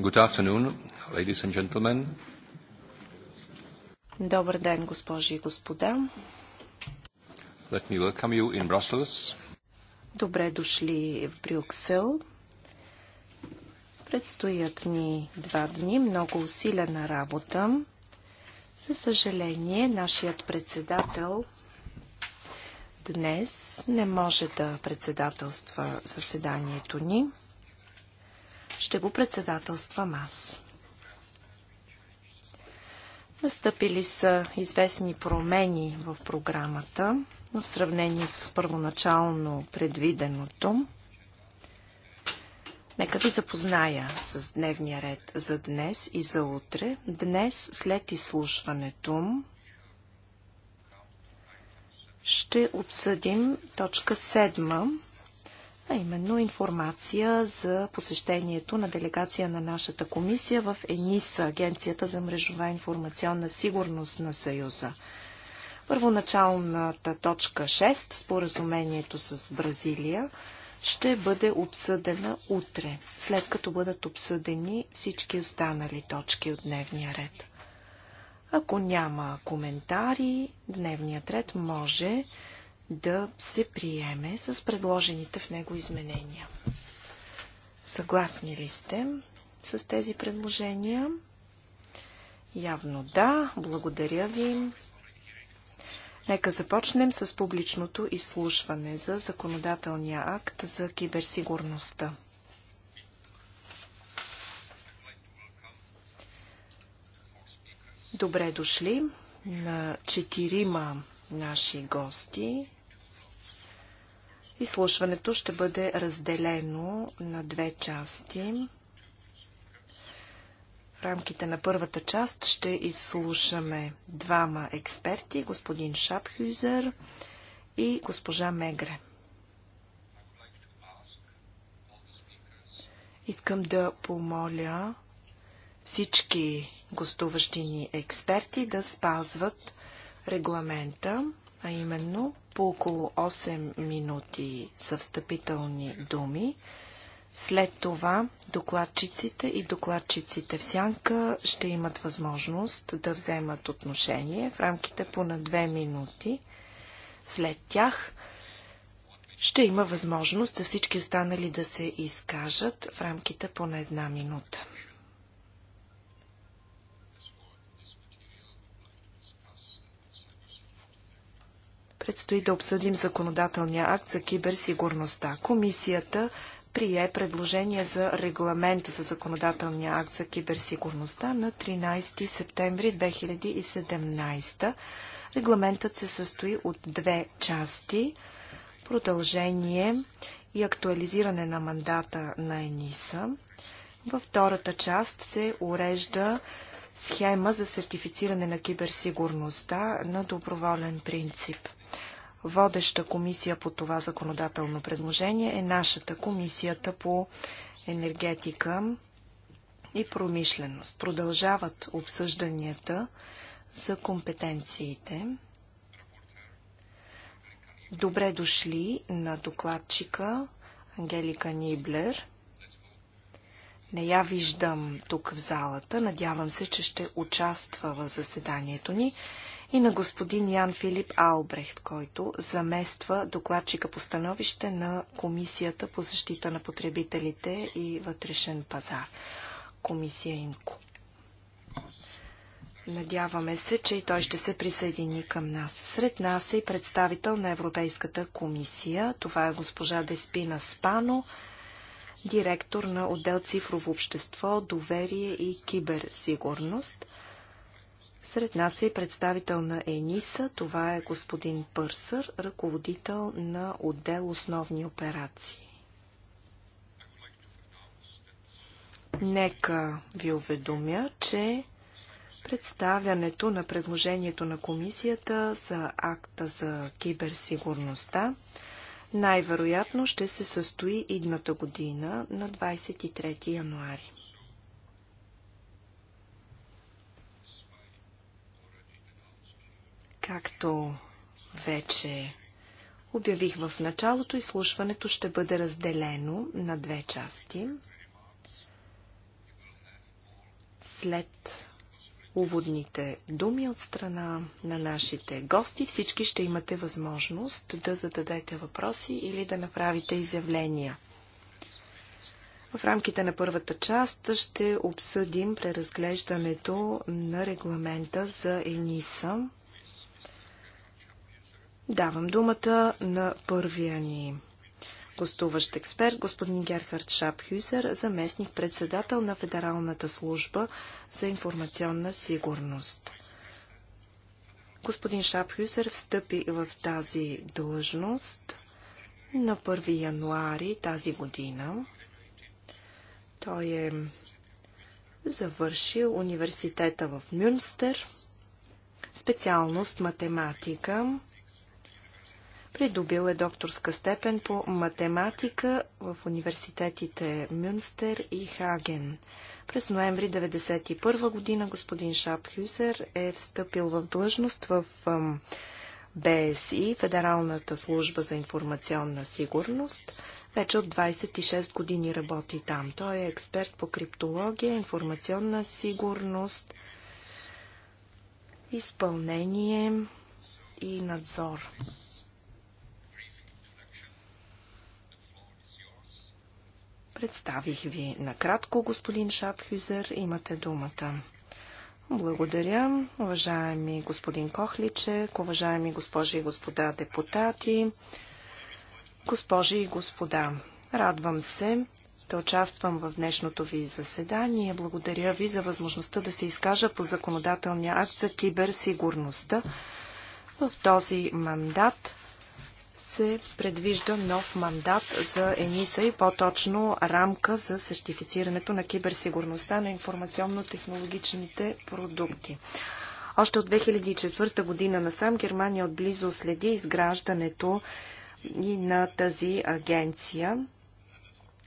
Good afternoon, ladies and gentlemen. Добър ден, госпожи и господа. Let me welcome you in Brussels. Добре дошли в Брюксел. Предстоят ни два дни много усилена работа. За съжаление, нашият председател днес не може да председателства заседанието ни. Ще го председателствам аз. Настъпили са известни промени в програмата, но в сравнение с първоначално предвиденото. Нека ви запозная с дневния ред за днес и за утре. Днес, след изслушването, ще обсъдим точка 7 а именно информация за посещението на делегация на нашата комисия в ЕНИСА, Агенцията за мрежова информационна сигурност на Съюза. Първоначалната точка 6, споразумението с Бразилия, ще бъде обсъдена утре, след като бъдат обсъдени всички останали точки от дневния ред. Ако няма коментари, дневният ред може да се приеме с предложените в него изменения. Съгласни ли сте с тези предложения? Явно да. Благодаря ви. Нека започнем с публичното изслушване за законодателния акт за киберсигурността. Добре дошли на четирима наши гости, Изслушването ще бъде разделено на две части. В рамките на първата част ще изслушаме двама експерти, господин Шапхюзер и госпожа Мегре. Искам да помоля всички гостуващи ни експерти да спазват регламента, а именно по около 8 минути са встъпителни думи. След това докладчиците и докладчиците в сянка ще имат възможност да вземат отношение в рамките по на 2 минути. След тях ще има възможност за всички останали да се изкажат в рамките по на една минута. Предстои да обсъдим законодателния акт за киберсигурността. Комисията прие предложение за регламент за законодателния акт за киберсигурността на 13 септември 2017. Регламентът се състои от две части. Продължение и актуализиране на мандата на ЕНИСА. Във втората част се урежда схема за сертифициране на киберсигурността на доброволен принцип. Водеща комисия по това законодателно предложение е нашата комисията по енергетика и промишленост. Продължават обсъжданията за компетенциите. Добре дошли на докладчика Ангелика Ниблер. Не я виждам тук в залата. Надявам се, че ще участва в заседанието ни и на господин Ян Филип Албрехт, който замества докладчика по становище на Комисията по защита на потребителите и вътрешен пазар. Комисия Инко. Надяваме се, че и той ще се присъедини към нас. Сред нас е и представител на Европейската комисия. Това е госпожа Деспина Спано, директор на отдел Цифрово общество, доверие и киберсигурност – сред нас е представител на ЕНИСА, това е господин Пърсър, ръководител на отдел основни операции. Нека ви уведомя, че представянето на предложението на комисията за акта за киберсигурността най-вероятно ще се състои идната година на 23 януари. Както вече обявих в началото, изслушването ще бъде разделено на две части. След уводните думи от страна на нашите гости, всички ще имате възможност да зададете въпроси или да направите изявления. В рамките на първата част ще обсъдим преразглеждането на регламента за ЕНИСА. Давам думата на първия ни гостуващ експерт, господин Герхард Шапхюзер, заместник председател на Федералната служба за информационна сигурност. Господин Шапхюзер встъпи в тази длъжност на 1 януари тази година. Той е завършил университета в Мюнстер, специалност математика. Придобил е докторска степен по математика в университетите Мюнстер и Хаген. През ноември 1991 година господин Шапхюзер е встъпил в длъжност в БСИ, Федералната служба за информационна сигурност. Вече от 26 години работи там. Той е експерт по криптология, информационна сигурност, изпълнение и надзор. Представих ви накратко, господин Шапхюзер. Имате думата. Благодаря, уважаеми господин Кохличек, уважаеми госпожи и господа депутати, госпожи и господа. Радвам се да участвам в днешното ви заседание. Благодаря ви за възможността да се изкажа по законодателния акт за киберсигурността. В този мандат се предвижда нов мандат за ЕНИСА и по-точно рамка за сертифицирането на киберсигурността на информационно-технологичните продукти. Още от 2004 година насам Германия отблизо следи изграждането и на тази агенция.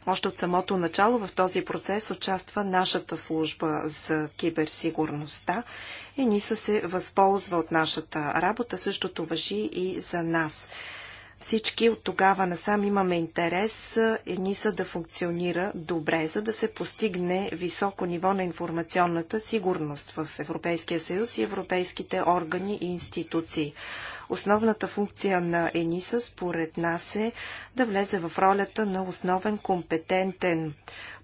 Още от самото начало в този процес участва нашата служба за киберсигурността и НИСА се възползва от нашата работа. Същото въжи и за нас. Всички от тогава насам имаме интерес ЕНИСА да функционира добре, за да се постигне високо ниво на информационната сигурност в Европейския съюз и европейските органи и институции. Основната функция на ЕНИСА според нас е да влезе в ролята на основен компетентен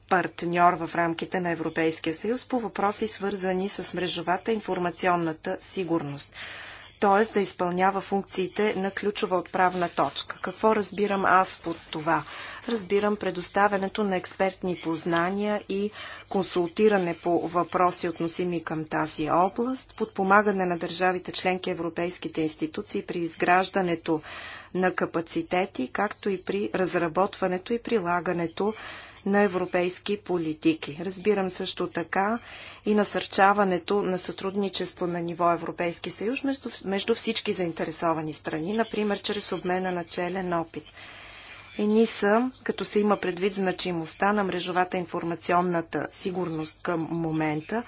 партньор в рамките на Европейския съюз по въпроси свързани с мрежовата информационната сигурност т.е. да изпълнява функциите на ключова отправна точка. Какво разбирам аз под това? Разбирам предоставянето на експертни познания и консултиране по въпроси относими към тази област, подпомагане на държавите членки европейските институции при изграждането на капацитети, както и при разработването и прилагането на европейски политики. Разбирам също така и насърчаването на сътрудничество на ниво Европейски съюз между, между всички заинтересовани страни, например чрез обмена на челен опит. ЕНИСА, като се има предвид значимостта на мрежовата информационната сигурност към момента,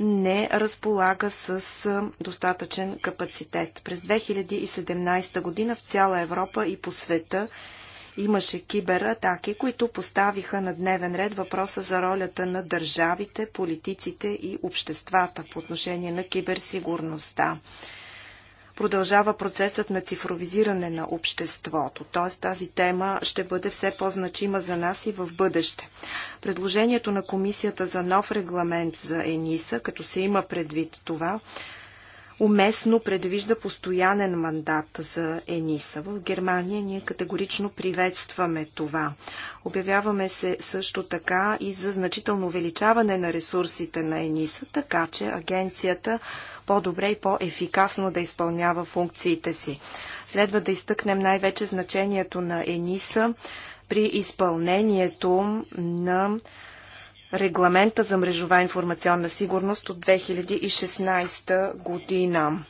не разполага с достатъчен капацитет. През 2017 година в цяла Европа и по света Имаше кибератаки, които поставиха на дневен ред въпроса за ролята на държавите, политиците и обществата по отношение на киберсигурността. Продължава процесът на цифровизиране на обществото, т.е. тази тема ще бъде все по-значима за нас и в бъдеще. Предложението на комисията за нов регламент за ЕНИСА, като се има предвид това, уместно предвижда постоянен мандат за ЕНИСА. В Германия ние категорично приветстваме това. Обявяваме се също така и за значително увеличаване на ресурсите на ЕНИСА, така че агенцията по-добре и по-ефикасно да изпълнява функциите си. Следва да изтъкнем най-вече значението на ЕНИСА при изпълнението на регламента за мрежова информационна сигурност от 2016 година.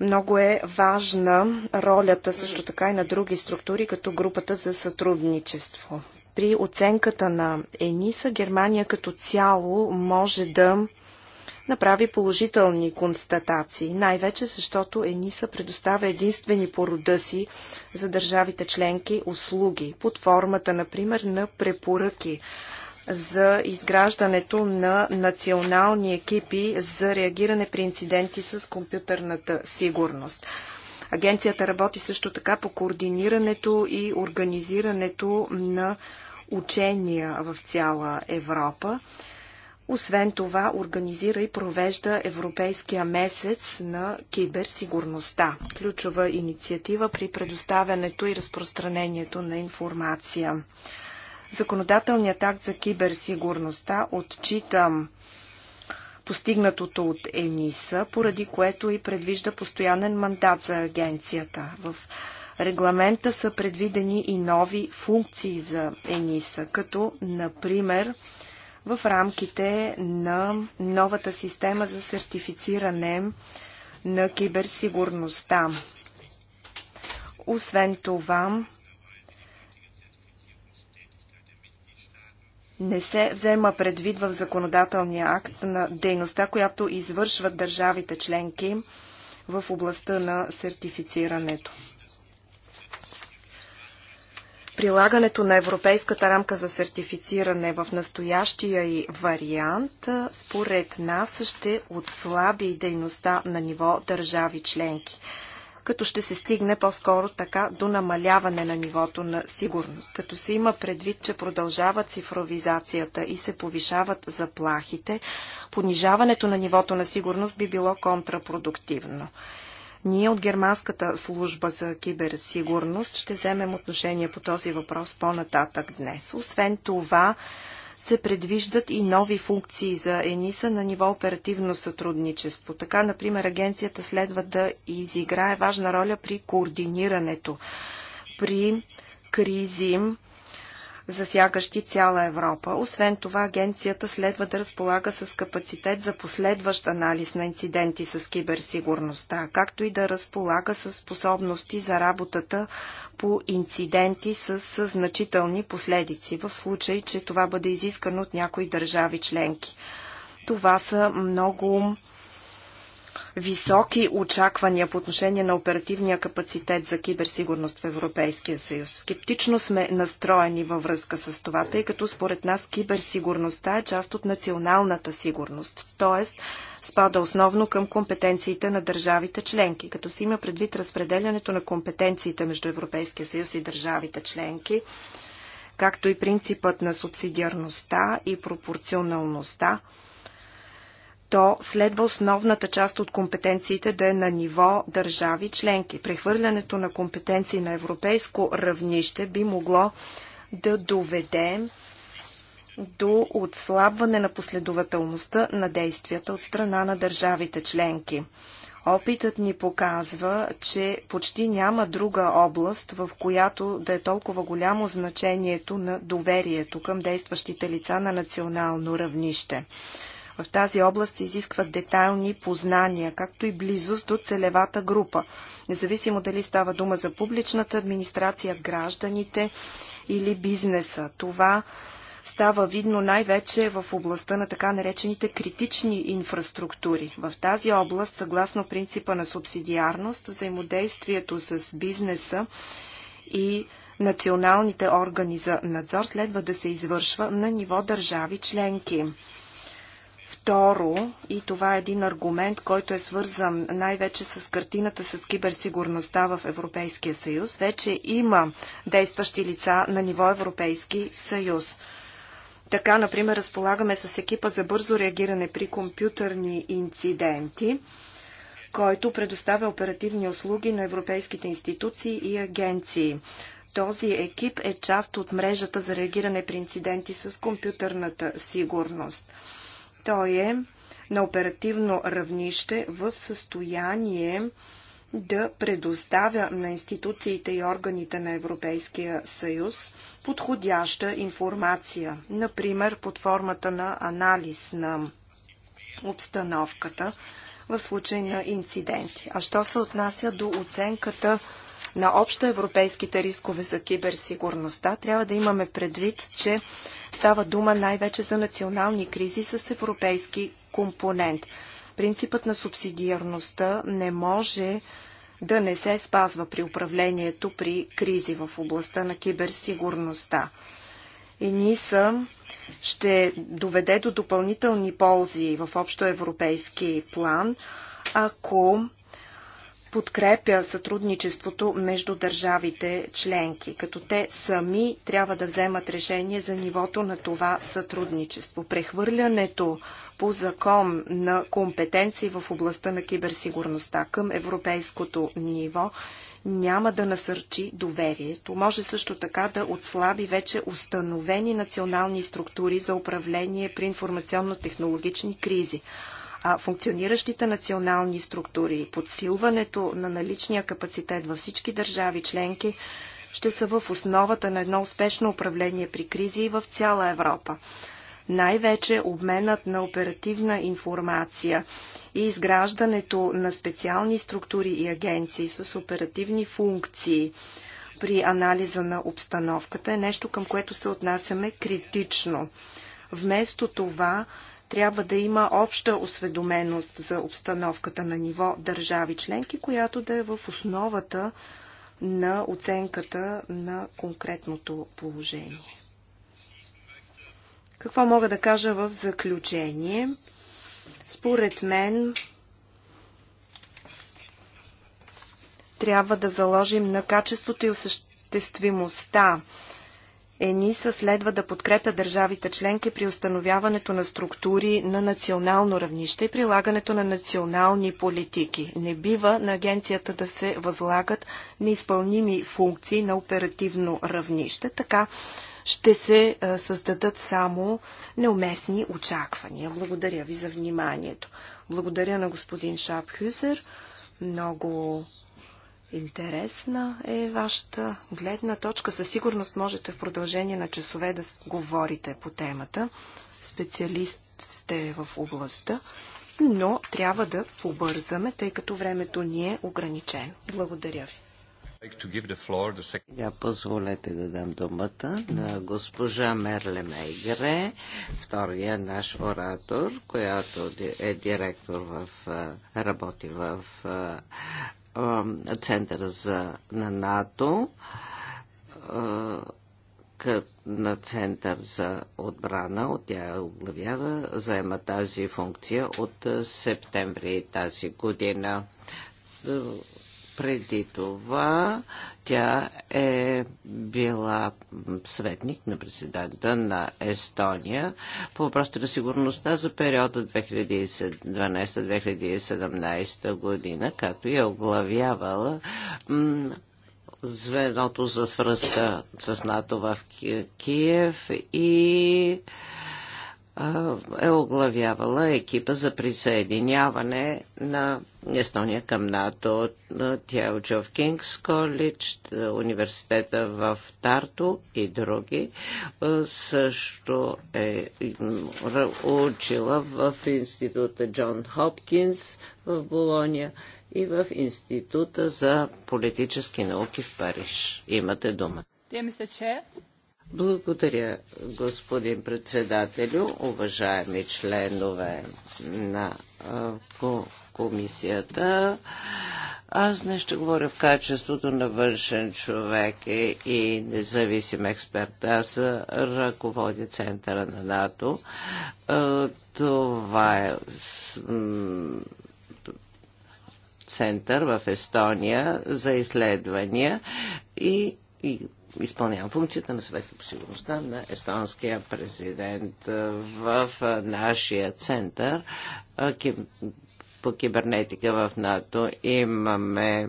Много е важна ролята също така и на други структури, като групата за сътрудничество. При оценката на ЕНИСА Германия като цяло може да направи положителни констатации, най-вече защото ЕНИСА предоставя единствени по рода си за държавите членки услуги, под формата, например, на препоръки за изграждането на национални екипи за реагиране при инциденти с компютърната сигурност. Агенцията работи също така по координирането и организирането на учения в цяла Европа. Освен това, организира и провежда Европейския месец на киберсигурността, ключова инициатива при предоставянето и разпространението на информация. Законодателният акт за киберсигурността отчита постигнатото от ЕНИСА, поради което и предвижда постоянен мандат за агенцията. В регламента са предвидени и нови функции за ЕНИСА, като, например, в рамките на новата система за сертифициране на киберсигурността. Освен това, не се взема предвид в законодателния акт на дейността, която извършват държавите членки в областта на сертифицирането. Прилагането на Европейската рамка за сертифициране в настоящия и вариант, според нас, ще отслаби дейността на ниво държави членки като ще се стигне по-скоро така до намаляване на нивото на сигурност. Като се има предвид, че продължава цифровизацията и се повишават заплахите, понижаването на нивото на сигурност би било контрапродуктивно. Ние от Германската служба за киберсигурност ще вземем отношение по този въпрос по-нататък днес. Освен това, се предвиждат и нови функции за ЕНИСА на ниво оперативно сътрудничество. Така, например, агенцията следва да изиграе важна роля при координирането, при кризи, засягащи цяла Европа. Освен това, агенцията следва да разполага с капацитет за последващ анализ на инциденти с киберсигурността, както и да разполага с способности за работата по инциденти с значителни последици, в случай, че това бъде изискано от някои държави членки. Това са много високи очаквания по отношение на оперативния капацитет за киберсигурност в Европейския съюз. Скептично сме настроени във връзка с това, тъй като според нас киберсигурността е част от националната сигурност, т.е. спада основно към компетенциите на държавите членки. Като се има предвид разпределянето на компетенциите между Европейския съюз и държавите членки, както и принципът на субсидиарността и пропорционалността, то следва основната част от компетенциите да е на ниво държави членки. Прехвърлянето на компетенции на европейско равнище би могло да доведе до отслабване на последователността на действията от страна на държавите членки. Опитът ни показва, че почти няма друга област, в която да е толкова голямо значението на доверието към действащите лица на национално равнище. В тази област се изискват детайлни познания, както и близост до целевата група. Независимо дали става дума за публичната администрация, гражданите или бизнеса. Това става видно най-вече в областта на така наречените критични инфраструктури. В тази област, съгласно принципа на субсидиарност, взаимодействието с бизнеса и националните органи за надзор следва да се извършва на ниво държави членки. Второ, и това е един аргумент, който е свързан най-вече с картината с киберсигурността в Европейския съюз. Вече има действащи лица на ниво Европейски съюз. Така, например, разполагаме с екипа за бързо реагиране при компютърни инциденти, който предоставя оперативни услуги на европейските институции и агенции. Този екип е част от мрежата за реагиране при инциденти с компютърната сигурност той е на оперативно равнище в състояние да предоставя на институциите и органите на Европейския съюз подходяща информация, например под формата на анализ на обстановката в случай на инциденти. А що се отнася до оценката на общо европейските рискове за киберсигурността, трябва да имаме предвид, че става дума най-вече за национални кризи с европейски компонент. Принципът на субсидиарността не може да не се спазва при управлението при кризи в областта на киберсигурността. И НИСА ще доведе до допълнителни ползи в общоевропейски план, ако подкрепя сътрудничеството между държавите членки, като те сами трябва да вземат решение за нивото на това сътрудничество. Прехвърлянето по закон на компетенции в областта на киберсигурността към европейското ниво няма да насърчи доверието. Може също така да отслаби вече установени национални структури за управление при информационно-технологични кризи а функциониращите национални структури и подсилването на наличния капацитет във всички държави членки ще са в основата на едно успешно управление при кризи и в цяла Европа. Най-вече обменът на оперативна информация и изграждането на специални структури и агенции с оперативни функции при анализа на обстановката е нещо, към което се отнасяме критично. Вместо това трябва да има обща осведоменост за обстановката на ниво държави членки, която да е в основата на оценката на конкретното положение. Какво мога да кажа в заключение? Според мен трябва да заложим на качеството и осъществимостта ЕНИСА следва да подкрепя държавите членки при установяването на структури на национално равнище и прилагането на национални политики. Не бива на агенцията да се възлагат неизпълними функции на оперативно равнище. Така ще се създадат само неуместни очаквания. Благодаря ви за вниманието. Благодаря на господин Шапхюзер. Много Интересна е вашата гледна точка. Със сигурност можете в продължение на часове да говорите по темата. Специалист сте в областта, но трябва да побързаме, тъй като времето ни е ограничено. Благодаря ви. Я позволете да дам думата на госпожа Мерле Мейгре, втория наш оратор, която е директор в, работи в центъра за, на НАТО, на Център за отбрана, от тя оглавява, заема тази функция от септември тази година. Преди това тя е била съветник на президента на Естония по въпросите на сигурността за периода 2012-2017 година, като и оглавявала звеното за свръзка с НАТО в Киев и е оглавявала екипа за присъединяване на Естония към НАТО. Тя е учил в Кингс Колледж, университета в Тарто и други. Също е учила в института Джон Хопкинс в Болония и в Института за политически науки в Париж. Имате дума. Благодаря, господин председателю, уважаеми членове на комисията. Аз не ще говоря в качеството на външен човек и независим експерт. Аз ръководя центъра на НАТО. Е, това е център в Естония за изследвания и, и изпълнявам функцията на съвета по сигурността на естонския президент. Е, в е, нашия център по кибернетика в НАТО. Имаме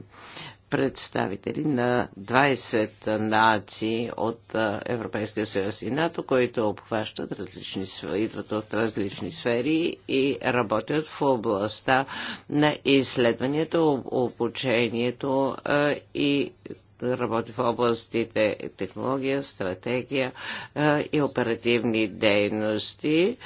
представители на 20 нации от Европейския съюз и НАТО, които обхващат различни, идват от различни сфери и работят в областта на изследването, обучението и работи в областите технология, стратегия и оперативни дейности.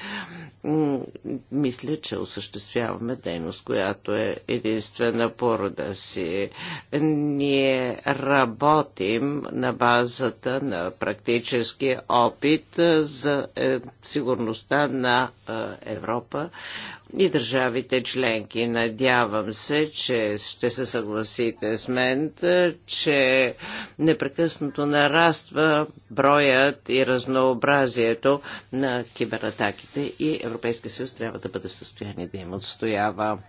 Мисля, че осъществяваме дейност, която е единствена порода си. Ние работим на базата на практически опит за е, сигурността на Европа и държавите членки. Надявам се, че ще се съгласите с мен, че непрекъснато нараства броят и разнообразието на кибератаките и Европейския съюз трябва да бъде в състояние да им отстоява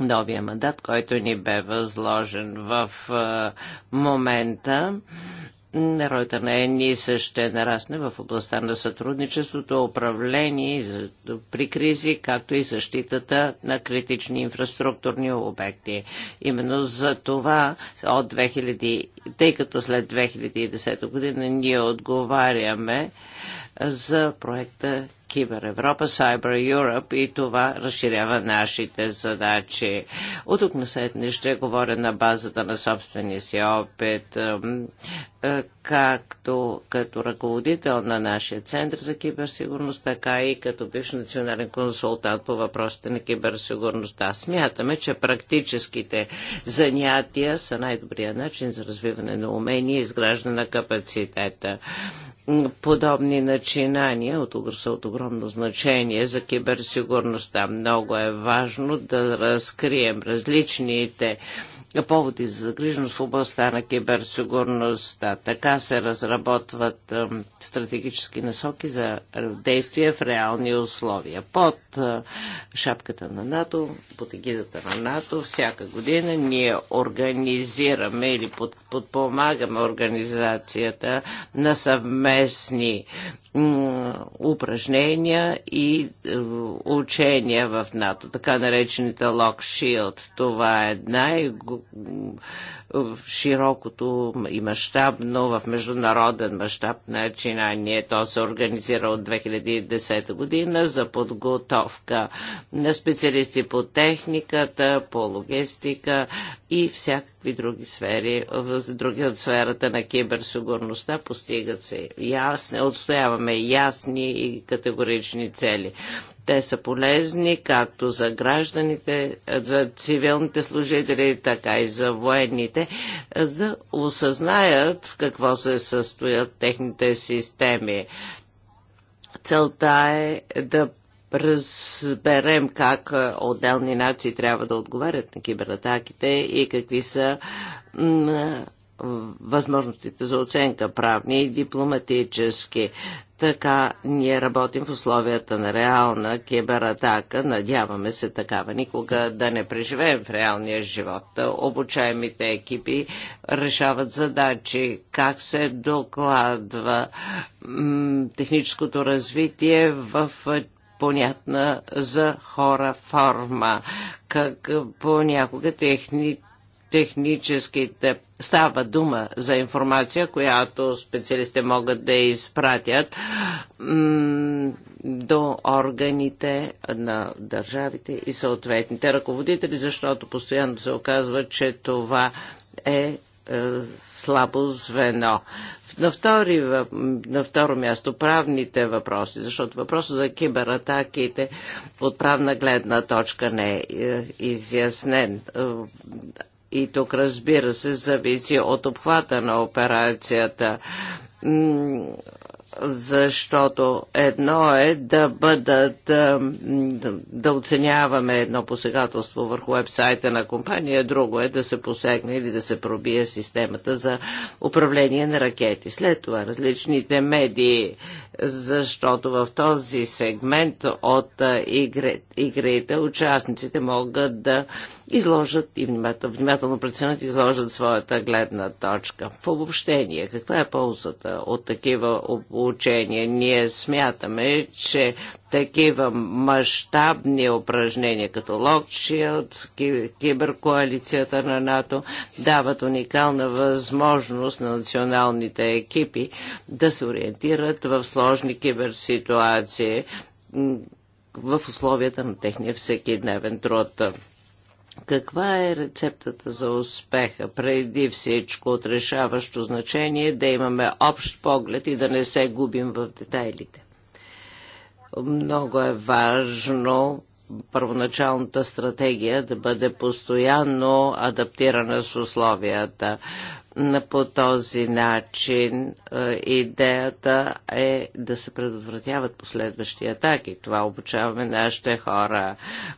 новия мандат, който ни бе възложен в момента Ролята на ЕНИСА ще нарасне в областта на сътрудничеството, управление при кризи, както и защитата на критични инфраструктурни обекти. Именно за това от 2000, тъй като след 2010 година ние отговаряме за проекта Кибер Европа, Cyber Europe и това разширява нашите задачи. От тук на след не ще говоря на базата на собствения си опит. Е, както като ръководител на нашия Център за киберсигурност, така и като бивш национален консултант по въпросите на киберсигурността. Смятаме, че практическите занятия са най-добрият начин за развиване на умения и изграждане на капацитета. Подобни начинания от, са от огромно значение за киберсигурността. Много е важно да разкрием различните поводи за загрижност в областта на киберсигурността. Така се разработват стратегически насоки за действие в реални условия. Под шапката на НАТО, под егидата на НАТО, всяка година ние организираме или подпомагаме организацията на съвместни упражнения и е, учения в НАТО, така наречените Lock Shield. Това е една и широкото и мащабно в международен мащаб начинание. То се организира от 2010 година за подготовка на специалисти по техниката, по логистика и всякакви други сфери, други от сферата на киберсигурността постигат се ясни, отстояваме ясни и категорични цели. Те са полезни както за гражданите, за цивилните служители, така и за военните, за да осъзнаят в какво се състоят техните системи. Целта е да разберем как отделни нации трябва да отговарят на кибератаките и какви са възможностите за оценка правни и дипломатически. Така ние работим в условията на реална кибератака. Надяваме се такава никога да не преживеем в реалния живот. Обучаемите екипи решават задачи, как се докладва техническото развитие в понятна за хора форма. Как понякога техни, техническите става дума за информация, която специалистите могат да изпратят до органите на държавите и съответните ръководители, защото постоянно се оказва, че това е, е слабо звено. На, втори, на второ място правните въпроси, защото въпросът за кибератаките от правна гледна точка не е, е изяснен и тук, разбира се, зависи от обхвата на операцията защото едно е да бъдат да, да оценяваме едно посегателство върху вебсайта на компания, друго е да се посегне или да се пробие системата за управление на ракети. След това различните медии защото в този сегмент от игрите участниците могат да изложат и внимателно, внимателно преценят изложат своята гледна точка. В обобщение, каква е ползата от такива обучения? Ние смятаме, че такива мащабни упражнения, като Локшилд, киберкоалицията на НАТО, дават уникална възможност на националните екипи да се ориентират в сложни киберситуации в условията на техния всекидневен труд. Каква е рецептата за успеха? Преди всичко от решаващо значение е да имаме общ поглед и да не се губим в детайлите. Много е важно първоначалната стратегия да бъде постоянно адаптирана с условията. По този начин е, идеята е да се предотвратяват последващи атаки. Това обучаваме нашите хора.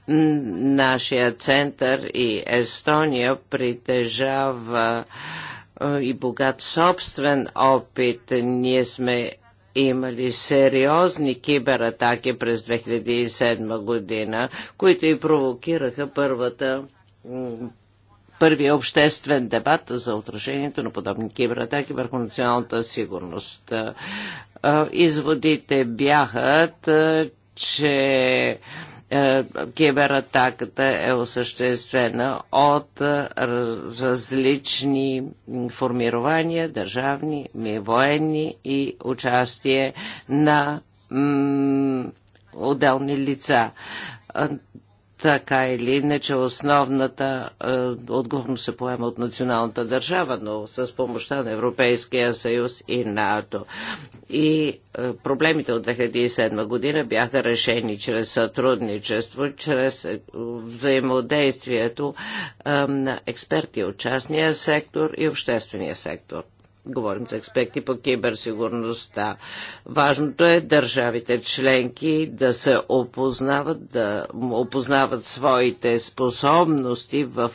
Нашия център и Естония притежава е, и богат собствен опит. Ние сме има ли сериозни кибератаки през 2007 година, които и провокираха първата първия обществен дебат за отражението на подобни кибератаки върху националната сигурност. Изводите бяха, че е, кибератаката е осъществена от е, различни формирования, държавни, военни и участие на отделни лица е, така или иначе основната е, отговорност се поема от националната държава, но с помощта на Европейския съюз и НАТО. И е, проблемите от 2007 година бяха решени чрез сътрудничество, чрез е, взаимодействието е, на експерти от частния сектор и обществения сектор. Говорим за експерти по киберсигурността. Важното е държавите членки да се опознават, да опознават своите способности в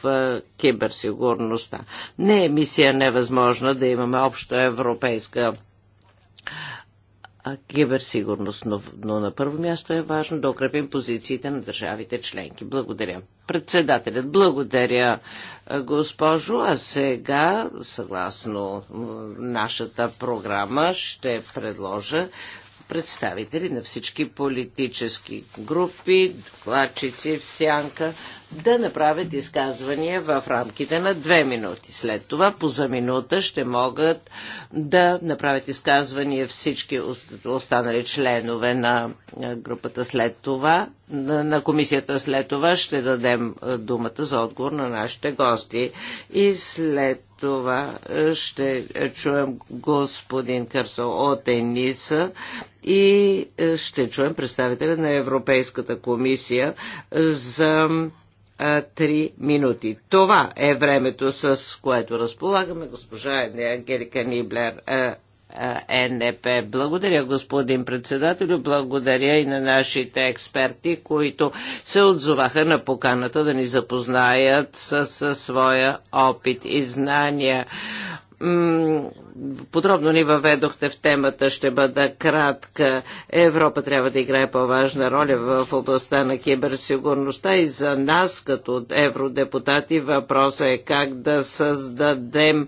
киберсигурността. Не е мисия невъзможна да имаме общо европейска а киберсигурност. Но, но на първо място е важно да укрепим позициите на държавите членки. Благодаря. Председателят, благодаря, госпожо. А сега, съгласно нашата програма, ще предложа представители на всички политически групи, докладчици в сянка, да направят изказвания в рамките на две минути. След това по за минута ще могат да направят изказвания всички останали членове на групата след това, на комисията след това ще дадем думата за отговор на нашите гости. И след това е, ще чуем господин Кърсо от Ениса и е, ще чуем представителя на Европейската комисия за е, три минути. Това е времето, с което разполагаме. Госпожа Ангелика Ниблер е НЕП. Благодаря, господин председател, благодаря и на нашите експерти, които се отзоваха на поканата да ни запознаят с, своя опит и знания. Подробно ни въведохте в темата, ще бъда кратка. Европа трябва да играе по-важна роля в областта на киберсигурността и за нас като евродепутати въпросът е как да създадем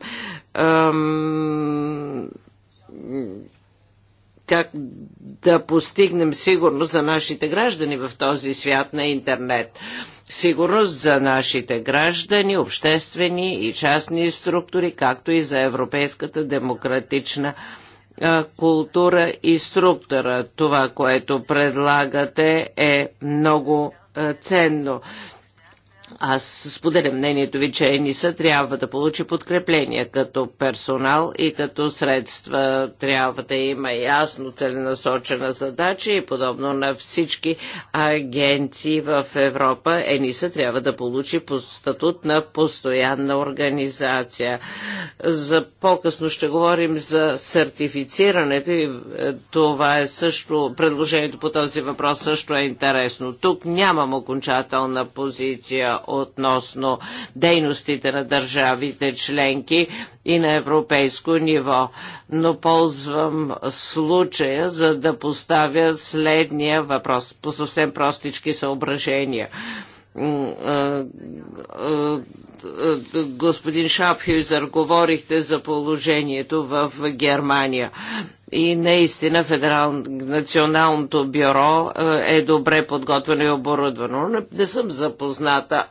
ам, как да постигнем сигурност за нашите граждани в този свят на интернет. Сигурност за нашите граждани, обществени и частни структури, както и за европейската демократична култура и структура. Това, което предлагате е много ценно. Аз споделям мнението ви, че ЕНИСА трябва да получи подкрепление като персонал и като средства. Трябва да има ясно целенасочена задача и подобно на всички агенции в Европа, ЕНИСА трябва да получи по статут на постоянна организация. За по-късно ще говорим за сертифицирането и е, това е също, предложението по този въпрос също е интересно. Тук нямам окончателна позиция относно дейностите на държавите членки и на европейско ниво. Но ползвам случая, за да поставя следния въпрос по съвсем простички съображения господин Шапхюзър, говорихте за положението в Германия. И наистина Федерал... Националното бюро е, е добре подготвено и оборудвано. Не, не съм запозната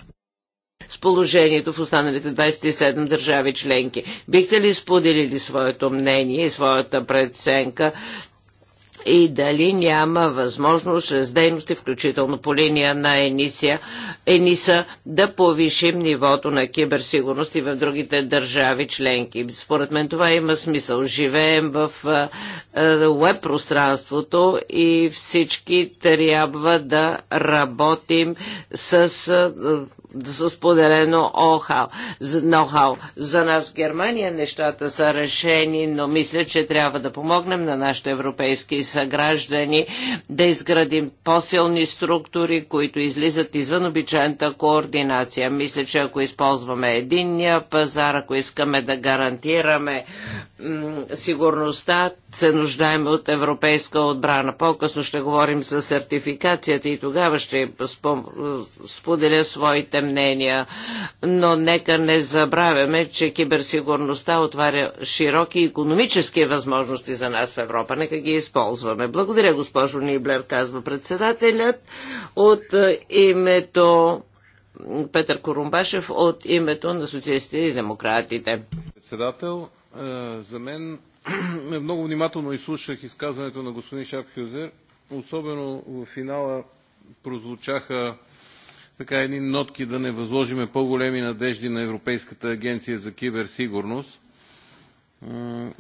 с положението в останалите 27 държави членки. Бихте ли споделили своето мнение и своята предценка? и дали няма възможност с дейности, включително по линия на ЕНИСИЯ, ЕНИСА, да повишим нивото на киберсигурност и в другите държави членки. Според мен това има смисъл. Живеем в веб пространството и всички трябва да работим с споделено ноу-хау. За нас в Германия нещата са решени, но мисля, че трябва да помогнем на нашите европейски съграждани да изградим по-силни структури, които излизат извън обичайната координация. Мисля, че ако използваме единния пазар, ако искаме да гарантираме сигурността, се нуждаем от европейска отбрана. По-късно ще говорим за сертификацията и тогава ще споделя своите мнения, но нека не забравяме, че киберсигурността отваря широки економически възможности за нас в Европа. Нека ги използваме. Благодаря, госпожо Ниблер, казва председателят от е, името Петър Корумбашев от името на социалистите и демократите. Председател, е, за мен е много внимателно изслушах изказването на господин Шапхюзер. Особено в финала прозвучаха така едни нотки да не възложиме по-големи надежди на Европейската агенция за киберсигурност.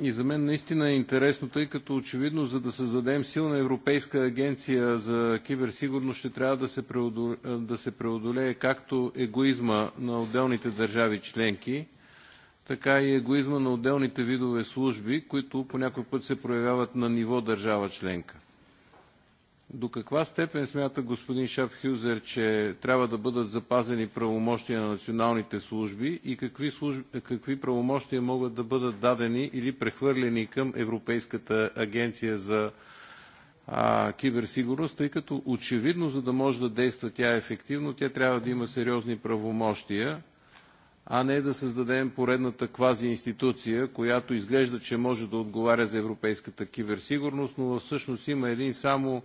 И за мен наистина е интересно, тъй като очевидно, за да създадем силна Европейска агенция за киберсигурност, ще трябва да се, преодолее, да се преодолее както егоизма на отделните държави членки, така и егоизма на отделните видове служби, които по някой път се проявяват на ниво държава членка. До каква степен смята господин Шапхюзер, че трябва да бъдат запазени правомощия на националните служби и какви, служби, какви правомощия могат да бъдат дадени или прехвърлени към Европейската агенция за а, киберсигурност, тъй като очевидно, за да може да действа тя ефективно, тя трябва да има сериозни правомощия, а не да създадем поредната квази институция, която изглежда, че може да отговаря за европейската киберсигурност, но всъщност има един само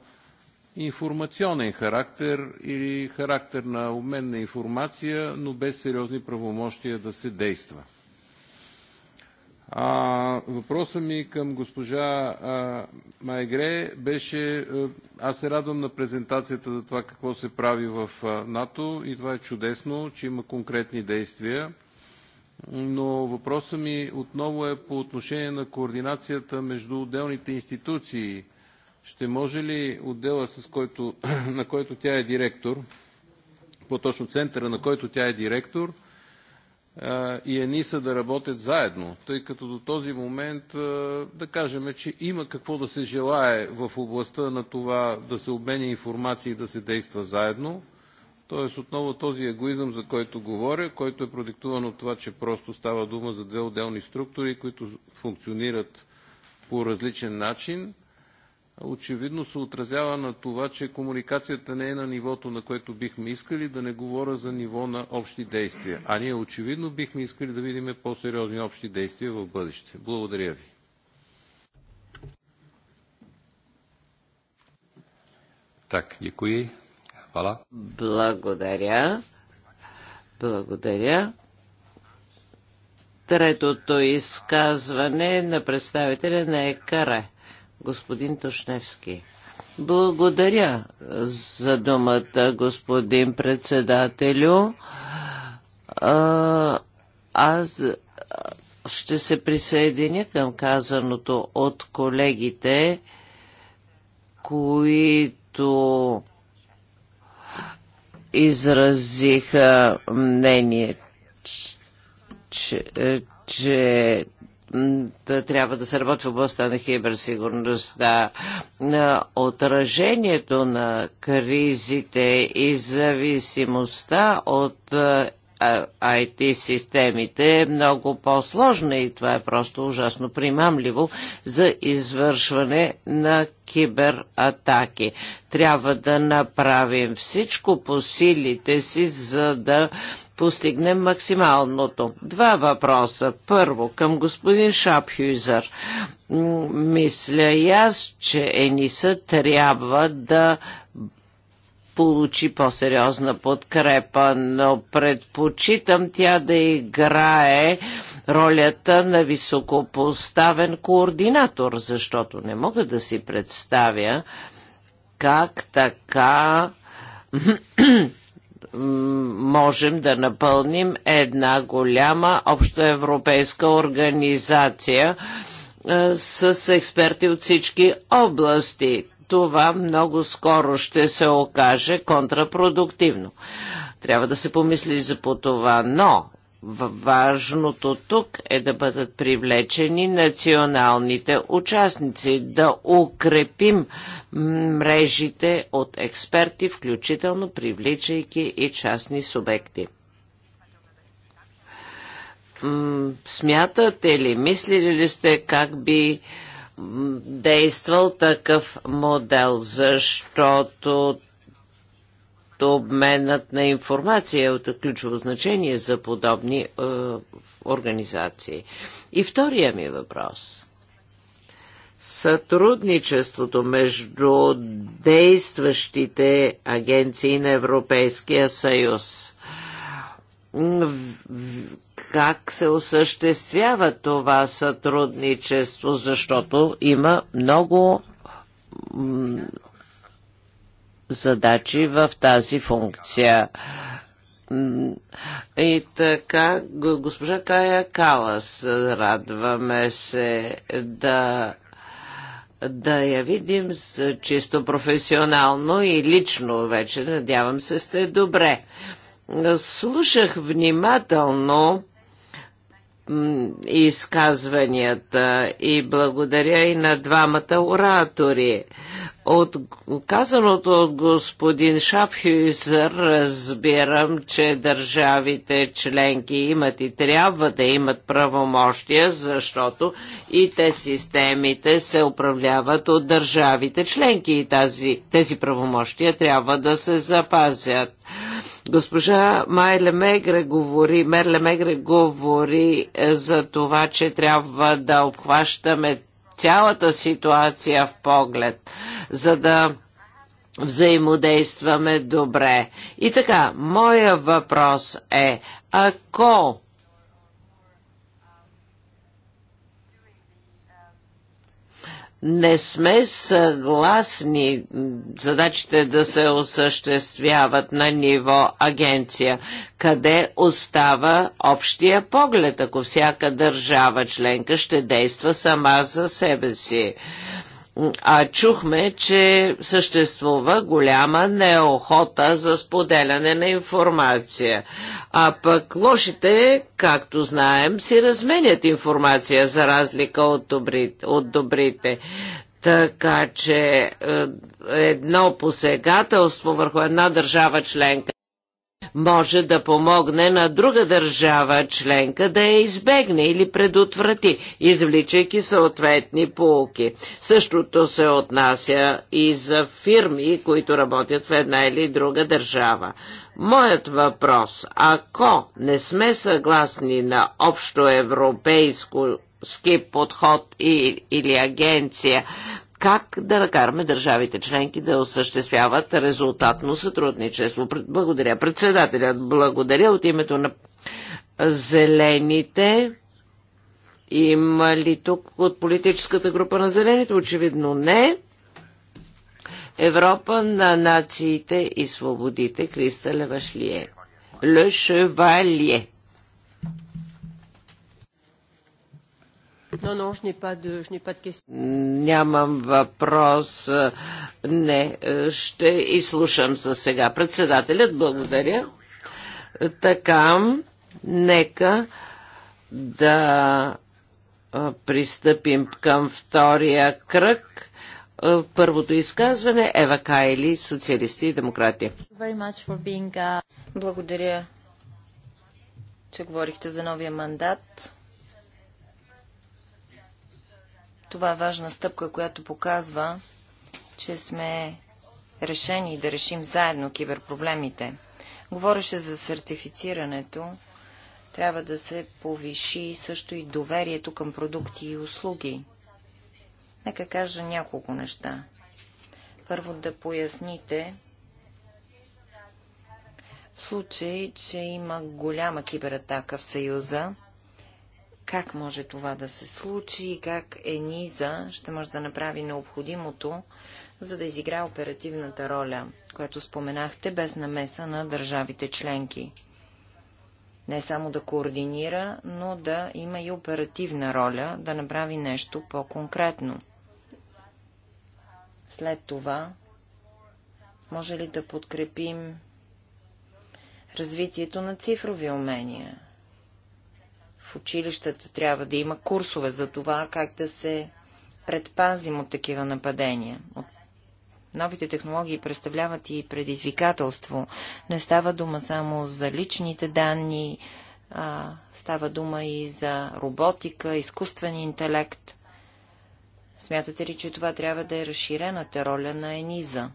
информационен характер или характер на обмен на информация, но без сериозни правомощия да се действа. А, въпросът ми към госпожа а, Майгре беше, аз се радвам на презентацията за това какво се прави в а, НАТО и това е чудесно, че има конкретни действия. Но въпросът ми отново е по отношение на координацията между отделните институции ще може ли отдела, с който, на който тя е директор, по-точно центъра, на който тя е директор, и ЕНИСА да работят заедно, тъй като до този момент да кажем, че има какво да се желае в областта на това да се обменя информация и да се действа заедно. Тоест отново този егоизъм, за който говоря, който е продиктуван от това, че просто става дума за две отделни структури, които функционират по различен начин очевидно се отразява на това, че комуникацията не е на нивото, на което бихме искали, да не говоря за ниво на общи действия. А ние очевидно бихме искали да видим по-сериозни общи действия в бъдеще. Благодаря ви. Так, děkuji. Hvala. Благодаря. Благодаря. Третото изказване е на представителя на ЕКАРЕ господин Тошневски. Благодаря за думата, господин председателю. А, аз ще се присъединя към казаното от колегите, които изразиха мнение, че, че да трябва да се работи в областта на хиберсигурността. Да. Отражението на кризите и зависимостта от е, IT системите е много по-сложна и това е просто ужасно примамливо за извършване на кибератаки. Трябва да направим всичко по силите си, за да постигнем максималното. Два въпроса. Първо, към господин Шапхюзър. Мисля и аз, че ЕНИСА трябва да получи по-сериозна подкрепа, но предпочитам тя да играе ролята на високопоставен координатор, защото не мога да си представя как така можем да напълним една голяма общоевропейска организация с експерти от всички области това много скоро ще се окаже контрапродуктивно. Трябва да се помисли за по това, но Важното тук е да бъдат привлечени националните участници, да укрепим мрежите от експерти, включително привличайки и частни субекти. Смятате ли, мислили ли сте как би действал такъв модел, защото обменът на информация е от ключово значение за подобни е, организации. И втория ми въпрос. Сътрудничеството между действащите агенции на Европейския съюз как се осъществява това сътрудничество, защото има много задачи в тази функция. И така, госпожа Кая Калас, радваме се да да я видим чисто професионално и лично вече. Надявам се сте добре. Слушах внимателно изказванията и благодаря и на двамата оратори. От казаното от господин Шапхюйзър разбирам, че държавите членки имат и трябва да имат правомощия, защото и те системите се управляват от държавите членки и тази, тези правомощия трябва да се запазят. Госпожа Майле Мегре говори, Мерле Мегре говори е, за това, че трябва да обхващаме цялата ситуация в поглед, за да взаимодействаме добре. И така, моя въпрос е, ако не сме съгласни задачите да се осъществяват на ниво агенция, къде остава общия поглед, ако всяка държава членка ще действа сама за себе си а чухме, че съществува голяма неохота за споделяне на информация. А пък лошите, както знаем, си разменят информация за разлика от добрите. От добрите. Така че е, едно посегателство върху една държава членка може да помогне на друга държава членка да я избегне или предотврати, извличайки съответни полки. Същото се отнася и за фирми, които работят в една или друга държава. Моят въпрос, ако не сме съгласни на общо европейско ски подход и, или агенция, как да накараме държавите членки да осъществяват резултатно сътрудничество. Благодаря. Председателят, благодаря от името на зелените. Има ли тук от политическата група на зелените? Очевидно не. Европа на нациите и свободите. Криста Левашлие. Ле Шевалие. Но, но, Нямам въпрос. Не, е, ще изслушам за сега. Председателят, благодаря. Така, нека да е, пристъпим към втория кръг. Е, първото изказване Ева Кайли, социалисти и демократи. Uh, благодаря, че говорихте за новия мандат. Това е важна стъпка, която показва, че сме решени да решим заедно киберпроблемите. Говореше за сертифицирането. Трябва да се повиши също и доверието към продукти и услуги. Нека кажа няколко неща. Първо да поясните, в случай, че има голяма кибератака в Съюза, как може това да се случи и как ЕНИЗА ще може да направи необходимото, за да изигра оперативната роля, която споменахте, без намеса на държавите членки? Не само да координира, но да има и оперативна роля, да направи нещо по-конкретно. След това, може ли да подкрепим развитието на цифрови умения? в училищата трябва да има курсове за това, как да се предпазим от такива нападения. От Новите технологии представляват и предизвикателство. Не става дума само за личните данни, а, става дума и за роботика, изкуствен интелект. Смятате ли, че това трябва да е разширената роля на Ениза?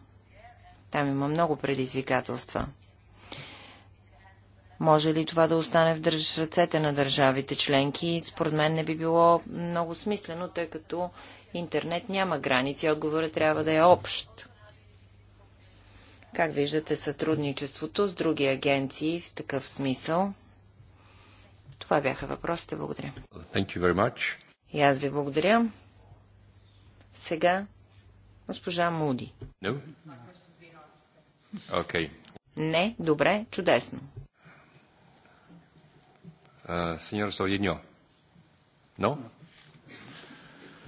Там има много предизвикателства. Може ли това да остане в държ... ръцете на държавите членки? Според мен не би било много смислено, тъй като интернет няма граници. Отговорът трябва да е общ. Как виждате сътрудничеството с други агенции в такъв смисъл? Това бяха въпросите. Благодаря. Thank you very much. И аз ви благодаря. Сега госпожа Муди. No? Okay. Не, добре, чудесно. Eh, señor Soligno. No?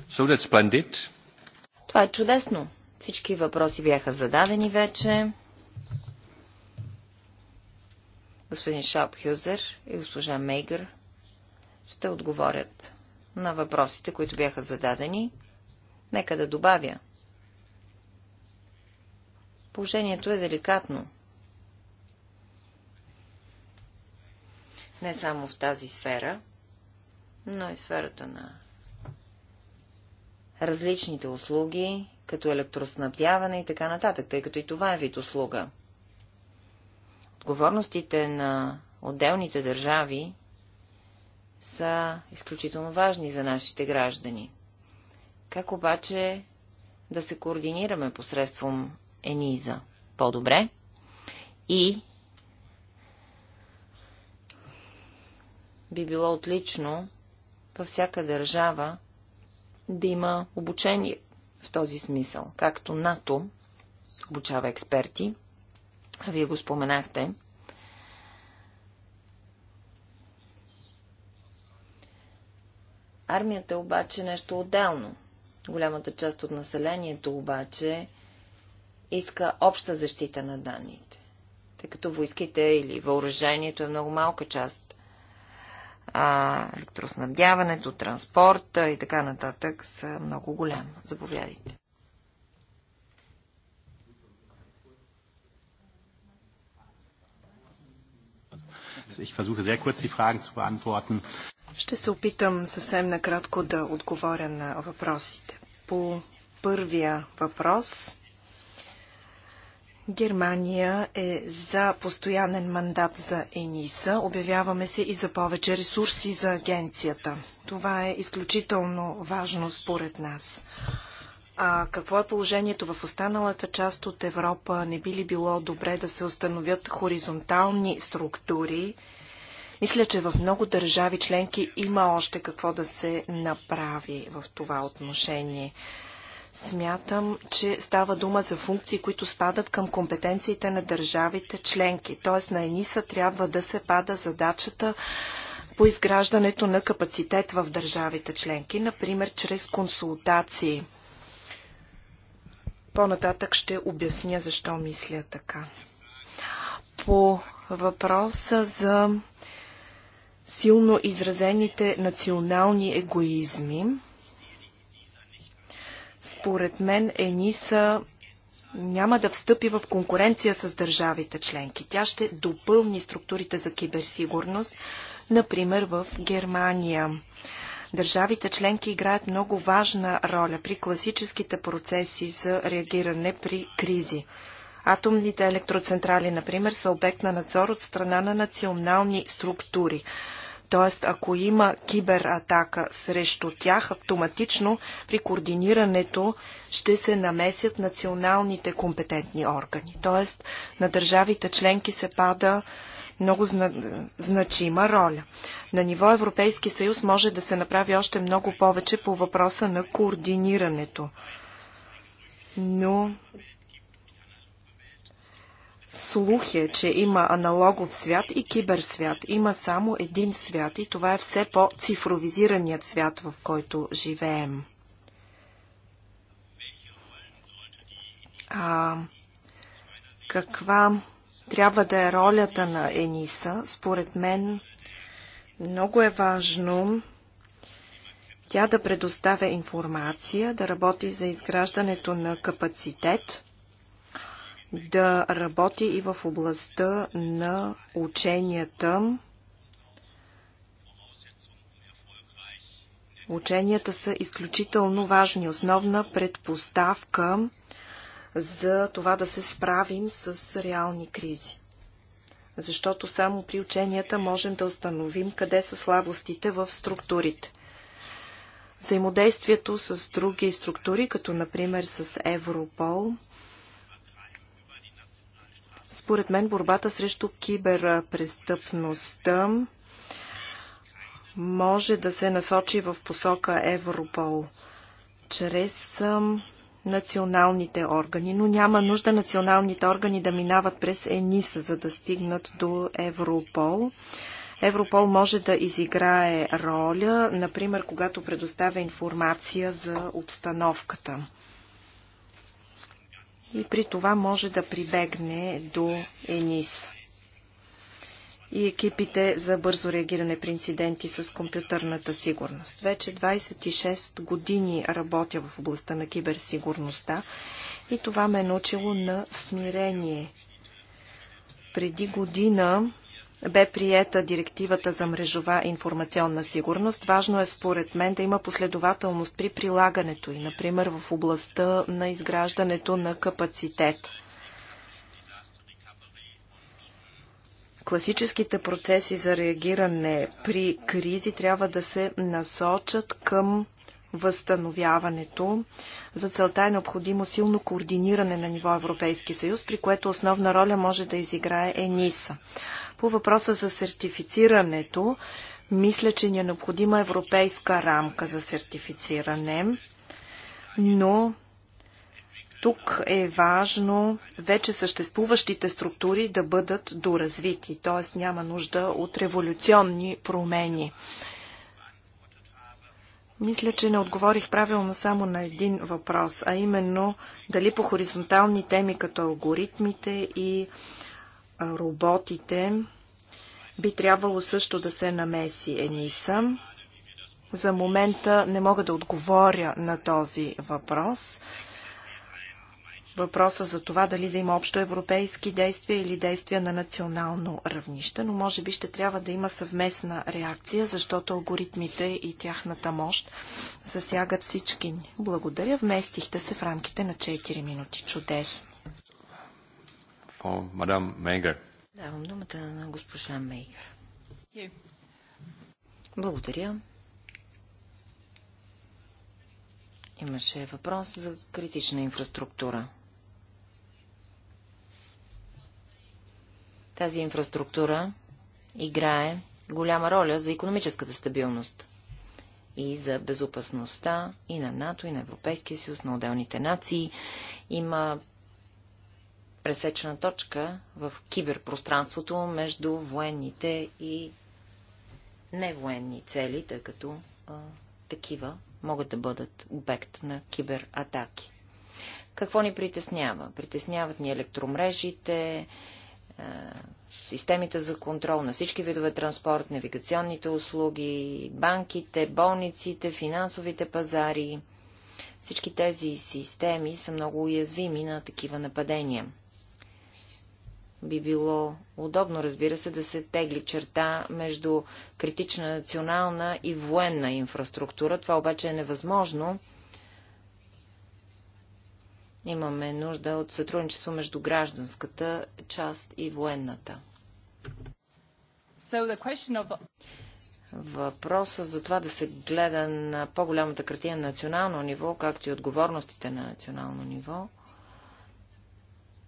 So that's splendid. Това е чудесно. Всички въпроси бяха зададени вече. Господин Шапхюзер и госпожа Мейгър ще отговорят на въпросите, които бяха зададени. Нека да добавя. Положението е деликатно. не само в тази сфера, но и сферата на различните услуги, като електроснабдяване и така нататък, тъй като и това е вид услуга. Отговорностите на отделните държави са изключително важни за нашите граждани. Как обаче да се координираме посредством ЕНИЗА по-добре и Би било отлично във всяка държава да има обучение в този смисъл. Както НАТО обучава експерти, вие го споменахте, Армията обаче е нещо отделно. Голямата част от населението обаче иска обща защита на данните, тъй като войските или въоръжението е много малка част а, електроснабдяването, транспорта и така нататък са много голям. Заповядайте. Ще се опитам съвсем накратко да отговоря на въпросите. По първия въпрос Германия е за постоянен мандат за ЕНИСА. Обявяваме се и за повече ресурси за агенцията. Това е изключително важно според нас. А какво е положението в останалата част от Европа? Не би ли било добре да се установят хоризонтални структури? Мисля, че в много държави членки има още какво да се направи в това отношение. Смятам, че става дума за функции, които спадат към компетенциите на държавите членки. Т.е. на ЕНИСА трябва да се пада задачата по изграждането на капацитет в държавите членки, например чрез консултации. По-нататък ще обясня защо мисля така. По въпроса за силно изразените национални егоизми, според мен ЕНИСА няма да встъпи в конкуренция с държавите членки. Тя ще допълни структурите за киберсигурност, например в Германия. Държавите членки играят много важна роля при класическите процеси за реагиране при кризи. Атомните електроцентрали, например, са обект на надзор от страна на национални структури. Т.е. ако има кибератака срещу тях, автоматично при координирането ще се намесят националните компетентни органи. Т.е. на държавите членки се пада много зна... значима роля. На ниво Европейски съюз може да се направи още много повече по въпроса на координирането. Но Слух е, че има аналогов свят и киберсвят. Има само един свят и това е все по-цифровизираният свят, в който живеем. А, каква трябва да е ролята на Ениса? Според мен много е важно тя да предоставя информация, да работи за изграждането на капацитет – да работи и в областта на ученията. Ученията са изключително важни, основна предпоставка за това да се справим с реални кризи. Защото само при ученията можем да установим къде са слабостите в структурите. Взаимодействието с други структури, като например с Европол, според мен борбата срещу киберпрестъпността може да се насочи в посока Европол чрез националните органи, но няма нужда националните органи да минават през ЕНИСА, за да стигнат до Европол. Европол може да изиграе роля, например, когато предоставя информация за обстановката и при това може да прибегне до ЕНИС. И екипите за бързо реагиране при инциденти с компютърната сигурност. Вече 26 години работя в областта на киберсигурността и това ме е научило на смирение. Преди година бе приета директивата за мрежова информационна сигурност, важно е според мен да има последователност при прилагането и, например, в областта на изграждането на капацитет. Класическите процеси за реагиране при кризи трябва да се насочат към възстановяването. За целта е необходимо силно координиране на ниво Европейски съюз, при което основна роля може да изиграе ЕНИСА. По въпроса за сертифицирането, мисля, че ни е необходима европейска рамка за сертифициране, но тук е важно вече съществуващите структури да бъдат доразвити, т.е. няма нужда от революционни промени мисля, че не отговорих правилно само на един въпрос, а именно дали по хоризонтални теми като алгоритмите и роботите би трябвало също да се намеси ЕНИСА. За момента не мога да отговоря на този въпрос въпроса за това дали да има общо европейски действия или действия на национално равнище, но може би ще трябва да има съвместна реакция, защото алгоритмите и тяхната мощ засягат всички ни. Благодаря, вместихте се в рамките на 4 минути. Чудесно. мадам Мейгър. Давам думата на госпожа Мейгър. Благодаря. Имаше въпрос за критична инфраструктура. Тази инфраструктура играе голяма роля за економическата стабилност и за безопасността и на НАТО, и на Европейския съюз, на отделните нации. Има пресечна точка в киберпространството между военните и невоенни цели, тъй като а, такива могат да бъдат обект на кибератаки. Какво ни притеснява? Притесняват ни електромрежите, системите за контрол на всички видове транспорт, навигационните услуги, банките, болниците, финансовите пазари. Всички тези системи са много уязвими на такива нападения. Би било удобно, разбира се, да се тегли черта между критична национална и военна инфраструктура. Това обаче е невъзможно, Имаме нужда от сътрудничество между гражданската част и военната. So of... Въпроса за това да се гледа на по-голямата картина на национално ниво, както и отговорностите на национално ниво,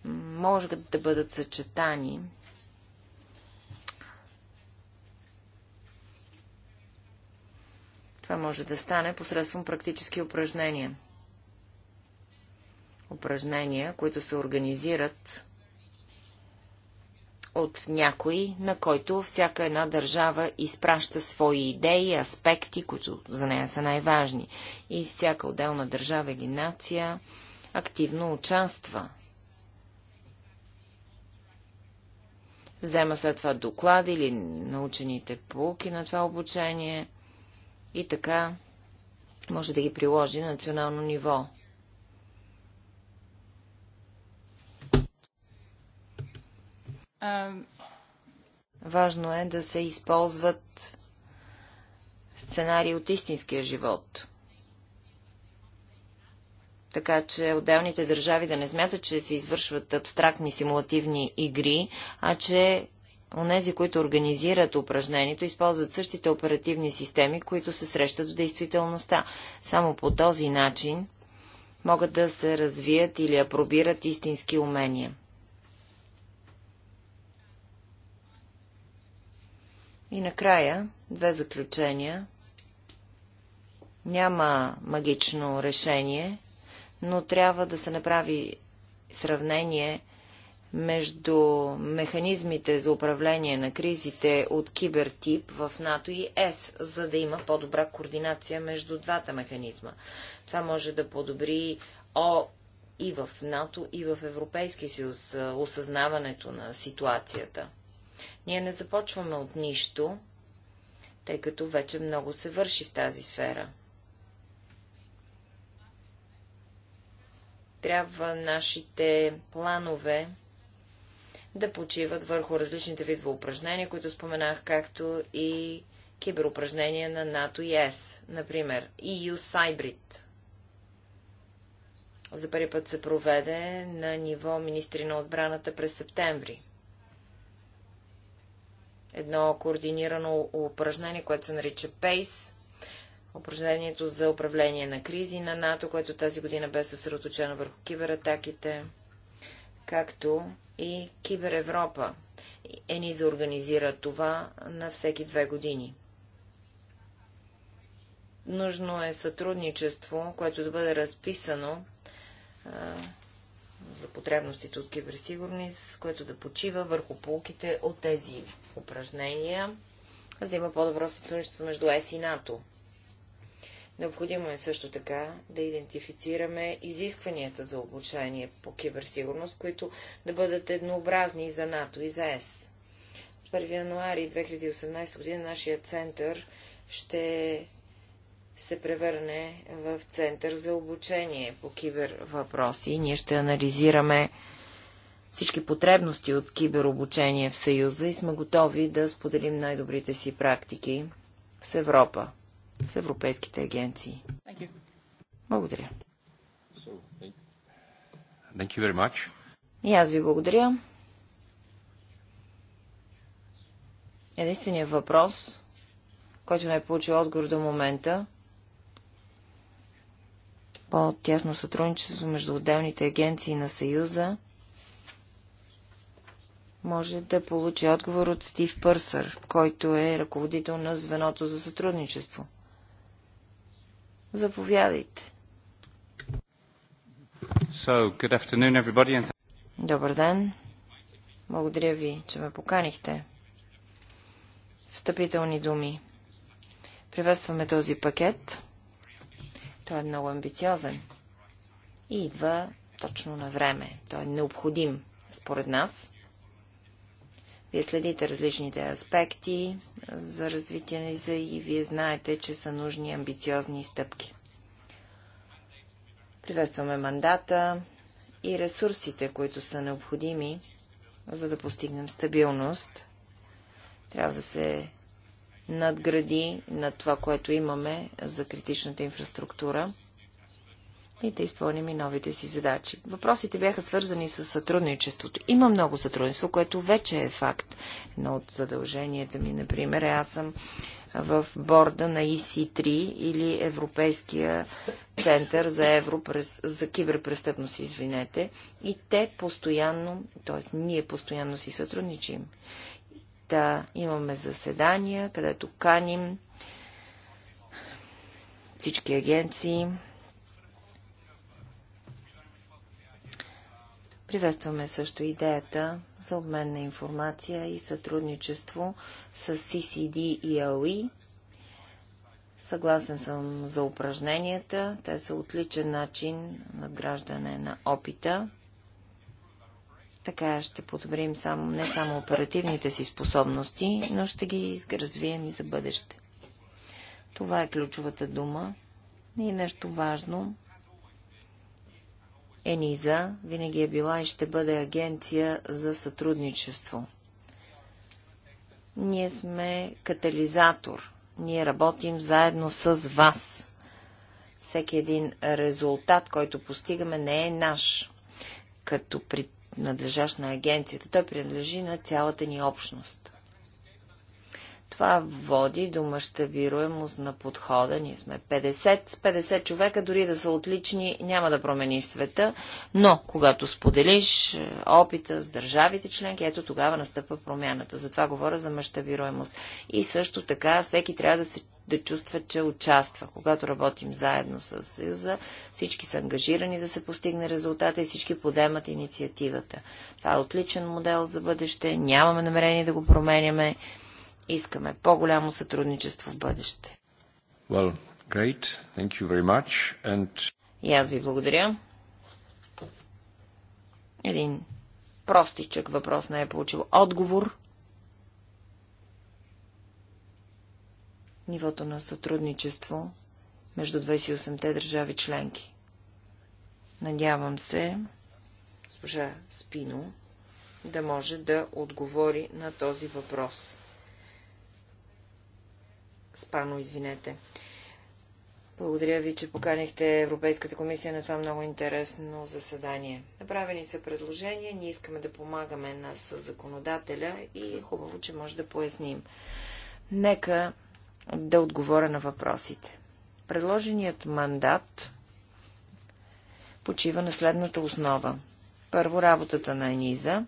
може да бъдат съчетани. Това може да стане посредством практически упражнения упражнения, които се организират от някой, на който всяка една държава изпраща свои идеи, аспекти, които за нея са най-важни. И всяка отделна държава или нация активно участва. Взема след това доклади или научените полуки на това обучение и така може да ги приложи на национално ниво. Важно е да се използват сценарии от истинския живот. Така че отделните държави да не смятат, че се извършват абстрактни симулативни игри, а че онези, които организират упражнението, използват същите оперативни системи, които се срещат в действителността. Само по този начин могат да се развият или апробират истински умения. И накрая две заключения. Няма магично решение, но трябва да се направи сравнение между механизмите за управление на кризите от кибертип в НАТО и ЕС, за да има по-добра координация между двата механизма. Това може да подобри О и в НАТО, и в Европейския съюз осъзнаването на ситуацията. Ние не започваме от нищо, тъй като вече много се върши в тази сфера. Трябва нашите планове да почиват върху различните видове упражнения, които споменах, както и киберупражнения на НАТО и ЕС, например EU Cybrid. За първи път се проведе на ниво министри на отбраната през септември едно координирано упражнение, което се нарича PACE, упражнението за управление на кризи на НАТО, което тази година бе съсредоточено върху кибератаките, както и Европа. Ени заорганизира това на всеки две години. Нужно е сътрудничество, което да бъде разписано за потребностите от киберсигурност, което да почива върху полките от тези упражнения, за да има по-добро сътрудничество между ЕС и НАТО. Необходимо е също така да идентифицираме изискванията за обучение по киберсигурност, които да бъдат еднообразни и за НАТО и за ЕС. 1 януари 2018 година нашия център ще се превърне в център за обучение по кибер въпроси. Ние ще анализираме всички потребности от киберобучение в Съюза и сме готови да споделим най-добрите си практики с Европа, с европейските агенции. Благодаря. thank you very much. И аз ви благодаря. Единственият въпрос, който не е получил отговор до момента, по-тясно сътрудничество между отделните агенции на Съюза може да получи отговор от Стив Пърсър, който е ръководител на звеното за сътрудничество. Заповядайте. So, good afternoon, everybody, and... Добър ден. Благодаря ви, че ме поканихте. Встъпителни думи. Приветстваме този пакет. Той е много амбициозен и идва точно на време. Той е необходим, според нас. Вие следите различните аспекти за развитие на ИЗА и вие знаете, че са нужни амбициозни стъпки. Приветстваме мандата и ресурсите, които са необходими, за да постигнем стабилност. Трябва да се надгради на това, което имаме за критичната инфраструктура и да изпълним и новите си задачи. Въпросите бяха свързани с сътрудничеството. Има много сътрудничество, което вече е факт. Едно от задълженията ми, например, е аз съм в борда на EC3 или Европейския център за, евро, за киберпрестъпност, извинете, и те постоянно, т.е. ние постоянно си сътрудничим да имаме заседания, където каним всички агенции. Приветстваме също идеята за обмен на информация и сътрудничество с CCD и AOE. Съгласен съм за упражненията. Те са отличен начин на граждане на опита. Така ще подобрим само, не само оперативните си способности, но ще ги развием и за бъдеще. Това е ключовата дума. И нещо важно. Ениза винаги е била и ще бъде агенция за сътрудничество. Ние сме катализатор. Ние работим заедно с вас. Всеки един резултат, който постигаме, не е наш. Като при принадлежащ на агенцията. Той принадлежи на цялата ни общност. Това води до мащабируемост на подхода. Ние сме 50 с 50 човека, дори да са отлични, няма да промениш света, но когато споделиш е, опита с държавите членки, ето тогава настъпва промяната. Затова говоря за мащабируемост. И също така всеки трябва да се да чувстват, че участва. Когато работим заедно с Съюза, всички са ангажирани да се постигне резултата и всички подемат инициативата. Това е отличен модел за бъдеще, нямаме намерение да го променяме, искаме по-голямо сътрудничество в бъдеще. Well, great. Thank you very much. And... И аз ви благодаря. Един простичък въпрос не е получил отговор – нивото на сътрудничество между 28-те държави членки. Надявам се, госпожа Спино, да може да отговори на този въпрос. Спано, извинете. Благодаря ви, че поканихте Европейската комисия на това много интересно заседание. Направени са предложения, ние искаме да помагаме на законодателя и е хубаво, че може да поясним. Нека да отговоря на въпросите. Предложеният мандат почива на следната основа. Първо работата на ЕНИЗА.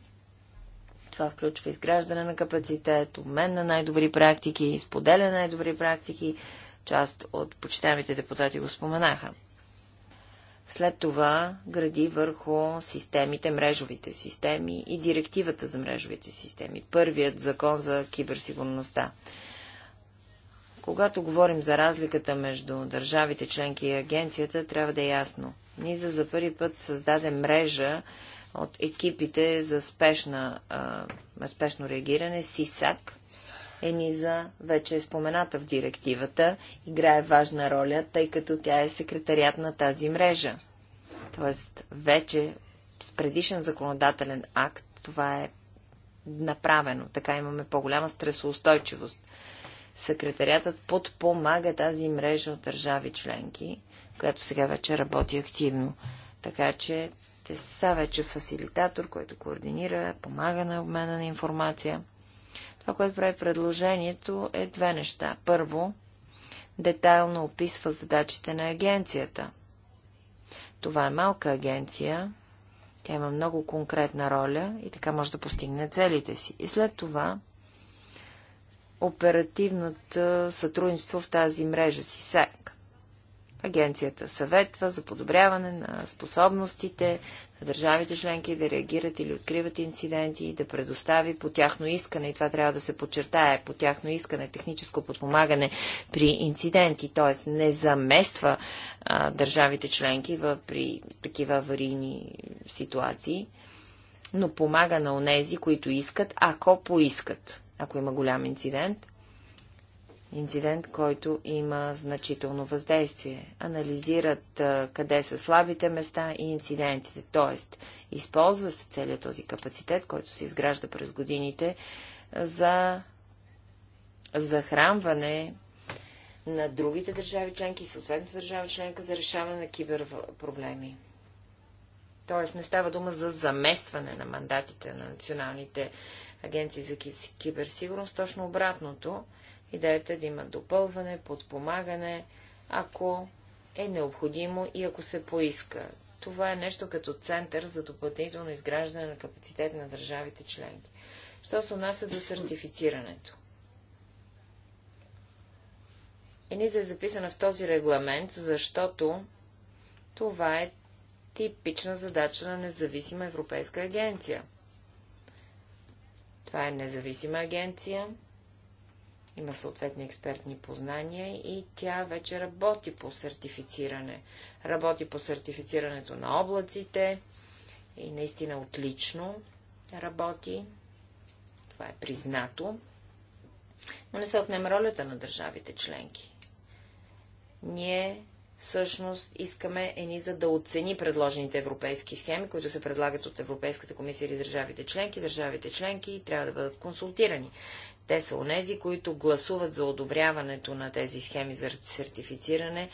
Това включва изграждане на капацитет, обмен на най-добри практики, изподеля на най-добри практики. Част от почитаемите депутати го споменаха. След това гради върху системите, мрежовите системи и директивата за мрежовите системи. Първият закон за киберсигурността. Когато говорим за разликата между държавите членки и агенцията, трябва да е ясно. Низа за първи път създаде мрежа от екипите за спешна, а, спешно реагиране, СИСАК. е НИЗА вече е спомената в директивата, играе важна роля, тъй като тя е секретарият на тази мрежа. Тоест, вече с предишен законодателен акт това е направено. Така имаме по-голяма стресоустойчивост. Секретариатът подпомага тази мрежа от държави членки, която сега вече работи активно. Така че те са вече фасилитатор, който координира, помага на обмена на информация. Това, което прави предложението, е две неща. Първо, детайлно описва задачите на агенцията. Това е малка агенция, тя има много конкретна роля и така може да постигне целите си. И след това оперативната сътрудничество в тази мрежа си СЕК. Агенцията съветва за подобряване на способностите на държавите членки да реагират или откриват инциденти и да предостави по тяхно искане, и това трябва да се подчертае, по тяхно искане техническо подпомагане при инциденти, т.е. не замества а, държавите членки в, при такива аварийни ситуации, но помага на онези, които искат, ако поискат ако има голям инцидент. Инцидент, който има значително въздействие. Анализират а, къде са слабите места и инцидентите. Тоест, използва се целият този капацитет, който се изгражда през годините, за захранване на другите държави членки и съответно държава членка за решаване на киберпроблеми. Тоест не става дума за заместване на мандатите на националните агенции за киберсигурност, точно обратното. Идеята е да има допълване, подпомагане, ако е необходимо и ако се поиска. Това е нещо като център за допълнително изграждане на капацитет на държавите членки. Що се отнася до сертифицирането? Ениза е записана в този регламент, защото това е типична задача на независима европейска агенция. Това е независима агенция, има съответни експертни познания и тя вече работи по сертифициране. Работи по сертифицирането на облаците и наистина отлично работи. Това е признато. Но не се отнем ролята на държавите членки. Ние всъщност искаме ЕНИЗА да оцени предложените европейски схеми, които се предлагат от Европейската комисия или държавите членки. Държавите членки трябва да бъдат консултирани. Те са онези, които гласуват за одобряването на тези схеми за сертифициране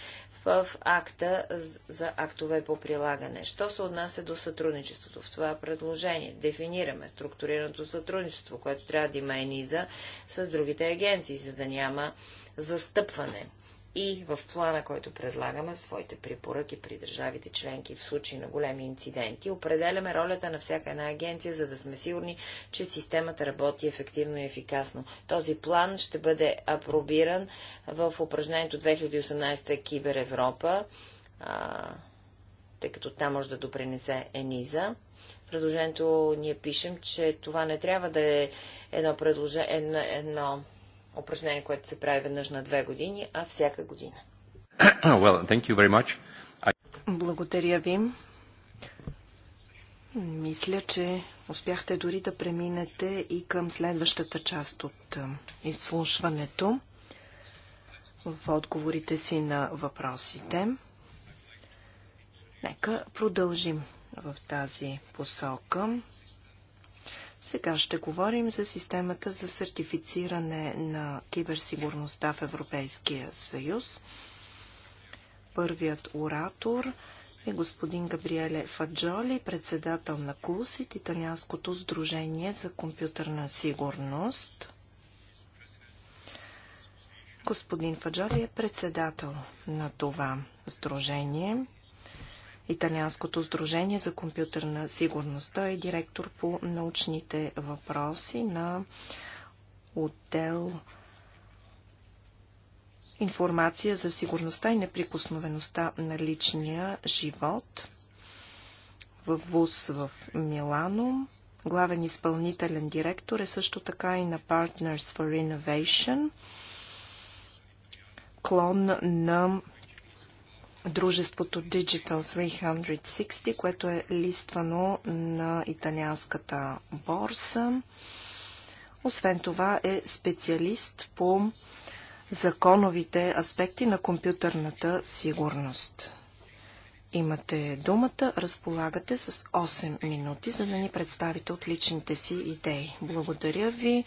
в акта за актове по прилагане. Що се отнася до сътрудничеството? В това предложение дефинираме структурираното сътрудничество, което трябва да има ЕНИЗА с другите агенции, за да няма застъпване и в плана, който предлагаме своите препоръки при държавите членки в случай на големи инциденти, определяме ролята на всяка една агенция, за да сме сигурни, че системата работи ефективно и ефикасно. Този план ще бъде апробиран в упражнението 2018 Кибер Европа, а, тъй като там може да допринесе ЕНИЗА предложението ние пишем, че това не трябва да е едно, предложение, едно, едно упражнение, което се прави веднъж на две години, а всяка година. Well, thank you very much. I... Благодаря ви. Мисля, че успяхте дори да преминете и към следващата част от изслушването в отговорите си на въпросите. Нека продължим в тази посока. Сега ще говорим за системата за сертифициране на киберсигурността в Европейския съюз. Първият оратор е господин Габриеле Фаджоли, председател на КУСИТ, Италианското сдружение за компютърна сигурност. Господин Фаджоли е председател на това сдружение. Италианското сдружение за компютърна сигурност. Той е директор по научните въпроси на отдел информация за сигурността и неприкосновеността на личния живот в ВУЗ в Милано. Главен изпълнителен директор е също така и на Partners for Innovation, клон на дружеството Digital 360, което е листвано на италианската борса. Освен това е специалист по законовите аспекти на компютърната сигурност. Имате думата, разполагате с 8 минути, за да ни представите отличните си идеи. Благодаря ви.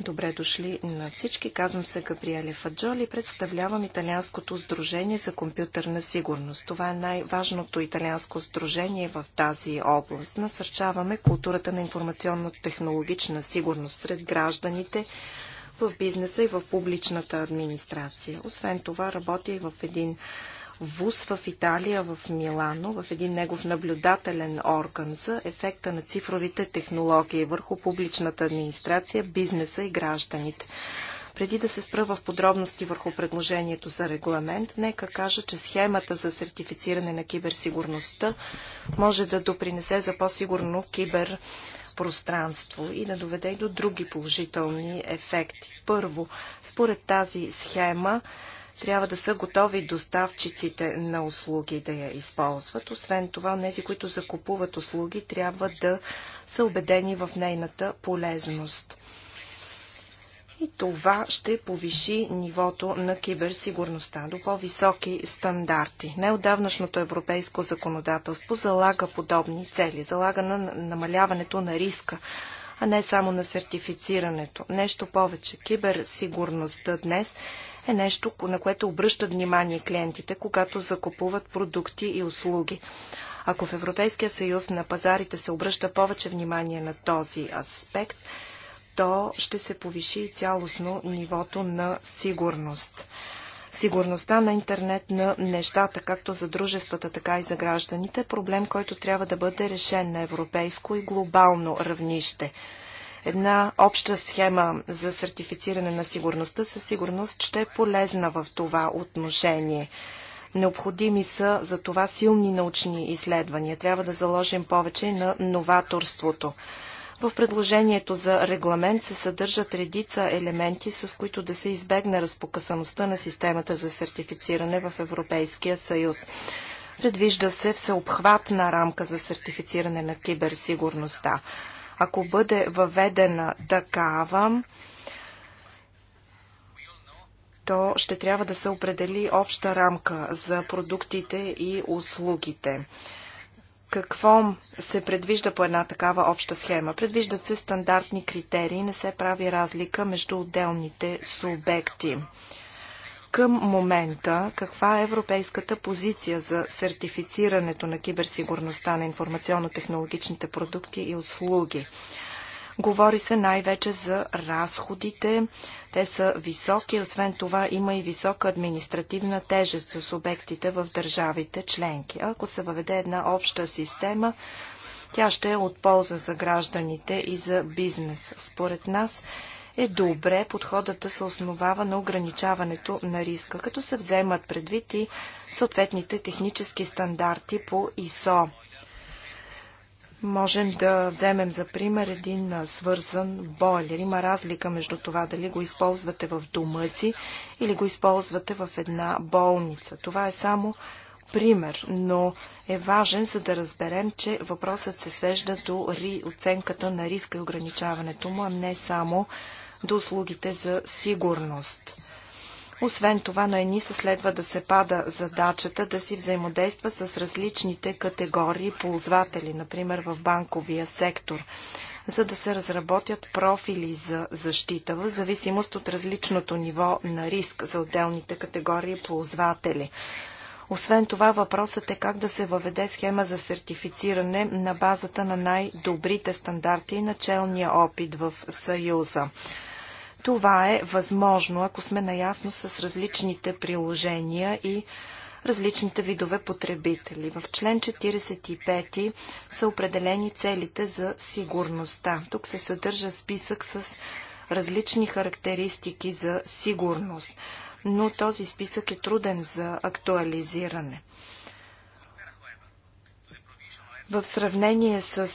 Добре дошли на всички. Казвам се Габриеле Фаджоли. Представлявам Италианското сдружение за компютърна сигурност. Това е най-важното италианско сдружение в тази област. Насърчаваме културата на информационно-технологична сигурност сред гражданите в бизнеса и в публичната администрация. Освен това работя и в един ВУЗ в Италия, в Милано, в един негов наблюдателен орган за ефекта на цифровите технологии върху публичната администрация, бизнеса и гражданите. Преди да се спра в подробности върху предложението за регламент, нека кажа, че схемата за сертифициране на киберсигурността може да допринесе за по-сигурно кибер пространство и да доведе и до други положителни ефекти. Първо, според тази схема, трябва да са готови доставчиците на услуги да я използват. Освен това, тези, които закупуват услуги, трябва да са убедени в нейната полезност. И това ще повиши нивото на киберсигурността до по-високи стандарти. Неодавнашното европейско законодателство залага подобни цели, залага на намаляването на риска а не само на сертифицирането. Нещо повече, киберсигурността днес е нещо, на което обръщат внимание клиентите, когато закупуват продукти и услуги. Ако в Европейския съюз на пазарите се обръща повече внимание на този аспект, то ще се повиши цялостно нивото на сигурност. Сигурността на интернет на нещата, както за дружествата, така и за гражданите, е проблем, който трябва да бъде решен на европейско и глобално равнище. Една обща схема за сертифициране на сигурността със сигурност ще е полезна в това отношение. Необходими са за това силни научни изследвания. Трябва да заложим повече на новаторството. В предложението за регламент се съдържат редица елементи, с които да се избегне разпокъсаността на системата за сертифициране в Европейския съюз. Предвижда се всеобхватна рамка за сертифициране на киберсигурността. Ако бъде въведена такава, то ще трябва да се определи обща рамка за продуктите и услугите. Какво се предвижда по една такава обща схема? Предвиждат се стандартни критерии, не се прави разлика между отделните субекти към момента каква е европейската позиция за сертифицирането на киберсигурността на информационно-технологичните продукти и услуги? Говори се най-вече за разходите. Те са високи, освен това има и висока административна тежест за субектите в държавите членки. Ако се въведе една обща система, тя ще е от полза за гражданите и за бизнес. Според нас е добре подходът да се основава на ограничаването на риска, като се вземат предвид и съответните технически стандарти по ИСО. Можем да вземем за пример един свързан бойлер. Има разлика между това дали го използвате в дома си или го използвате в една болница. Това е само пример, но е важен, за да разберем, че въпросът се свежда до оценката на риска и ограничаването му, а не само до услугите за сигурност. Освен това, на ЕНИСА следва да се пада задачата да си взаимодейства с различните категории ползватели, например в банковия сектор, за да се разработят профили за защита в зависимост от различното ниво на риск за отделните категории ползватели. Освен това, въпросът е как да се въведе схема за сертифициране на базата на най-добрите стандарти и началния опит в Съюза. Това е възможно, ако сме наясно с различните приложения и различните видове потребители. В член 45 са определени целите за сигурността. Тук се съдържа списък с различни характеристики за сигурност, но този списък е труден за актуализиране. В сравнение с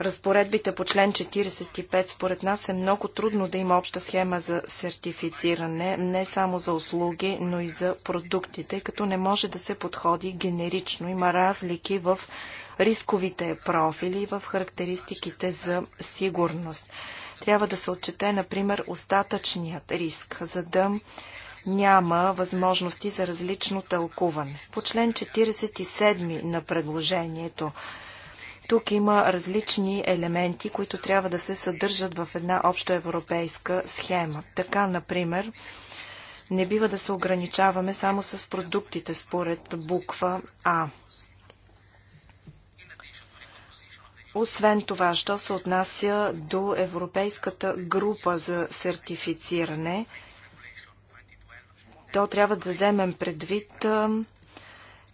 разпоредбите по член 45 според нас е много трудно да има обща схема за сертифициране, не само за услуги, но и за продуктите, като не може да се подходи генерично. Има разлики в рисковите профили и в характеристиките за сигурност. Трябва да се отчете, например, остатъчният риск, за да няма възможности за различно тълкуване. По член 47 на предложението тук има различни елементи, които трябва да се съдържат в една европейска схема. Така, например, не бива да се ограничаваме само с продуктите според буква А. Освен това, що се отнася до Европейската група за сертифициране, то трябва да вземем предвид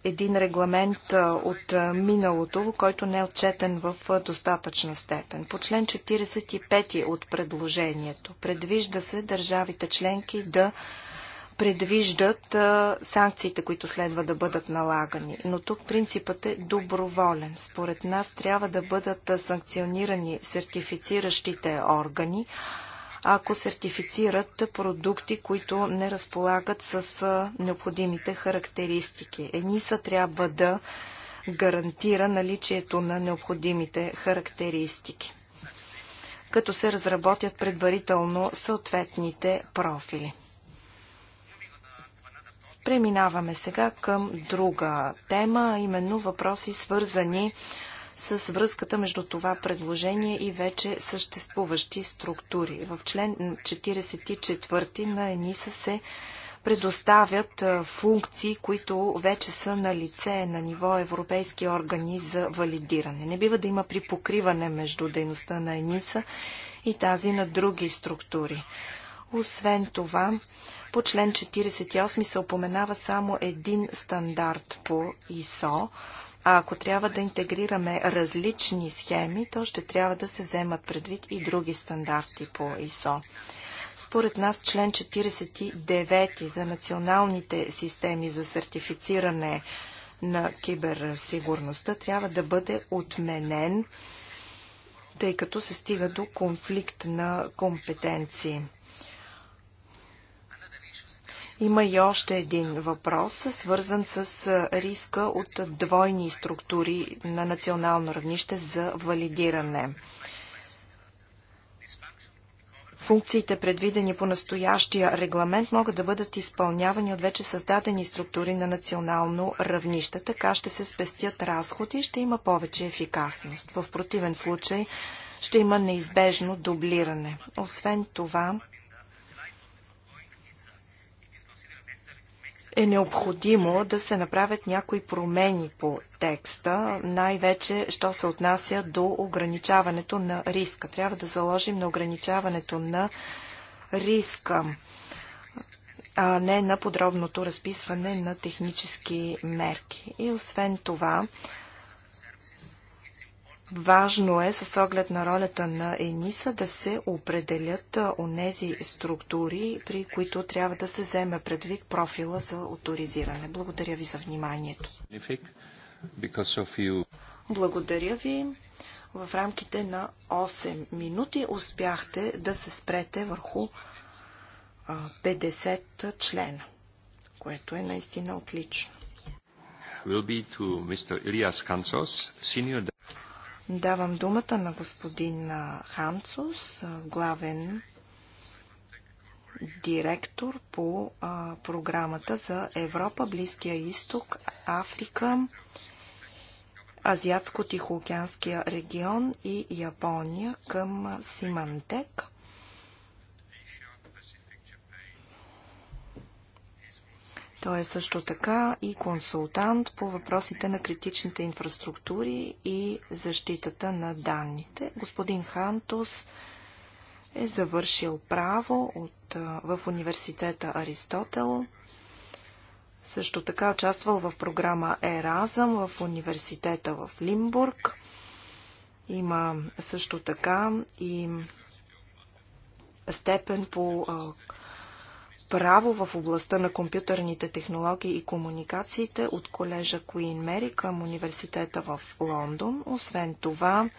един регламент от миналото, който не е отчетен в достатъчна степен. По член 45 от предложението предвижда се държавите членки да предвиждат санкциите, които следва да бъдат налагани. Но тук принципът е доброволен. Според нас трябва да бъдат санкционирани сертифициращите органи, ако сертифицират продукти, които не разполагат с необходимите характеристики. ЕНИСА трябва да гарантира наличието на необходимите характеристики, като се разработят предварително съответните профили. Преминаваме сега към друга тема, именно въпроси свързани с с връзката между това предложение и вече съществуващи структури. В член 44 на ЕНИСА се предоставят функции, които вече са на лице на ниво европейски органи за валидиране. Не бива да има припокриване между дейността на ЕНИСА и тази на други структури. Освен това, по член 48 се опоменава само един стандарт по ИСО, а ако трябва да интегрираме различни схеми, то ще трябва да се вземат предвид и други стандарти по ИСО. Според нас член 49 за националните системи за сертифициране на киберсигурността трябва да бъде отменен, тъй като се стига до конфликт на компетенции. Има и още един въпрос, свързан с риска от двойни структури на национално равнище за валидиране. Функциите, предвидени по настоящия регламент, могат да бъдат изпълнявани от вече създадени структури на национално равнище. Така ще се спестят разходи и ще има повече ефикасност. В противен случай ще има неизбежно дублиране. Освен това, е необходимо да се направят някои промени по текста, най-вече, що се отнася до ограничаването на риска. Трябва да заложим на ограничаването на риска, а не на подробното разписване на технически мерки. И освен това, Важно е с оглед на ролята на ЕНИСА да се определят онези структури, при които трябва да се вземе предвид профила за авторизиране. Благодаря ви за вниманието. Благодаря ви. В рамките на 8 минути успяхте да се спрете върху 50 члена, което е наистина отлично. Will be to Mr. Ilias Kansos, senior Давам думата на господин Ханцус, главен директор по програмата за Европа, Близкия изток, Африка, Азиатско-Тихоокеанския регион и Япония към Симантек. Той е също така и консултант по въпросите на критичните инфраструктури и защитата на данните. Господин Хантус е завършил право от, в университета Аристотел. Също така участвал в програма Еразъм в университета в Лимбург. Има също така и степен по право в областта на компютърните технологии и комуникациите от колежа Куин Мери към университета в Лондон. Освен това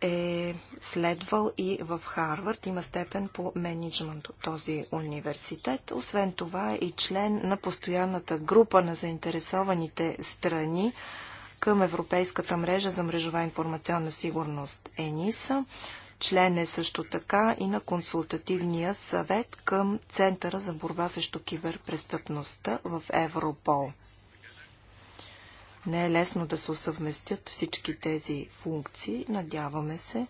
е следвал и в Харвард. Има степен по менеджмент от този университет. Освен това е и член на постоянната група на заинтересованите страни към Европейската мрежа за мрежова информационна сигурност ЕНИСА. Член е също така и на консултативния съвет към Центъра за борба срещу киберпрестъпността в Европол. Не е лесно да се усъвместят всички тези функции. Надяваме се,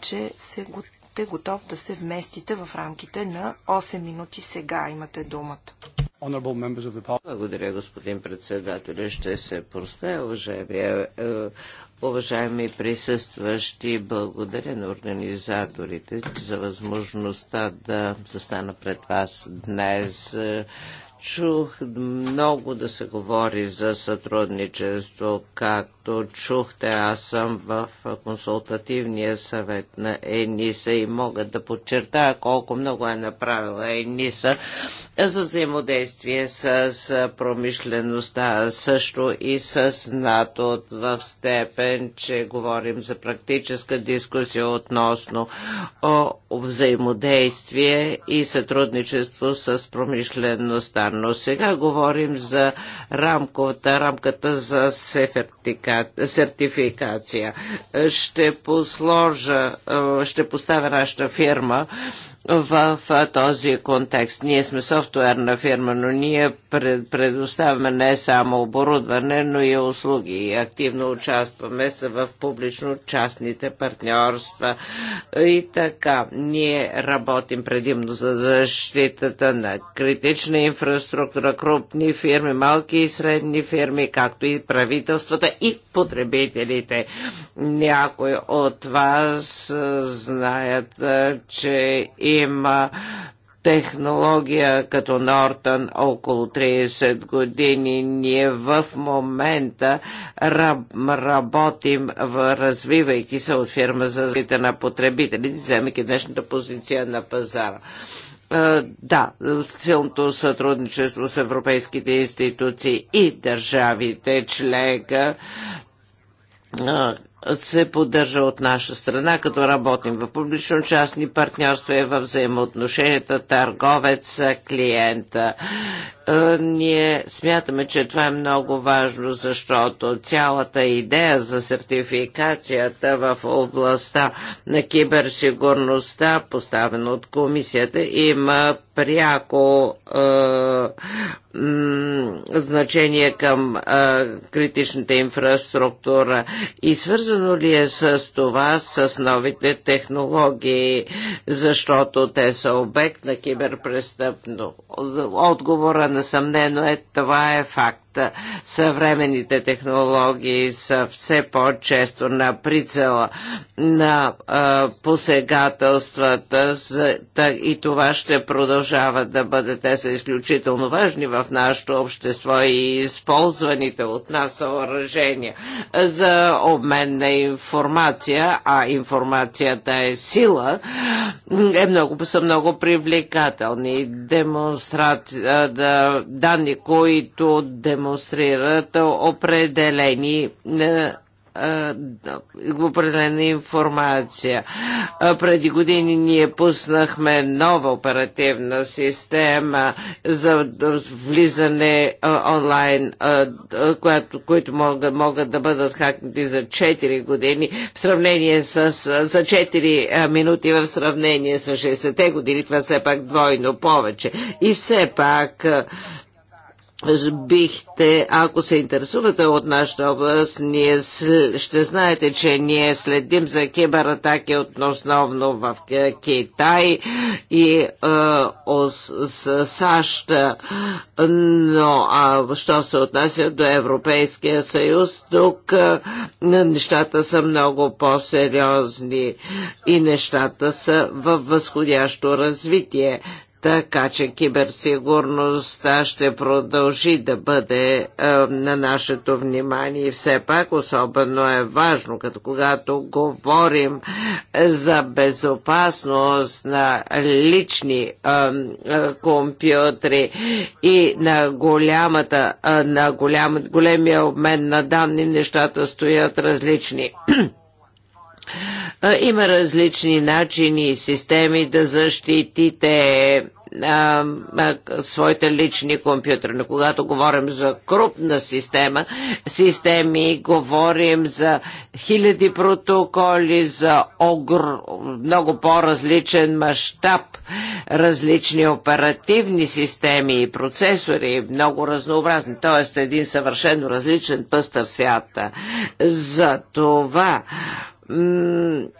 че се сте готов да се вместите в рамките на 8 минути сега. Имате думата. Благодаря, господин председател. Ще се простая, уважаеми е, Уважаеми присъстващи, благодаря на организаторите за възможността да застана пред вас днес. Чух много да се говори за сътрудничество, как Както чухте, аз съм в консултативния съвет на ЕНИСА и мога да подчертая колко много е направила ЕНИСА за взаимодействие с промишлеността, също и с НАТО в степен, че говорим за практическа дискусия относно о, взаимодействие и сътрудничество с промишлеността. Но сега говорим за рамковата, рамката за сефертика сертификация. Ще, посложа, е, ще поставя нашата фирма в този контекст. Ние сме софтуерна фирма, но ние предоставяме не само оборудване, но и услуги. И активно участваме в публично-частните партньорства. И така, ние работим предимно за защитата на критична инфраструктура, крупни фирми, малки и средни фирми, както и правителствата и потребителите. Някои от вас знаят, че и има технология като Нортън около 30 години. Ние в момента работим, развивайки се от фирма за защита на потребителите, вземайки днешната позиция на пазара да, силното сътрудничество с европейските институции и държавите членка се поддържа от наша страна, като работим в публично-частни партньорства и в взаимоотношенията търговец-клиента. Е, ние смятаме, че това е много важно, защото цялата идея за сертификацията в областта на киберсигурността, поставена от комисията, има пряко е, значение към а, критичната инфраструктура и свързано ли е с това с новите технологии, защото те са обект на киберпрестъпно. Отговора съмнено е това е факт. Съвременните технологии са все по-често на прицела на а, посегателствата и това ще продължава да бъде. Те са изключително важни в нашето общество и използваните от нас съоръжения за обмен на информация, а информацията е сила, е много, са много привлекателни. Демонстрации, да, данни, които демонстрират демонстрират определени е, е, определена информация. Преди години ние пуснахме нова оперативна система за влизане е, онлайн, която, които могат, могат да бъдат хакнати за 4 години в сравнение с, за 4 минути в сравнение с 60-те години. Това все пак двойно повече. И все пак бихте, ако се интересувате от нашата област, ние ще знаете, че ние следим за кибератаки основно в Китай и е, с САЩ, но а, що се отнася до Европейския съюз, тук е, нещата са много по-сериозни и нещата са във възходящо развитие. Така че киберсигурността ще продължи да бъде е, на нашето внимание и все пак особено е важно, като когато говорим за безопасност на лични е, е, компютри и на, голямата, е, на голям, големия обмен на данни, нещата стоят различни. Е, има различни начини и системи да защитите а, своите лични компютри. Но когато говорим за крупна система, системи, говорим за хиляди протоколи, за огр, много по-различен мащаб, различни оперативни системи и процесори, много разнообразни, т.е. един съвършено различен пъстър свят. За това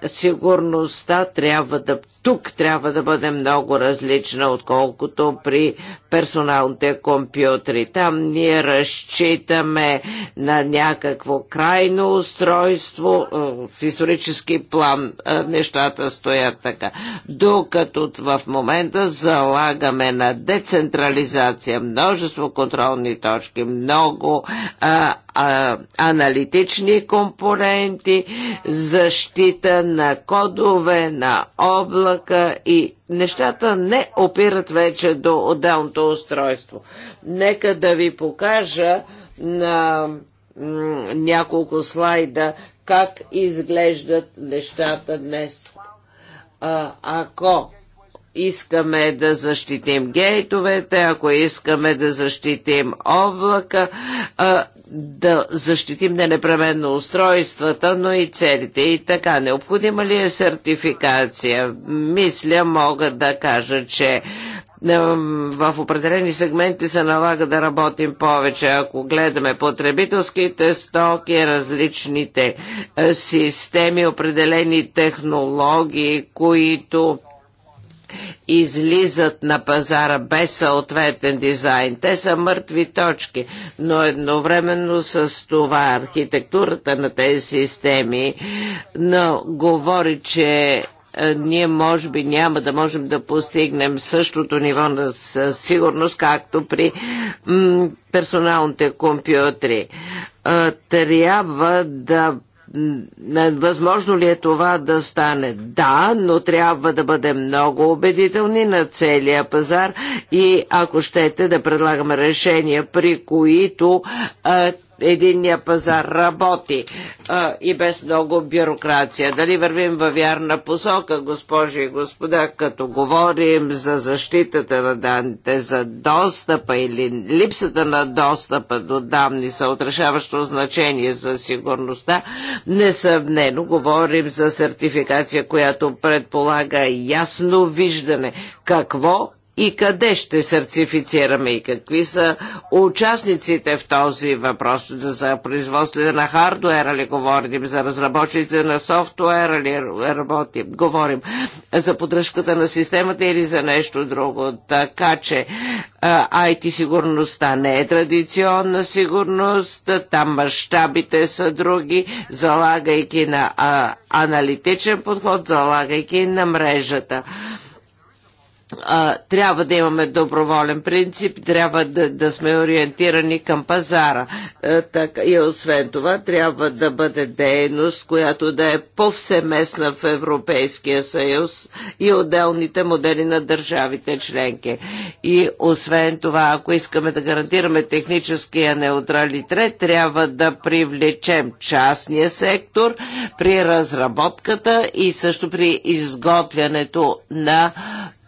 сигурността трябва да, тук трябва да бъде много различна, отколкото при персоналните компютри. Там ние разчитаме на някакво крайно устройство, е, в исторически план е, нещата стоят така. Докато в момента залагаме на децентрализация, множество контролни точки, много а, а, аналитични компоненти, защита на кодове, на облака и нещата не опират вече до отделното устройство. Нека да ви покажа на няколко слайда как изглеждат нещата днес. А, ако искаме да защитим гейтовете, ако искаме да защитим облака, а, да защитим не непременно устройствата, но и целите и така. Необходима ли е сертификация? Мисля, мога да кажа, че в определени сегменти се налага да работим повече. Ако гледаме потребителските стоки, различните е, системи, определени технологии, които излизат на пазара без съответен дизайн. Те са мъртви точки, но едновременно с това архитектурата на тези системи но говори, че е, ние може би няма да можем да постигнем същото ниво на сигурност, както при персоналните компютри. Е, трябва да Възможно ли е това да стане? Да, но трябва да бъдем много убедителни на целия пазар и ако щете да предлагаме решения, при които а, единния пазар работи а, и без много бюрокрация. Дали вървим във вярна посока, госпожи и господа, като говорим за защитата на данните, за достъпа или липсата на достъпа до данни са отрешаващо значение за сигурността, несъвнено говорим за сертификация, която предполага ясно виждане какво и къде ще сертифицираме и какви са участниците в този въпрос за производството на хардуера ли говорим, за разработчиците на софтуера ли работим, говорим, за поддръжката на системата или за нещо друго. Така че IT сигурността не е традиционна сигурност, там мащабите са други, залагайки на а, аналитичен подход, залагайки на мрежата а, трябва да имаме доброволен принцип, трябва да, да сме ориентирани към пазара. А, е, така, и освен това, трябва да бъде дейност, която да е повсеместна в Европейския съюз и отделните модели на държавите членки. И освен това, ако искаме да гарантираме техническия неутралитет, трябва да привлечем частния сектор при разработката и също при изготвянето на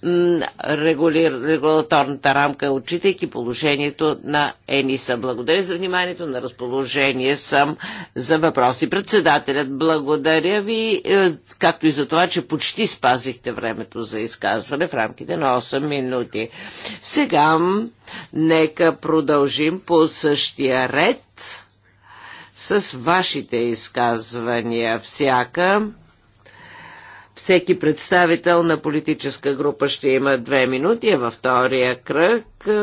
регулаторната рамка, отчитайки положението на ЕНИСА. Благодаря за вниманието. На разположение съм за въпроси. Председателят, благодаря ви, е, както и за това, че почти спазихте времето за изказване в рамките на 8 минути. Сега нека продължим по същия ред с вашите изказвания. Всяка всеки представител на политическа група ще има две минути, а във втория кръг е, е,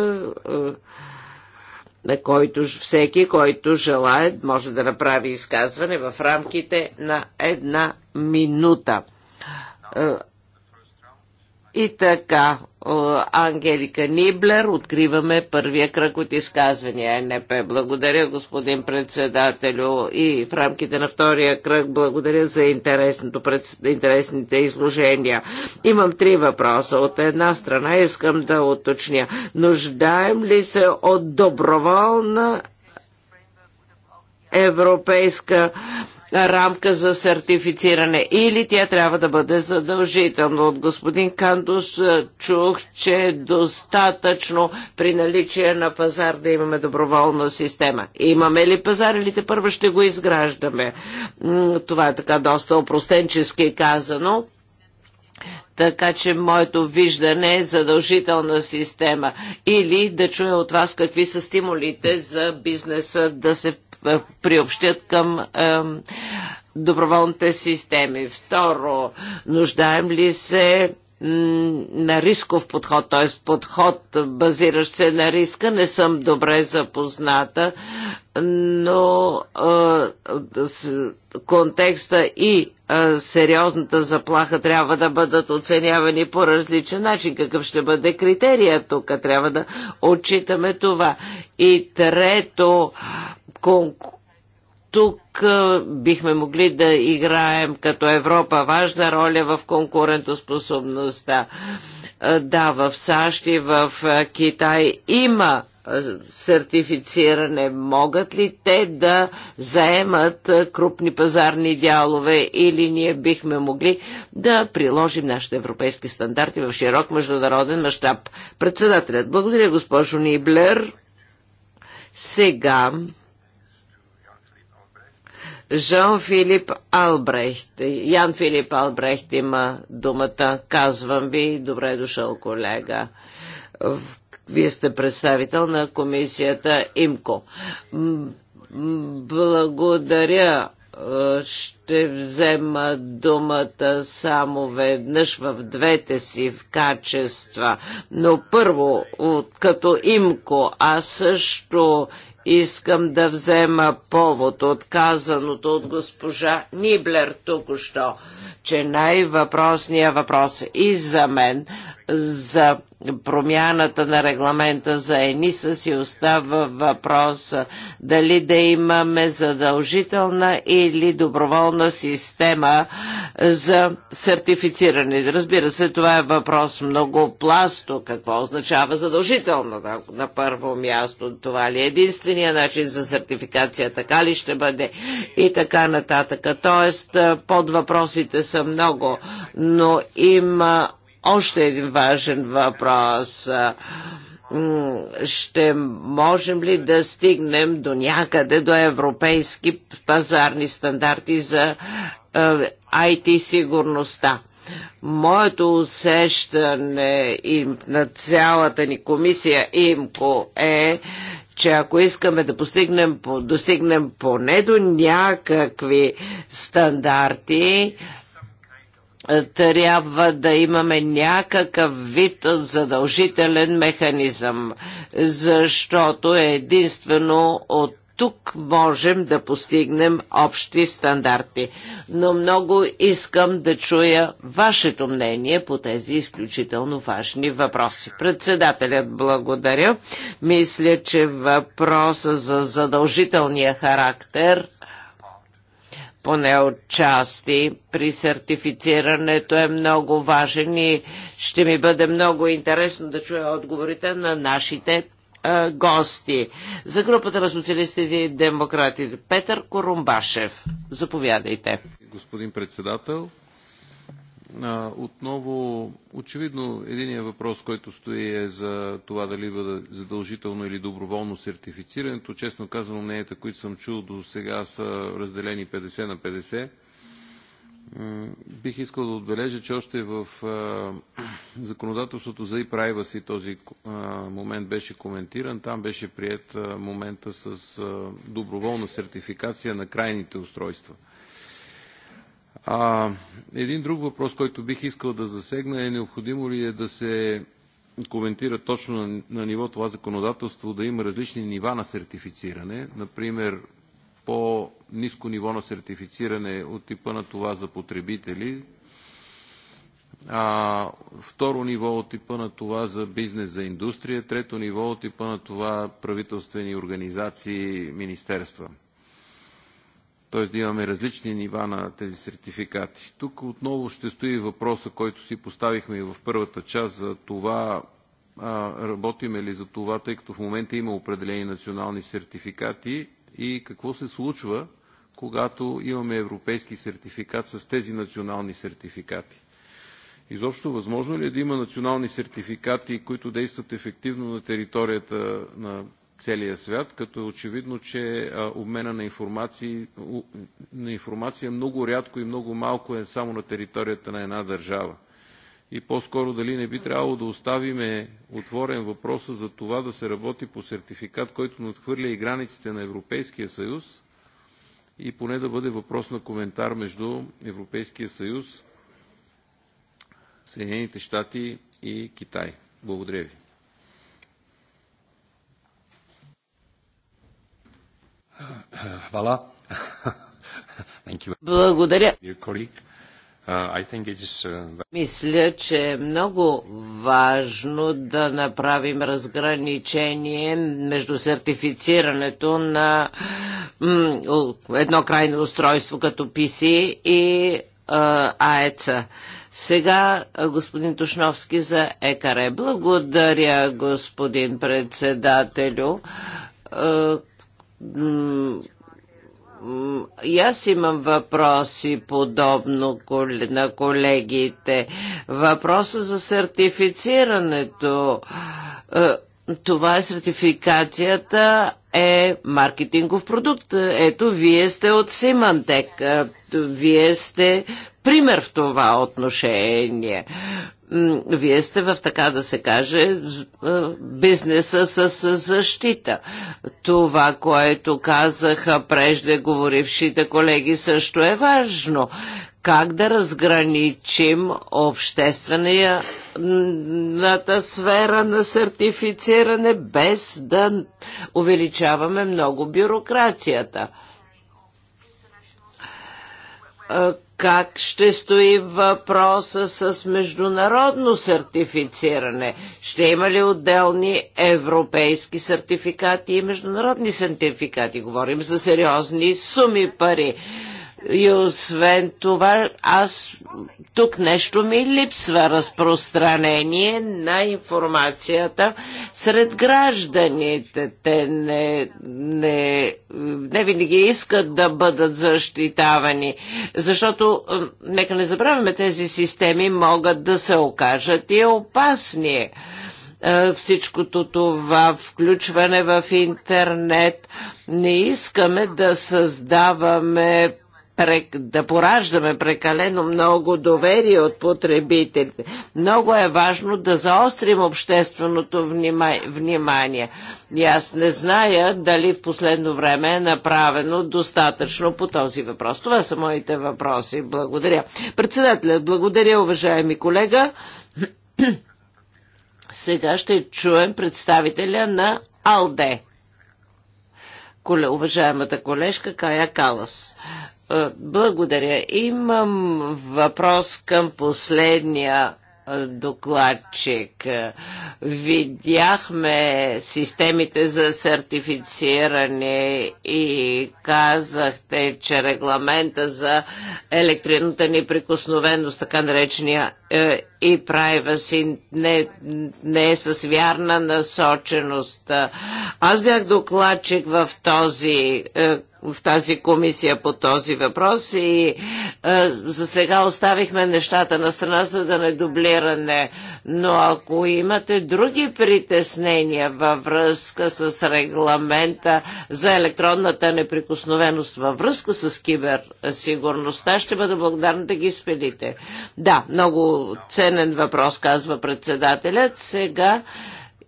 на който всеки, който желая, може да направи изказване в рамките на една минута. Е, и така, Ангелика Ниблер, откриваме първия кръг от изказвания е, НП. Благодаря, господин председателю, и в рамките на втория кръг благодаря за интересните изложения. Имам три въпроса. От една страна искам да уточня, нуждаем ли се от доброволна европейска рамка за сертифициране или тя трябва да бъде задължителна. От господин Кандус чух, че е достатъчно при наличие на пазар да имаме доброволна система. Имаме ли пазар или те първо ще го изграждаме? Това е така доста опростенчески казано. Така че моето виждане е задължителна система. Или да чуя от вас какви са стимулите за бизнеса да се приобщят към доброволните системи. Второ, нуждаем ли се на рисков подход, т.е. подход базиращ се на риска. Не съм добре запозната, но е, с, контекста и е, сериозната заплаха трябва да бъдат оценявани по различен начин. Какъв ще бъде критерия тук? Трябва да отчитаме това. И трето, тук бихме могли да играем като Европа важна роля в конкурентоспособността. Да, в САЩ и в Китай има сертифициране. Могат ли те да заемат крупни пазарни дялове или ние бихме могли да приложим нашите европейски стандарти в широк международен мащаб? Председателят, благодаря госпожо Ниблер. Сега Жан Филип Албрехт. Ян Филип Албрехт има думата. Казвам ви, добре е дошъл колега. Вие сте представител на комисията ИМКО. Благодаря. Е, ще взема думата само веднъж в двете си в качества. Но първо, като имко, аз също Искам да взема повод от казаното от госпожа Ниблер току-що, че най-въпросният въпрос и за мен за промяната на регламента за ЕНИСА си остава въпрос дали да имаме задължителна или доброволна система за сертифициране. Разбира се, това е въпрос много пласто. Какво означава задължително на, на първо място? Това ли е единствения начин за сертификация? Така ли ще бъде? И така нататък. Тоест, под въпросите са много, но има още един важен въпрос ще можем ли да стигнем до някъде до европейски пазарни стандарти за IT е, сигурността. Моето усещане и на цялата ни комисия ИМКО е, че ако искаме да постигнем, достигнем поне до някакви стандарти, е, трябва да имаме някакъв вид задължителен механизъм, защото единствено от тук можем да постигнем общи стандарти. Но много искам да чуя вашето мнение по тези изключително важни въпроси. Председателят благодаря. Мисля, че въпроса за задължителния характер поне от части при сертифицирането е много важен и ще ми бъде много интересно да чуя отговорите на нашите а, гости. За групата на социалистите и демократите Петър Корумбашев. Заповядайте. Господин председател, отново, очевидно, единият въпрос, който стои е за това дали бъде задължително или доброволно сертифицирането. Честно казвам, мненията, които съм чул до сега са разделени 50 на 50. Бих искал да отбележа, че още в законодателството за e-privacy този момент беше коментиран. Там беше прият момента с доброволна сертификация на крайните устройства – един друг въпрос, който бих искал да засегна е необходимо ли е да се коментира точно на, на ниво това законодателство да има различни нива на сертифициране. Например, по-низко ниво на сертифициране от типа на това за потребители, а, второ ниво от типа на това за бизнес, за индустрия, трето ниво от типа на това правителствени организации, министерства т.е. да имаме различни нива на тези сертификати. Тук отново ще стои въпроса, който си поставихме и в първата част за това работиме ли за това, тъй като в момента има определени национални сертификати и какво се случва, когато имаме европейски сертификат с тези национални сертификати. Изобщо възможно ли е да има национални сертификати, които действат ефективно на територията на целия свят, като е очевидно, че обмена на, информация, на информация много рядко и много малко е само на територията на една държава. И по-скоро дали не би трябвало да оставим отворен въпроса за това да се работи по сертификат, който надхвърля и границите на Европейския съюз и поне да бъде въпрос на коментар между Европейския съюз, Съединените щати и Китай. Благодаря ви. Вала. Благодаря. Uh, uh, Мисля, че е много важно да направим разграничение между сертифицирането на едно крайно устройство като PC и АЕЦа. Сега господин Тушновски за ЕКАРЕ. Благодаря, господин председателю и аз имам въпроси подобно на колегите. Въпроса за сертифицирането. Е, това е сертификацията, е маркетингов продукт. Ето, вие сте от Симантек. Вие сте пример в това отношение. Вие сте в така да се каже бизнеса с защита. Това, което казаха преждеговорившите колеги, също е важно как да разграничим обществената сфера на сертифициране, без да увеличаваме много бюрокрацията. Как ще стои въпроса с международно сертифициране? Ще има ли отделни европейски сертификати и международни сертификати? Говорим за сериозни суми пари и освен това, аз тук нещо ми липсва разпространение на информацията сред гражданите. Те не, не, не винаги искат да бъдат защитавани, защото, нека не забравяме, тези системи могат да се окажат и опасни. Е, всичкото това включване в интернет. Не искаме да създаваме да пораждаме прекалено много доверие от потребителите. Много е важно да заострим общественото внимание. И аз не зная дали в последно време е направено достатъчно по този въпрос. Това са моите въпроси. Благодаря. Председателят, благодаря, уважаеми колега. Сега ще чуем представителя на АЛДЕ. уважаемата колежка Кая Калас. Е, благодаря. Имам въпрос към последния е, докладчик. Е, видяхме системите за сертифициране и казахте, че регламента за електронната неприкосновеност, така наречения и e privacy не, не е с вярна насоченост. Аз бях докладчик в този в тази комисия по този въпрос и а, за сега оставихме нещата на страна, за да не дублиране. Но ако имате други притеснения във връзка с регламента за електронната неприкосновеност във връзка с киберсигурността, ще бъда благодарна да ги спелите. Да, много ценен въпрос, казва председателят. Сега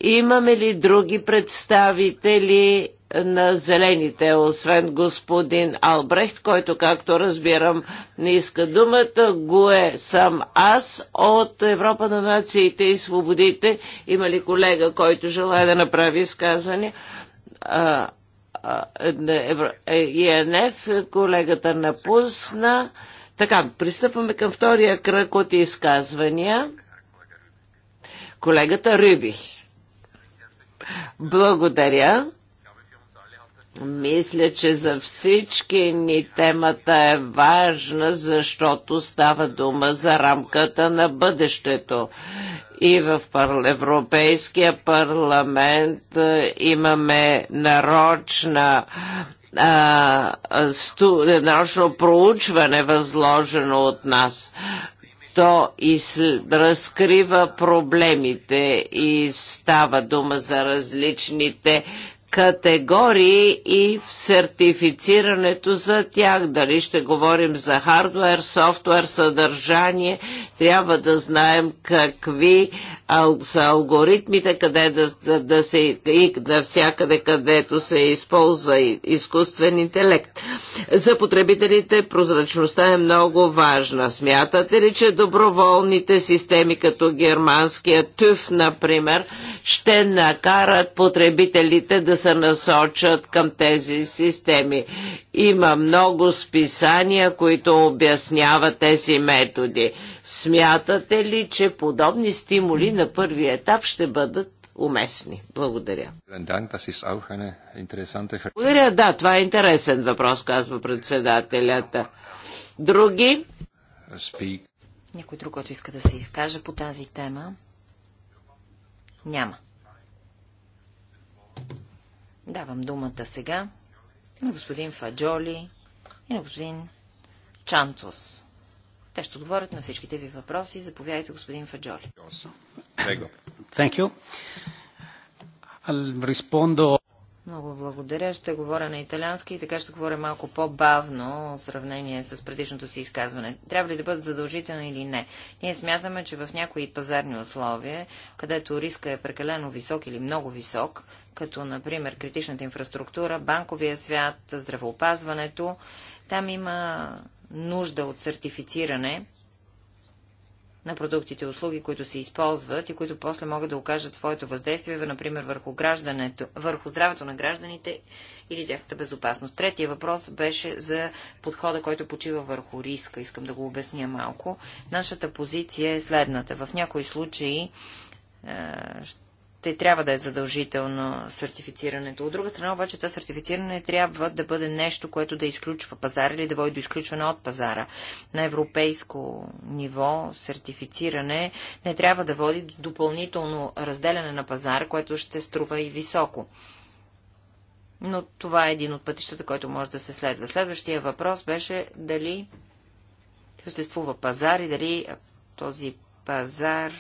Имаме ли други представители на зелените, освен господин Албрехт, който, както разбирам, не иска думата. Гое съм аз от Европа на нациите и свободите. Има ли колега, който желая да направи изказване? ЕНФ, е, колегата напусна. Така, пристъпваме към втория кръг от изказвания. Колегата Рюбих. Благодаря. Мисля, че за всички ни темата е важна, защото става дума за рамката на бъдещето. И в Европейския парламент имаме нарочна нарочно проучване, възложено от нас то изл... разкрива проблемите и става дума за различните категории и в сертифицирането за тях. Дали ще говорим за хардвер, софтуер, съдържание, трябва да знаем какви ал, са алгоритмите, къде да, да, да се и навсякъде, където се използва изкуствен интелект. За потребителите прозрачността е много важна. Смятате ли, че доброволните системи, като германския ТЮФ, например, ще накарат потребителите да се се насочат към тези системи. Има много списания, които обясняват тези методи. Смятате ли, че подобни стимули на първи етап ще бъдат уместни. Благодаря. Благодаря, да, това е интересен въпрос, казва председателята. Други? Някой друг, който иска да се изкаже по тази тема? Няма. Давам думата сега на господин Фаджоли и на господин Чантос. Те ще отговорят на всичките ви въпроси. Заповядайте, господин Фаджоли. Thank you. I'll respond много благодаря. Ще говоря на италиански и така ще говоря малко по-бавно в сравнение с предишното си изказване. Трябва ли да бъдат задължителни или не? Ние смятаме, че в някои пазарни условия, където риска е прекалено висок или много висок, като например критичната инфраструктура, банковия свят, здравеопазването, там има нужда от сертифициране на продуктите и услуги, които се използват и които после могат да окажат своето въздействие, например, върху, върху здравето на гражданите или тяхната безопасност. Третия въпрос беше за подхода, който почива върху риска. Искам да го обясня малко. Нашата позиция е следната. В някои случаи е, те трябва да е задължително сертифицирането. От друга страна обаче това сертифициране трябва да бъде нещо, което да изключва пазара или да води до изключване от пазара. На европейско ниво сертифициране не трябва да води до допълнително разделяне на пазара, което ще струва и високо. Но това е един от пътищата, който може да се следва. Следващия въпрос беше дали съществува пазар и дали този пазар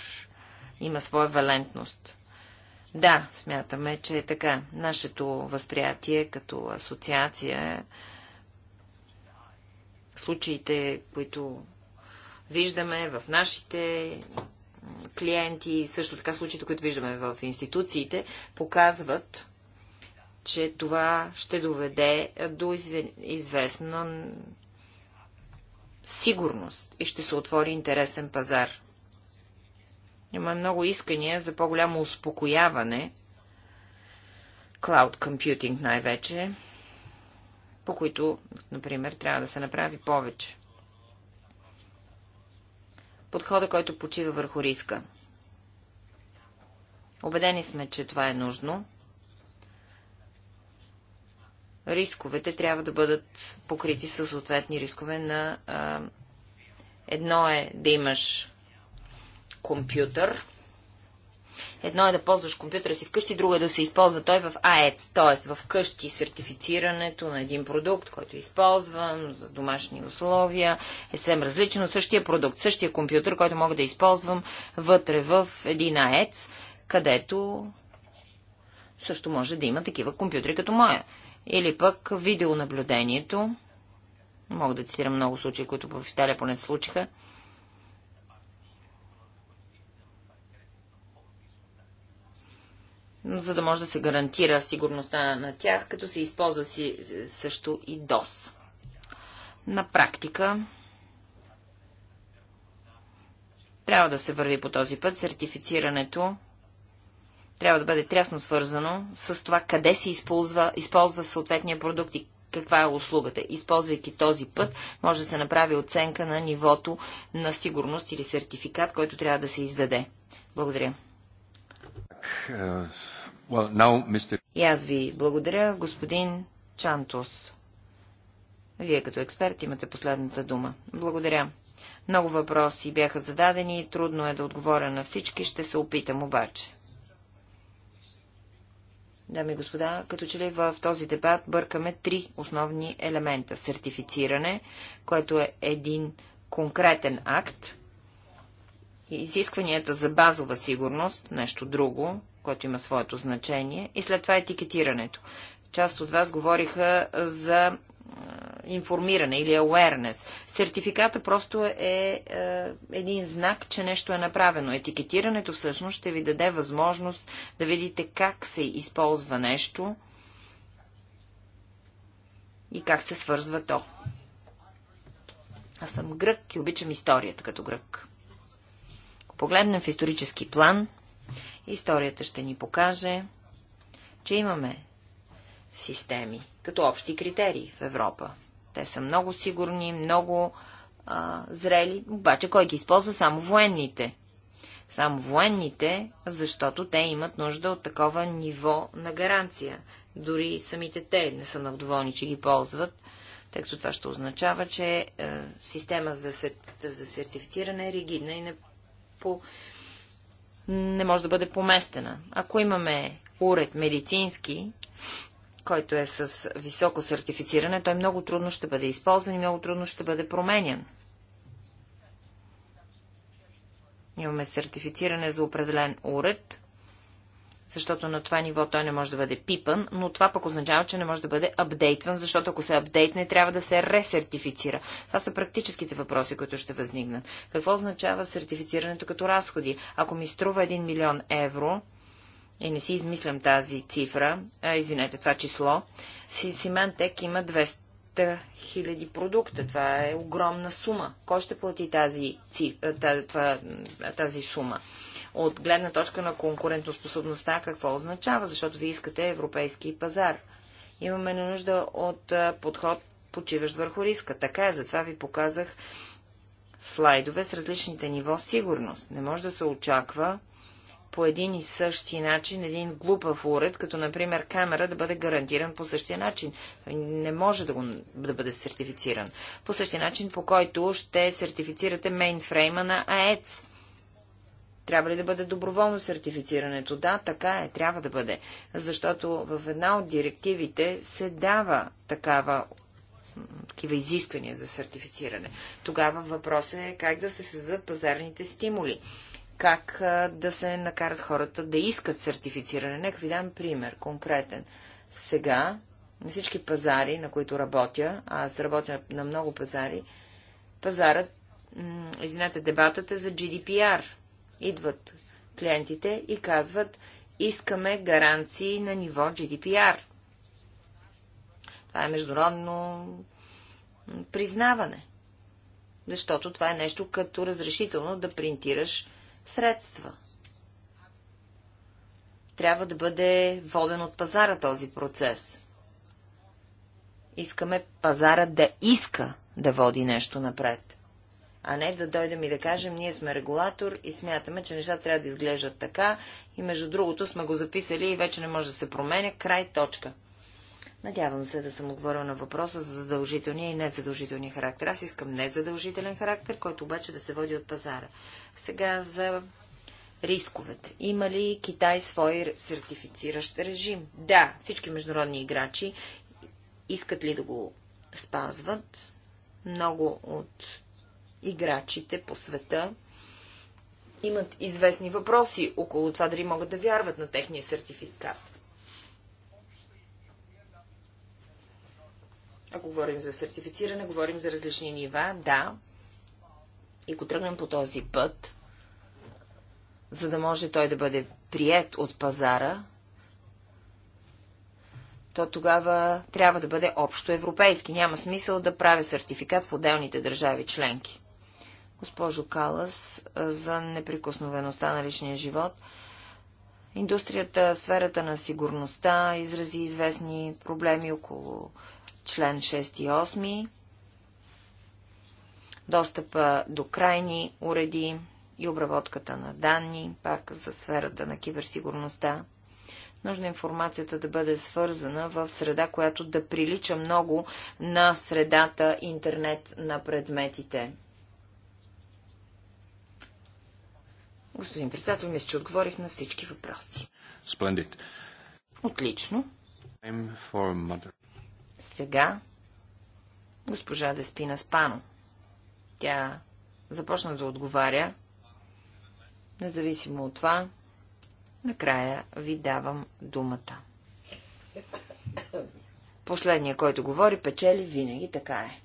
има своя валентност. Да, смятаме, че е така. Нашето възприятие като асоциация, случаите, които виждаме в нашите клиенти, също така случаите, които виждаме в институциите, показват, че това ще доведе до известна сигурност и ще се отвори интересен пазар. Има много искания за по-голямо успокояване, клауд компютинг най-вече, по които, например, трябва да се направи повече. Подхода, който почива върху риска. Обедени сме, че това е нужно. Рисковете трябва да бъдат покрити със съответни рискове на... А, едно е да имаш компютър. Едно е да ползваш компютъра си вкъщи, друго е да се използва той в АЕЦ, т.е. в къщи сертифицирането на един продукт, който използвам за домашни условия, е съвсем различно. Същия продукт, същия компютър, който мога да използвам вътре в един АЕЦ, където също може да има такива компютри като моя. Или пък видеонаблюдението. Мога да цитирам много случаи, които в Италия поне се случиха. за да може да се гарантира сигурността на тях, като се използва си също и ДОС. На практика трябва да се върви по този път. Сертифицирането трябва да бъде трясно свързано с това къде се използва, използва съответния продукт и каква е услугата. Използвайки този път, може да се направи оценка на нивото на сигурност или сертификат, който трябва да се издаде. Благодаря. Е, Well, now, Mr... И аз ви благодаря, господин Чантос. Вие като експерт имате последната дума. Благодаря. Много въпроси бяха зададени и трудно е да отговоря на всички, ще се опитам обаче. Дами и господа, като че ли в този дебат бъркаме три основни елемента. Сертифициране, което е един конкретен акт, изискванията за базова сигурност, нещо друго, което има своето значение, и след това етикетирането. Част от вас говориха за информиране или awareness. Сертификата просто е, е един знак, че нещо е направено. Етикетирането всъщност ще ви даде възможност да видите как се използва нещо и как се свързва то. Аз съм грък и обичам историята като грък. Ако погледнем в исторически план, Историята ще ни покаже, че имаме системи, като общи критерии в Европа. Те са много сигурни, много а, зрели, обаче кой ги използва? Само военните. Само военните, защото те имат нужда от такова ниво на гаранция. Дори самите те не са много доволни, че ги ползват, тъй като това ще означава, че е, система за, сер... за сертифициране е ригидна и не по не може да бъде поместена. Ако имаме уред медицински, който е с високо сертифициране, той много трудно ще бъде използван и много трудно ще бъде променен. Имаме сертифициране за определен уред, защото на това ниво той не може да бъде пипан, но това пък означава, че не може да бъде апдейтван, защото ако се апдейтне, трябва да се ресертифицира. Това са практическите въпроси, които ще възникнат. Какво означава сертифицирането като разходи? Ако ми струва 1 милион евро, и не си измислям тази цифра, а, извинете, това число, Симантек има 200 хиляди продукта. Това е огромна сума. Кой ще плати тази, тази, тази сума? от гледна точка на конкурентоспособността какво означава, защото вие искате европейски пазар. Имаме нужда от подход, почиващ върху риска. Така е, затова ви показах слайдове с различните ниво сигурност. Не може да се очаква по един и същи начин един глупав уред, като например камера, да бъде гарантиран по същия начин. Не може да, го, да бъде сертифициран. По същия начин, по който ще сертифицирате мейнфрейма на АЕЦ. Трябва ли да бъде доброволно сертифицирането? Да, така е, трябва да бъде. Защото в една от директивите се дава такава такива изисквания за сертифициране. Тогава въпросът е как да се създадат пазарните стимули. Как да се накарат хората да искат сертифициране. Нека ви дам пример, конкретен. Сега на всички пазари, на които работя, аз работя на много пазари, пазарът, извинете, дебатът е за GDPR, Идват клиентите и казват, искаме гаранции на ниво GDPR. Това е международно признаване. Защото това е нещо като разрешително да принтираш средства. Трябва да бъде воден от пазара този процес. Искаме пазара да иска да води нещо напред а не да дойдем и да кажем, ние сме регулатор и смятаме, че нещата трябва да изглеждат така и между другото сме го записали и вече не може да се променя, край точка. Надявам се да съм отговорила на въпроса за задължителния и незадължителния характер. Аз искам незадължителен характер, който обаче да се води от пазара. Сега за рисковете. Има ли Китай свой сертифициращ режим? Да, всички международни играчи искат ли да го спазват? Много от играчите по света имат известни въпроси около това дали могат да вярват на техния сертификат. Ако говорим за сертифициране, говорим за различни нива, да. И ако тръгнем по този път, за да може той да бъде прият от пазара, то тогава трябва да бъде общо европейски. Няма смисъл да правя сертификат в отделните държави членки госпожо Калас, за неприкосновеността на личния живот. Индустрията в сферата на сигурността изрази известни проблеми около член 6 и 8, достъпа до крайни уреди и обработката на данни, пак за сферата на киберсигурността. Нужно е информацията да бъде свързана в среда, която да прилича много на средата интернет на предметите. Господин председател, мисля, че отговорих на всички въпроси. Splendid. Отлично. Сега госпожа Деспина Спано. Тя започна да отговаря. Независимо от това, накрая ви давам думата. Последният, който говори, печели винаги, така е.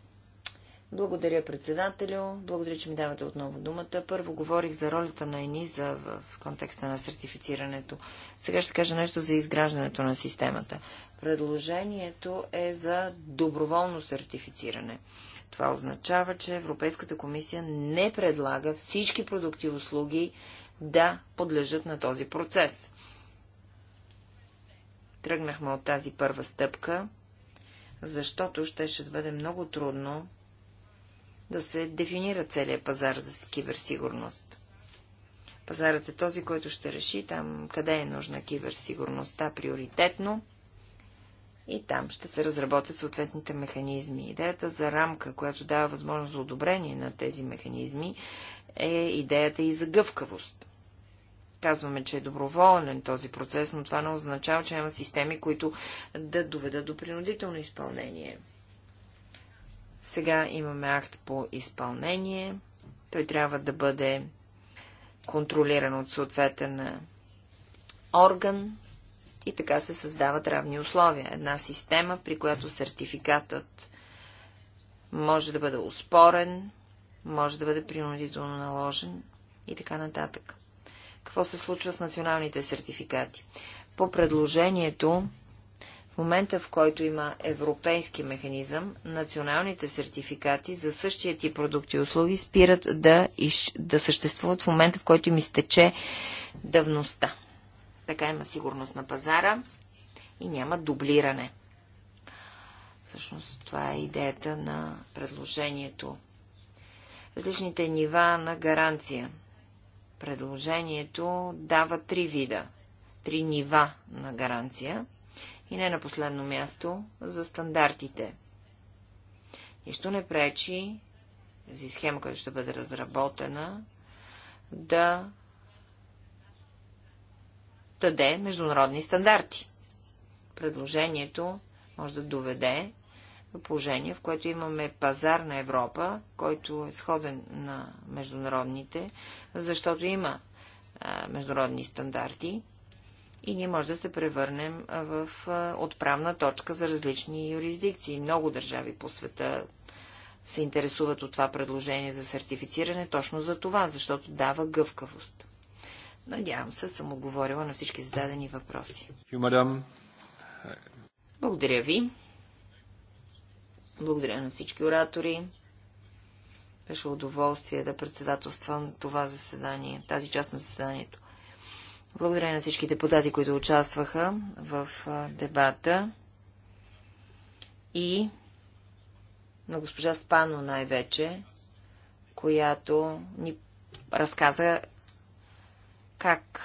Благодаря, председателю. Благодаря, че ми давате отново думата. Първо говорих за ролята на ЕНИЗА в контекста на сертифицирането. Сега ще кажа нещо за изграждането на системата. Предложението е за доброволно сертифициране. Това означава, че Европейската комисия не предлага всички продукти и услуги да подлежат на този процес. Тръгнахме от тази първа стъпка, защото ще ще бъде много трудно да се дефинира целият пазар за киберсигурност. Пазарът е този, който ще реши там къде е нужна киберсигурността приоритетно и там ще се разработят съответните механизми. Идеята за рамка, която дава възможност за одобрение на тези механизми, е идеята и за гъвкавост. Казваме, че е доброволен този процес, но това не означава, че има системи, които да доведат до принудително изпълнение. Сега имаме акт по изпълнение. Той трябва да бъде контролиран от съответен орган и така се създават равни условия. Една система, при която сертификатът може да бъде успорен, може да бъде принудително наложен и така нататък. Какво се случва с националните сертификати? По предложението момента, в който има европейски механизъм, националните сертификати за същия тип продукти и услуги спират да, из... да съществуват в момента, в който им изтече давността. Така има сигурност на пазара и няма дублиране. Всъщност това е идеята на предложението. Различните нива на гаранция. Предложението дава три вида, три нива на гаранция – и не на последно място, за стандартите. Нищо не пречи тази схема, която ще бъде разработена, да даде международни стандарти. Предложението може да доведе до положение, в което имаме пазар на Европа, който е сходен на международните, защото има а, международни стандарти и ние може да се превърнем в отправна точка за различни юрисдикции. Много държави по света се интересуват от това предложение за сертифициране точно за това, защото дава гъвкавост. Надявам се, съм отговорила на всички зададени въпроси. Благодаря ви. Благодаря на всички оратори. Беше удоволствие да председателствам това заседание, тази част на заседанието. Благодаря на всички депутати, които участваха в дебата и на госпожа Спано най-вече, която ни разказа как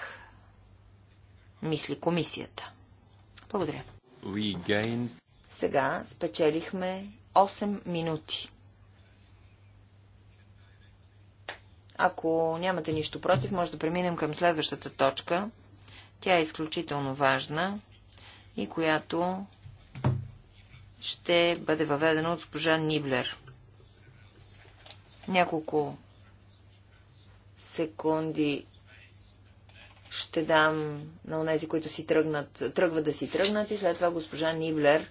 мисли комисията. Благодаря. Сега спечелихме 8 минути. Ако нямате нищо против, може да преминем към следващата точка. Тя е изключително важна и която ще бъде въведена от госпожа Ниблер. Няколко секунди ще дам на тези, които си тръгнат, тръгват да си тръгнат и след това госпожа Ниблер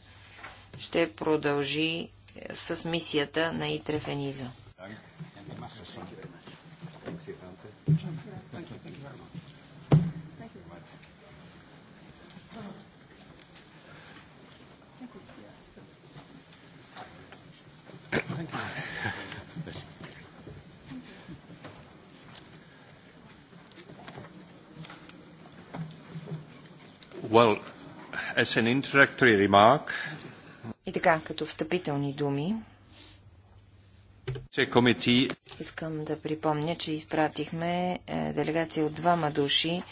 ще продължи с мисията на Итрефениза. и така, като встъпителни думи, искам да припомня, че изпратихме е, делегация от двама души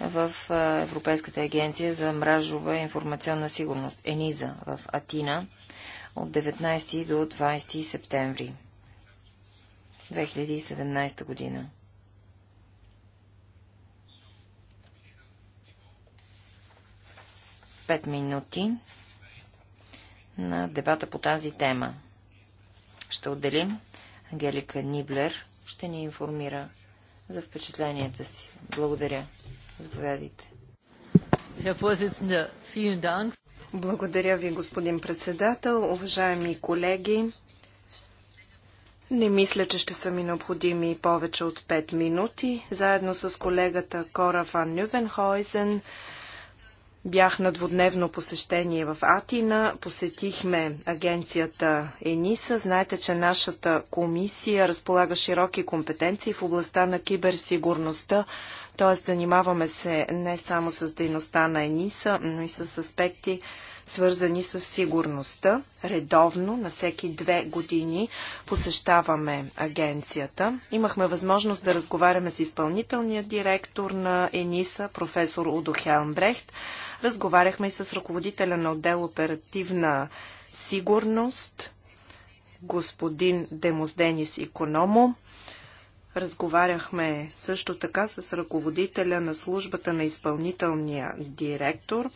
в е, Европейската агенция за мражова информационна сигурност, ЕНИЗА, в Атина от 19 до 20 септември 2017 година. 5 минути на дебата по тази тема. Ще отделим Ангелика Ниблер. Ще ни информира за впечатленията си. Благодаря. Заповядайте. Благодаря ви, господин председател. Уважаеми колеги, не мисля, че ще са ми необходими повече от 5 минути. Заедно с колегата Кора Ван Нювенхойзен Бях на двудневно посещение в Атина, посетихме агенцията ЕНИСА. Знаете, че нашата комисия разполага широки компетенции в областта на киберсигурността, т.е. занимаваме се не само с дейността на ЕНИСА, но и с аспекти, свързани с сигурността. Редовно, на всеки две години, посещаваме агенцията. Имахме възможност да разговаряме с изпълнителния директор на ЕНИСА, професор Удо Хелмбрехт. Разговаряхме и с ръководителя на отдел оперативна сигурност, господин Демозденис Икономо. Разговаряхме също така с ръководителя на службата на изпълнителния директор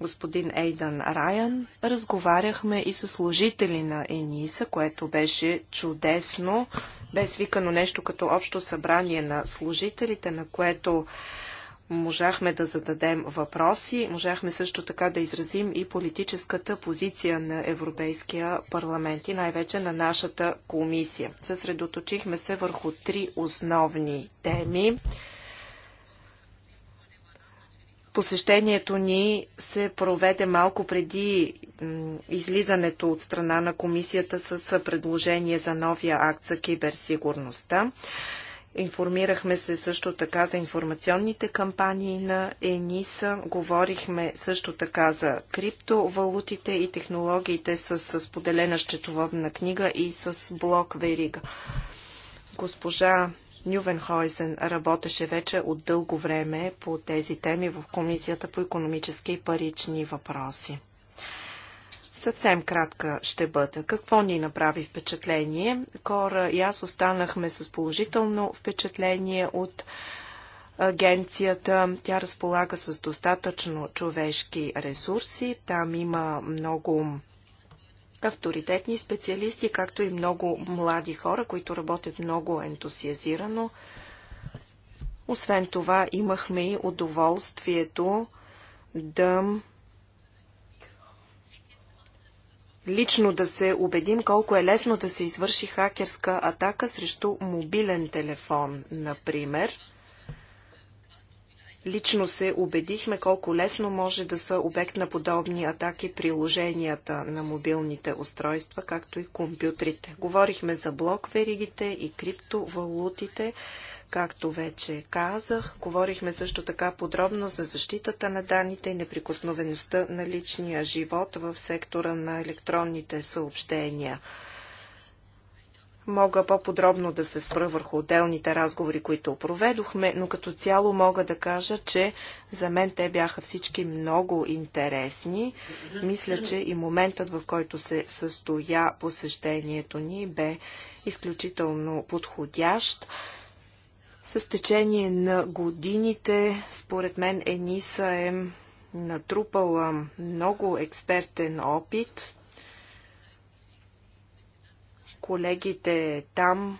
господин Ейдан Райан. Разговаряхме и с служители на ЕНИСА, което беше чудесно. Бе свикано нещо като общо събрание на служителите, на което можахме да зададем въпроси, можахме също така да изразим и политическата позиция на Европейския парламент и най-вече на нашата комисия. Съсредоточихме се върху три основни теми. Посещението ни се проведе малко преди излизането от страна на комисията с предложение за новия акт за киберсигурността. Информирахме се също така за информационните кампании на ЕНИСА. Говорихме също така за криптовалутите и технологиите с споделена счетоводна книга и с блок Верига. Госпожа Нювенхойзен работеше вече от дълго време по тези теми в Комисията по економически и парични въпроси. Съвсем кратка ще бъда. Какво ни направи впечатление? Кора и аз останахме с положително впечатление от агенцията. Тя разполага с достатъчно човешки ресурси. Там има много авторитетни специалисти, както и много млади хора, които работят много ентусиазирано. Освен това, имахме и удоволствието да лично да се убедим колко е лесно да се извърши хакерска атака срещу мобилен телефон, например. Лично се убедихме колко лесно може да са обект на подобни атаки приложенията на мобилните устройства, както и компютрите. Говорихме за блокверигите и криптовалутите, както вече казах. Говорихме също така подробно за защитата на данните и неприкосновеността на личния живот в сектора на електронните съобщения. Мога по-подробно да се спра върху отделните разговори, които проведохме, но като цяло мога да кажа, че за мен те бяха всички много интересни. Мисля, че и моментът, в който се състоя посещението ни, бе изключително подходящ. С течение на годините, според мен, Ениса е натрупала много експертен опит. Колегите там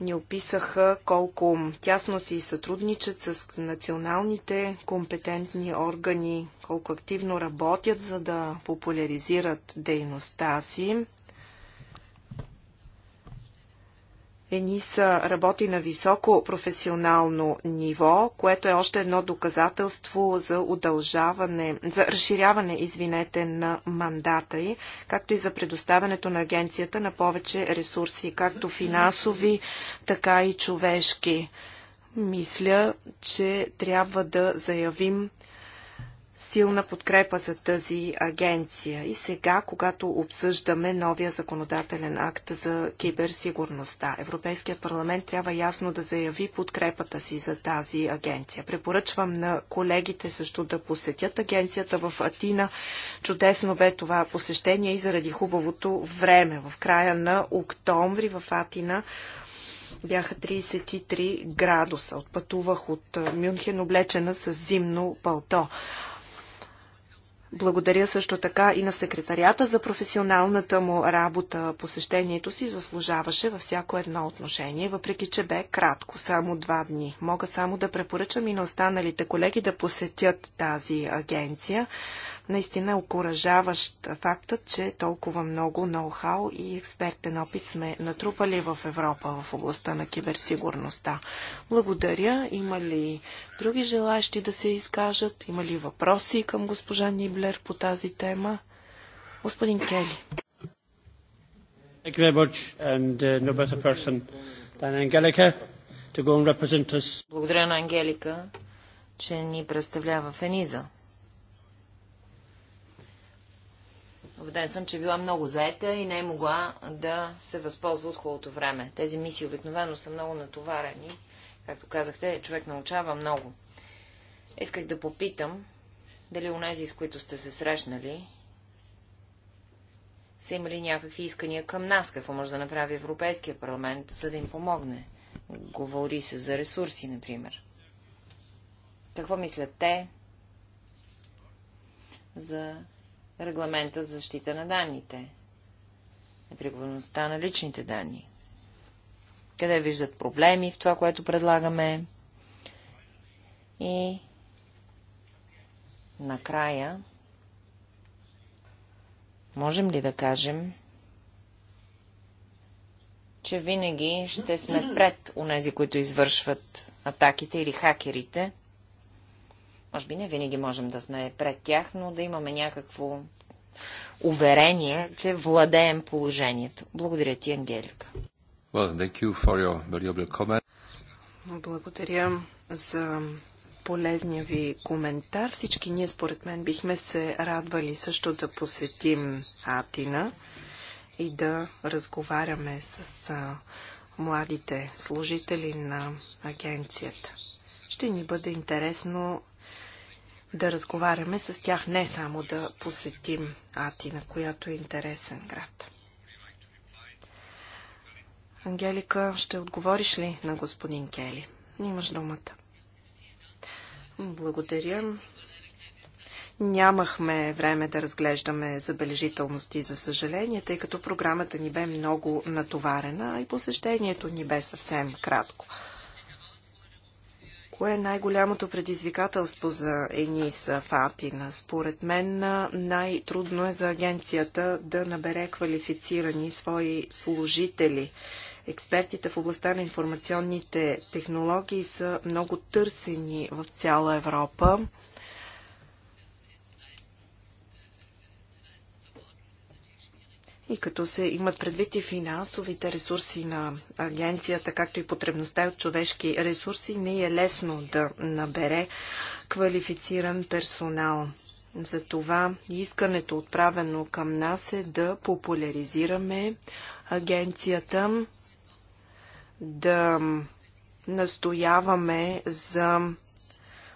ни описаха колко тясно си сътрудничат с националните компетентни органи, колко активно работят, за да популяризират дейността си. Ениса работи на високо професионално ниво, което е още едно доказателство за удължаване, за разширяване, извинете, на мандата й, както и за предоставянето на агенцията на повече ресурси, както финансови, така и човешки. Мисля, че трябва да заявим силна подкрепа за тази агенция. И сега, когато обсъждаме новия законодателен акт за киберсигурността, Европейският парламент трябва ясно да заяви подкрепата си за тази агенция. Препоръчвам на колегите също да посетят агенцията в Атина. Чудесно бе това посещение и заради хубавото време. В края на октомври в Атина бяха 33 градуса. Отпътувах от Мюнхен облечена с зимно пълто. Благодаря също така и на секретарията за професионалната му работа. Посещението си заслужаваше във всяко едно отношение, въпреки че бе кратко, само два дни. Мога само да препоръчам и на останалите колеги да посетят тази агенция. Наистина е окоръжаващ фактът, че толкова много ноу-хау и експертен опит сме натрупали в Европа в областта на киберсигурността. Благодаря. Има ли други желаящи да се изкажат? Има ли въпроси към госпожа Ниблер по тази тема? Господин Кели. Thank you very much, and uh, no better person than Angelica to go and represent us. Благодаря на Ангелика, че ни представлява в Ениза. Убеден съм, че била много заета и не е могла да се възползва от хубавото време. Тези мисии обикновено са много натоварени. Както казахте, човек научава много. Исках да попитам, дали у нези, с които сте се срещнали, са имали някакви искания към нас, какво може да направи Европейския парламент, за да им помогне. Говори се за ресурси, например. Какво мислят те за регламента за защита на данните, непригодността на личните данни. Къде виждат проблеми в това, което предлагаме. И накрая, можем ли да кажем, че винаги ще сме пред онези, които извършват атаките или хакерите, може би не винаги можем да сме пред тях, но да имаме някакво уверение, че владеем положението. Благодаря ти, Ангелика. Well, Благодаря за полезния ви коментар. Всички ние, според мен, бихме се радвали също да посетим Атина и да разговаряме с а, младите служители на агенцията. Ще ни бъде интересно да разговаряме с тях, не само да посетим Атина, която е интересен град. Ангелика, ще отговориш ли на господин Кели? Имаш думата. Благодаря. Нямахме време да разглеждаме забележителности, за съжаление, тъй като програмата ни бе много натоварена и посещението ни бе съвсем кратко. Кое е най-голямото предизвикателство за ЕНИС в Според мен най-трудно е за агенцията да набере квалифицирани свои служители. Експертите в областта на информационните технологии са много търсени в цяла Европа. И като се имат предвид и финансовите ресурси на агенцията, както и потребността от човешки ресурси, не е лесно да набере квалифициран персонал. Затова искането отправено към нас е да популяризираме агенцията, да настояваме за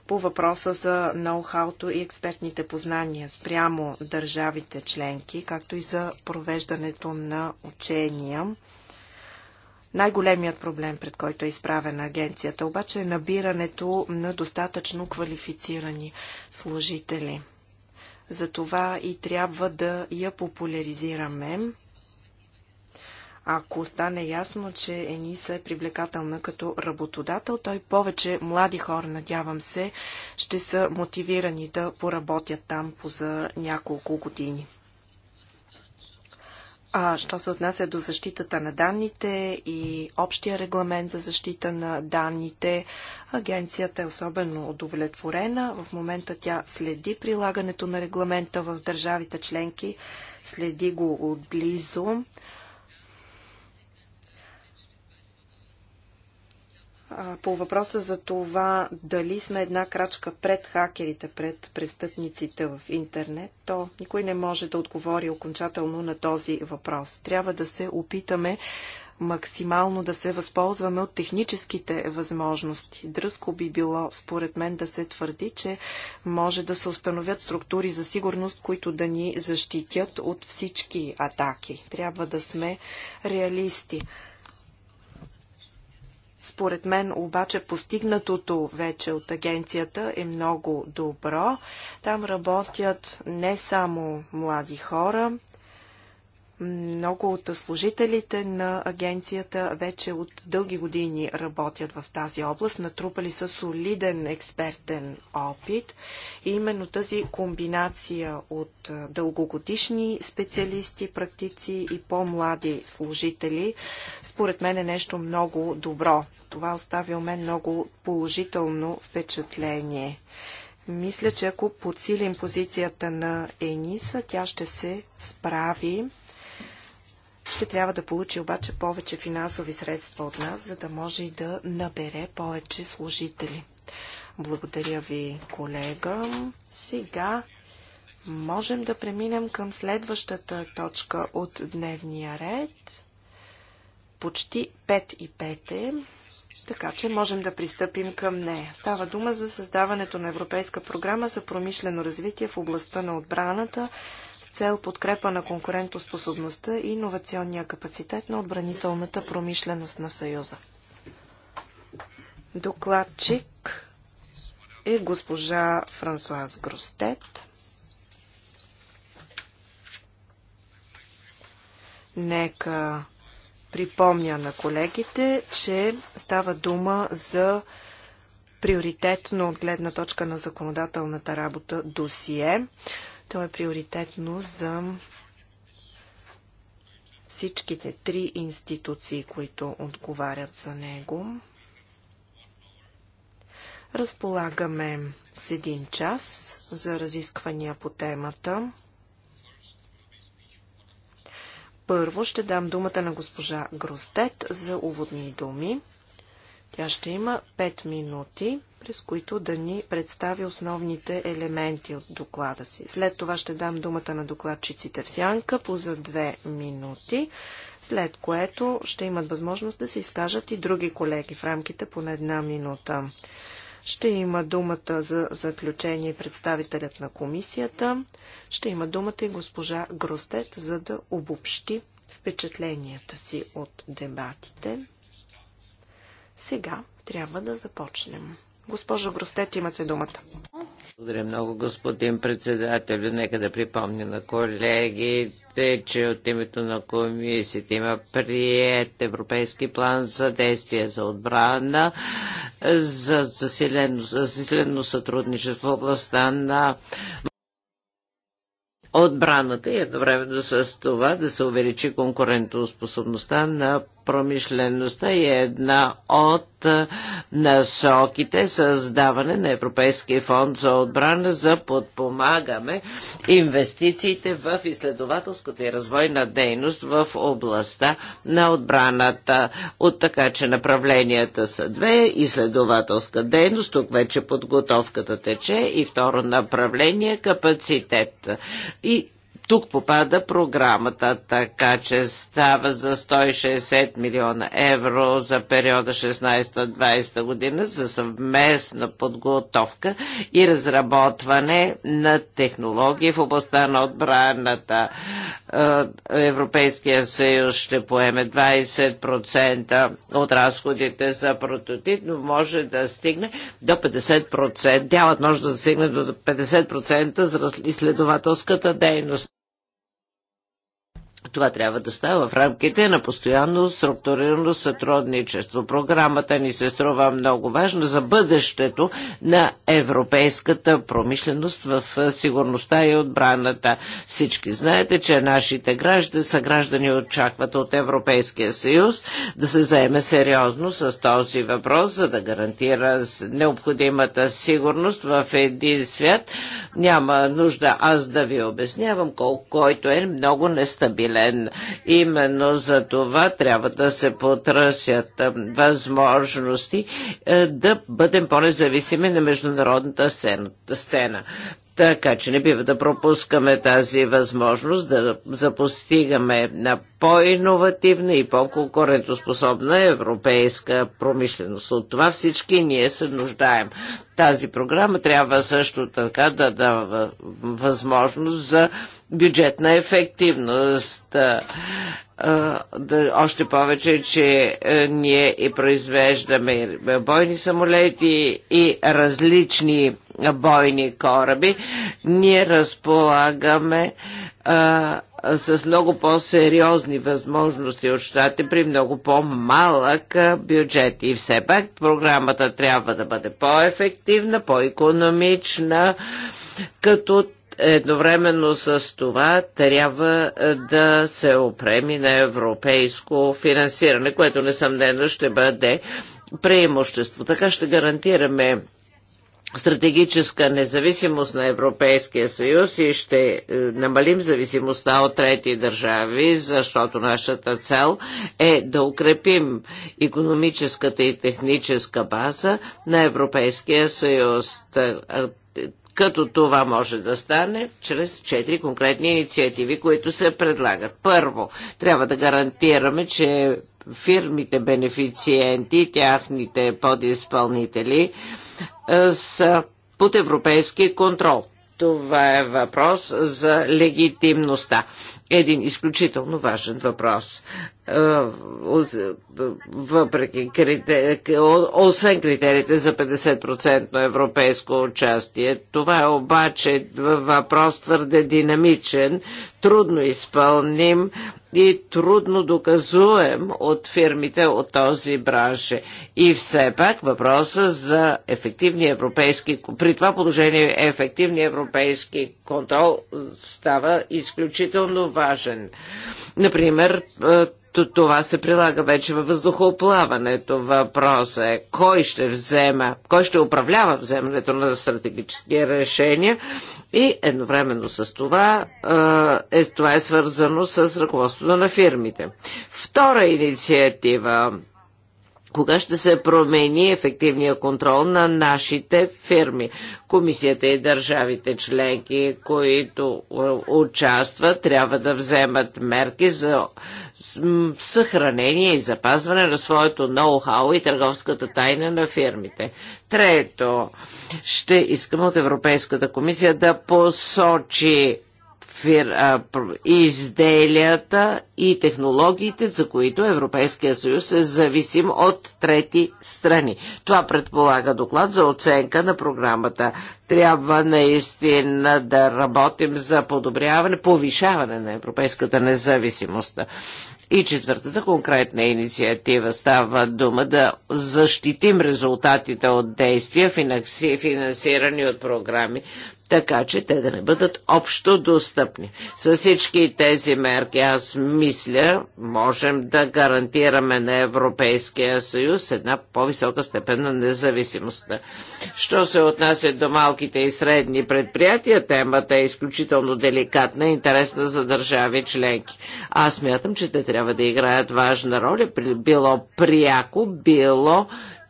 по въпроса за ноу-хауто и експертните познания спрямо държавите членки, както и за провеждането на учения. Най-големият проблем, пред който е изправена агенцията, обаче е набирането на достатъчно квалифицирани служители. Затова и трябва да я популяризираме ако стане ясно, че Ениса е привлекателна като работодател, той повече млади хора, надявам се, ще са мотивирани да поработят там по за няколко години. А що се отнася до защитата на данните и общия регламент за защита на данните, агенцията е особено удовлетворена. В момента тя следи прилагането на регламента в държавите членки, следи го отблизо. по въпроса за това дали сме една крачка пред хакерите, пред престъпниците в интернет, то никой не може да отговори окончателно на този въпрос. Трябва да се опитаме максимално да се възползваме от техническите възможности. Дръзко би било, според мен, да се твърди, че може да се установят структури за сигурност, които да ни защитят от всички атаки. Трябва да сме реалисти. Според мен обаче постигнатото вече от агенцията е много добро. Там работят не само млади хора, много от служителите на агенцията вече от дълги години работят в тази област, натрупали са солиден експертен опит и именно тази комбинация от дългогодишни специалисти, практици и по-млади служители, според мен е нещо много добро. Това остави у мен много положително впечатление. Мисля, че ако подсилим позицията на Ениса, тя ще се справи ще трябва да получи обаче повече финансови средства от нас, за да може и да набере повече служители. Благодаря ви, колега. Сега можем да преминем към следващата точка от дневния ред. Почти 5 и 5 е, така че можем да пристъпим към нея. Става дума за създаването на Европейска програма за промишлено развитие в областта на отбраната цел подкрепа на конкурентоспособността и иновационния капацитет на отбранителната промишленост на Съюза. Докладчик е госпожа Франсуаз Гростет. Нека припомня на колегите, че става дума за приоритетно от гледна точка на законодателната работа досие. То е приоритетно за всичките три институции, които отговарят за него. Разполагаме с един час за разисквания по темата. Първо ще дам думата на госпожа Гростет за уводни думи. Тя ще има 5 минути, през които да ни представи основните елементи от доклада си. След това ще дам думата на докладчиците в сянка по за две минути, след което ще имат възможност да се изкажат и други колеги в рамките по на една минута. Ще има думата за заключение представителят на комисията. Ще има думата и госпожа Гростет, за да обобщи впечатленията си от дебатите. Сега трябва да започнем. Госпожо Гростет, имате думата. Благодаря много, господин председател. Нека да припомня на колегите, че от името на комисията има прият Европейски план за действие за отбрана, за засилено, за засилено сътрудничество в областта на отбраната и едновременно с това да се увеличи конкурентоспособността на промишлеността е една от насоките създаване на Европейския фонд за отбрана за подпомагаме инвестициите в изследователската и развойна дейност в областта на отбраната. От така, че направленията са две, изследователска дейност, тук вече подготовката тече и второ направление капацитет. И тук попада програмата, така че става за 160 милиона евро за периода 16-20 година за съвместна подготовка и разработване на технологии в областта на отбраната. Е, Европейския съюз ще поеме 20% от разходите за прототип, но може да стигне до 50%. Дялът може да стигне до 50% за изследователската дейност. Това трябва да става в рамките на постоянно структурирано сътрудничество. Програмата ни се струва много важна за бъдещето на европейската промишленост в сигурността и отбраната. Всички знаете, че нашите граждани са граждани очакват от Европейския съюз да се заеме сериозно с този въпрос, за да гарантира необходимата сигурност в един свят. Няма нужда аз да ви обяснявам колко който е много нестабилен определен. Именно за това трябва да се потрасят възможности да бъдем по-независими на международната сцена. Така че не бива да пропускаме тази възможност да запостигаме на по-инновативна и по-конкурентоспособна европейска промишленост. От това всички ние се нуждаем. Тази програма трябва също така да дава възможност за бюджетна ефективност. Още повече, че ние и произвеждаме бойни самолети и различни бойни кораби. Ние разполагаме с много по-сериозни възможности от щати при много по-малък бюджет. И все пак програмата трябва да бъде по-ефективна, по-економична, като едновременно с това трябва е, да се опреми на европейско финансиране, което несъмнено ще бъде преимущество. Така ще гарантираме стратегическа независимост на Европейския съюз и ще е, намалим зависимостта от трети държави, защото нашата цел е да укрепим економическата и техническа база на Европейския съюз. Е, като това може да стане чрез четири конкретни инициативи, които се предлагат. Първо, трябва да гарантираме, че фирмите бенефициенти, тяхните подизпълнители е, са под европейски контрол. Това е въпрос за легитимността един изключително важен въпрос. Е, въпреки критери... освен критериите за 50% европейско участие, това е обаче въпрос твърде динамичен, трудно изпълним и трудно доказуем от фирмите от този бранш. И все пак въпроса за ефективни европейски, при това положение ефективни европейски контрол става изключително важен. Например, това се прилага вече във въздухоплаването. Въпросът е кой ще взема, кой ще управлява вземането на стратегически решения и едновременно с това е, е това е свързано с ръководството на фирмите. Втора инициатива кога ще се промени ефективния контрол на нашите фирми? Комисията и държавите членки, които е, участват, трябва да вземат мерки за съхранение и запазване на своето ноу-хау и търговската тайна на фирмите. Трето, ще искаме от Европейската комисия да посочи фир, а, изделията и технологиите, за които Европейския съюз е зависим от трети страни. Това предполага доклад за оценка на програмата. Трябва наистина да работим за подобряване, повишаване на европейската независимост. И четвъртата конкретна инициатива става дума да защитим резултатите от действия, финансирани от програми, така че те да не бъдат общо достъпни. С всички тези мерки аз мисля, можем да гарантираме на Европейския съюз една по-висока степен на независимостта. Що се отнася до малките и средни предприятия, темата е изключително деликатна и интересна за държави членки. Аз мятам, че те трябва да играят важна роля, било пряко, било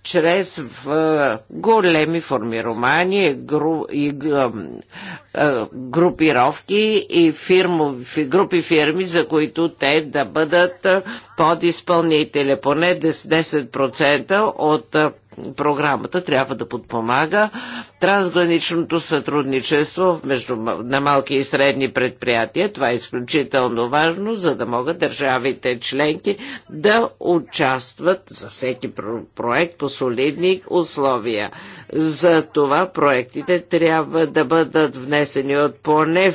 чрез в, големи формирования гру, и, групировки и фирмови, групи фирми, за които те да бъдат подизпълнители. Поне 10% от програмата трябва да подпомага трансграничното сътрудничество между, на малки и средни предприятия. Това е изключително важно, за да могат държавите членки да участват за всеки проект по солидни условия. За това проектите трябва да бъдат внесени от поне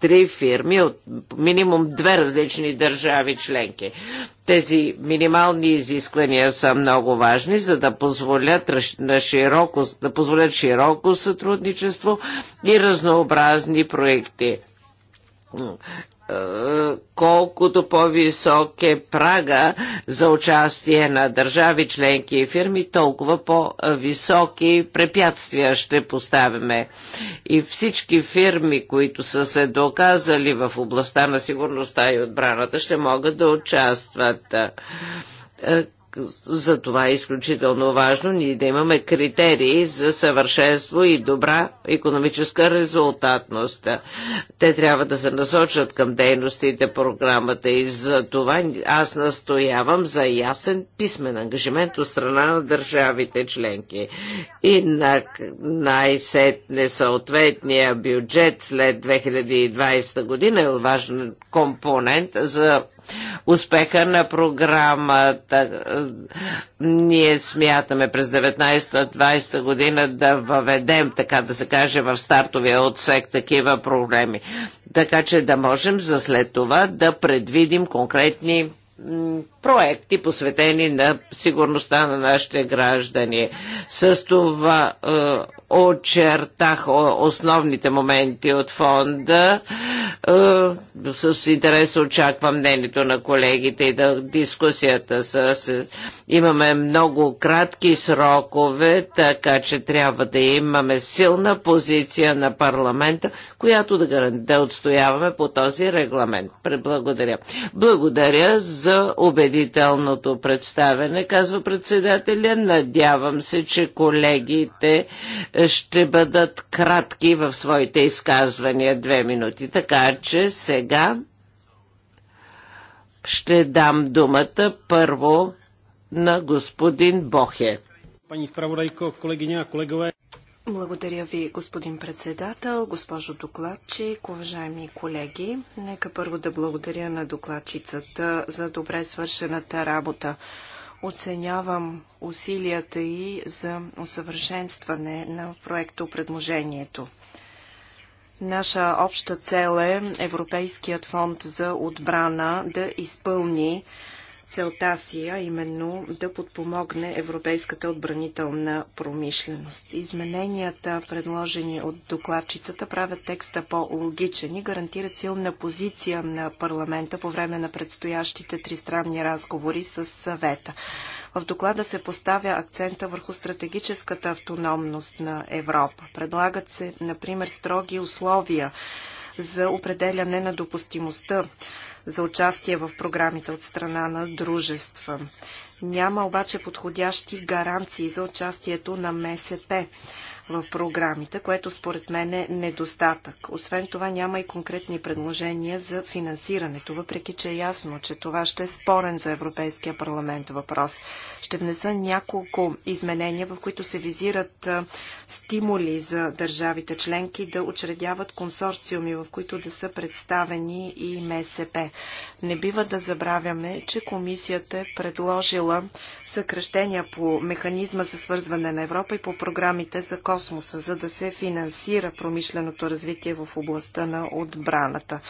три фирми, от минимум две различни държави членки. Тези минимални изисквания са много важни, за да позволят, на широко, да позволят широко сътрудничество и разнообразни проекти колкото по-висок е прага за участие на държави, членки и фирми, толкова по-високи препятствия ще поставяме. И всички фирми, които са се доказали в областта на сигурността и отбраната, ще могат да участват е, за това е изключително важно ние да имаме критерии за съвършенство и добра економическа резултатност. Те трябва да се насочат към дейностите програмата и за това аз настоявам за ясен писмен ангажимент от страна на държавите членки. И на най-сетне съответния бюджет след 2020 година е важен компонент за успеха на програмата. Ние смятаме през 19-20 година да въведем, така да се каже, в стартовия отсек такива проблеми. Така че да можем за след това да предвидим конкретни проекти, посветени на сигурността на нашите граждани. С това е, очертах основните моменти от фонда. Е, с интерес очаквам мнението на колегите и да дискусията с... Имаме много кратки срокове, така че трябва да имаме силна позиция на парламента, която да, гаран... да отстояваме по този регламент. Благодаря. Благодаря за убедителното представене, казва председателя. Надявам се, че колегите е, ще бъдат кратки в своите изказвания, две минути. Така че сега ще дам думата първо на господин Бохе. Пани Справодайко, колегиня, колегове. Благодаря ви, господин председател, госпожо докладчик, уважаеми колеги. Нека първо да благодаря на докладчицата за добре свършената работа оценявам усилията и за усъвършенстване на проекто предложението. Наша обща цел е Европейският фонд за отбрана да изпълни целта си, а именно да подпомогне европейската отбранителна промишленост. Измененията, предложени от докладчицата, правят текста по-логичен и гарантират силна позиция на парламента по време на предстоящите тристранни разговори с съвета. В доклада се поставя акцента върху стратегическата автономност на Европа. Предлагат се, например, строги условия за определяне на допустимостта за участие в програмите от страна на дружества. Няма обаче подходящи гаранции за участието на МСП в програмите, което според мен е недостатък. Освен това няма и конкретни предложения за финансирането, въпреки че е ясно, че това ще е спорен за Европейския парламент въпрос. Ще внеса няколко изменения, в които се визират стимули за държавите членки да учредяват консорциуми, в които да са представени и МСП. Не бива да забравяме, че комисията е предложила съкръщения по механизма за свързване на Европа и по програмите за космоса, за да се финансира промишленото развитие в областта на отбраната.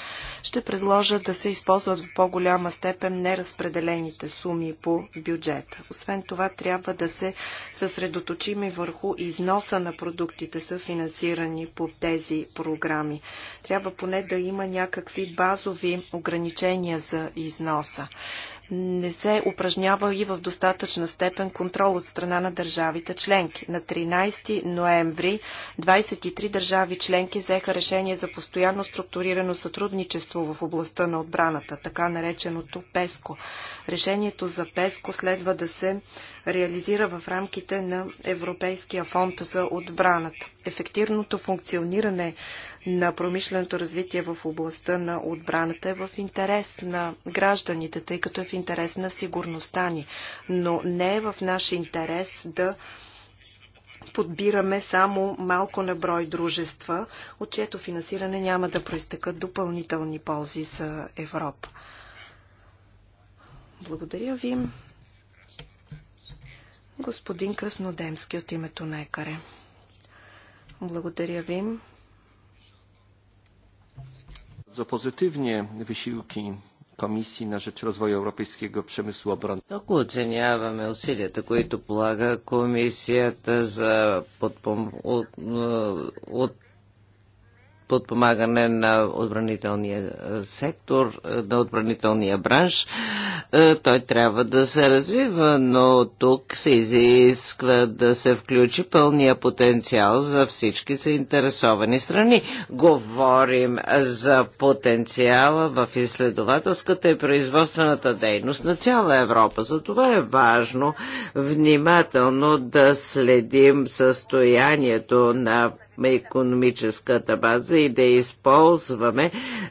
Ще предложа да се използват в по-голяма степен неразпределените суми по бюджета. Освен освен това, трябва да се съсредоточим и върху износа на продуктите, са финансирани по тези програми. Трябва поне да има някакви базови ограничения за износа не се упражнява и в достатъчна степен контрол от страна на държавите членки. На 13 ноември 23 държави членки взеха решение за постоянно структурирано сътрудничество в областта на отбраната, така нареченото ПЕСКО. Решението за ПЕСКО следва да се реализира в рамките на Европейския фонд за отбраната. Ефективното функциониране на промишленото развитие в областта на отбраната е в интерес на гражданите, тъй като е в интерес на сигурността ни. Но не е в наш интерес да подбираме само малко на брой дружества, от чието финансиране няма да проистекат допълнителни ползи за Европа. Благодаря ви. Господин Краснодемски от името на Екаре. Благодаря ви bardzo pozytywnie wysiłki Комисии на rzecz rozwoju europejskiego przemysłu обран. Тук оценяваме усилията, които полага комисията за подпом... от... от подпомагане на отбранителния е, сектор, е, на отбранителния бранш. Е, той трябва да се развива, но тук се изисква да се включи пълния потенциал за всички заинтересовани страни. Говорим за потенциала в изследователската и производствената дейност на цяла Европа. За това е важно внимателно да следим състоянието на економическата база и да използваме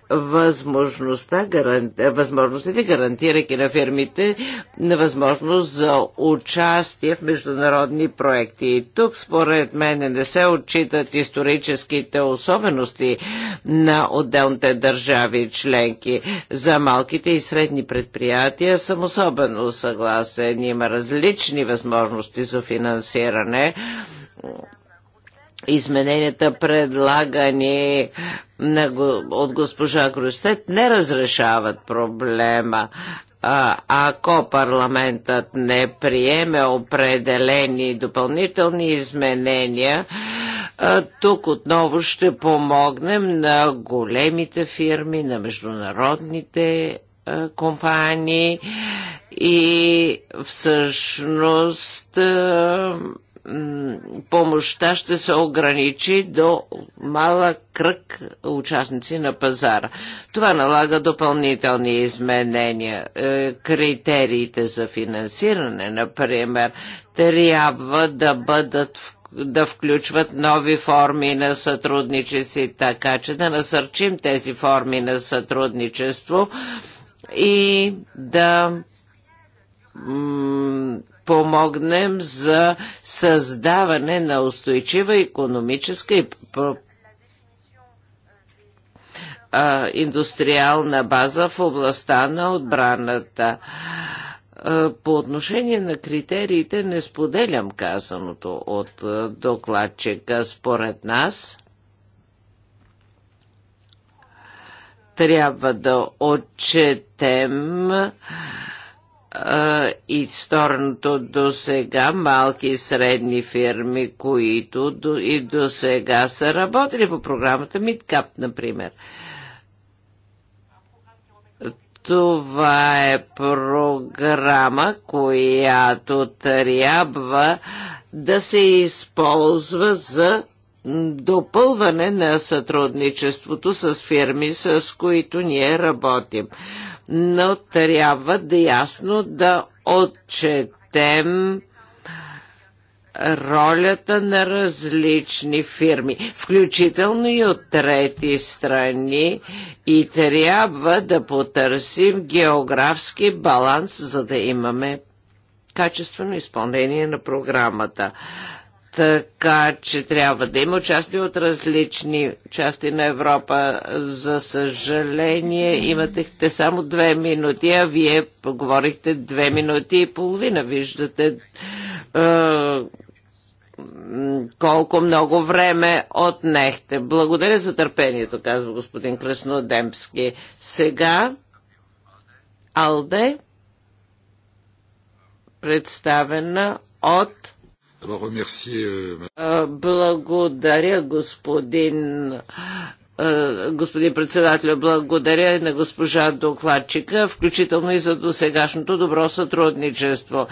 възможността, гаранти, възможностите, гарантирайки на фирмите на възможност за участие в международни проекти. И тук, според мен, не се отчитат историческите особености на отделните държави членки. За малките и средни предприятия съм особено съгласен. Има различни възможности за финансиране измененията предлагани на, от госпожа Крустет не разрешават проблема. А, ако парламентът не приеме определени допълнителни изменения, а, тук отново ще помогнем на големите фирми, на международните а, компании и всъщност помощта ще се ограничи до малък кръг участници на пазара. Това налага допълнителни изменения. Е, критериите за финансиране, например, трябва да бъдат в да включват нови форми на сътрудничество, така че да насърчим тези форми на сътрудничество и да помогнем за създаване на устойчива економическа и индустриална база в областта на отбраната. По отношение на критериите не споделям казаното от докладчика. Според нас трябва да отчетем и сторното до сега малки и средни фирми, които до, и до сега са работили по програмата MidCap, например. Това е програма, която трябва да се използва за допълване на сътрудничеството с фирми, с които ние работим но трябва да ясно да отчетем ролята на различни фирми, включително и от трети страни и трябва да потърсим географски баланс, за да имаме качествено изпълнение на програмата. Така че трябва да има участие от различни части на Европа. За съжаление, имате само две минути, а вие поговорихте две минути и половина. Виждате е, колко много време отнехте. Благодаря за търпението, казва господин Краснодемски. Сега Алде, представена от Euh, благодаря, господин господин председател, благодаря и на госпожа докладчика, включително и за досегашното добро сътрудничество.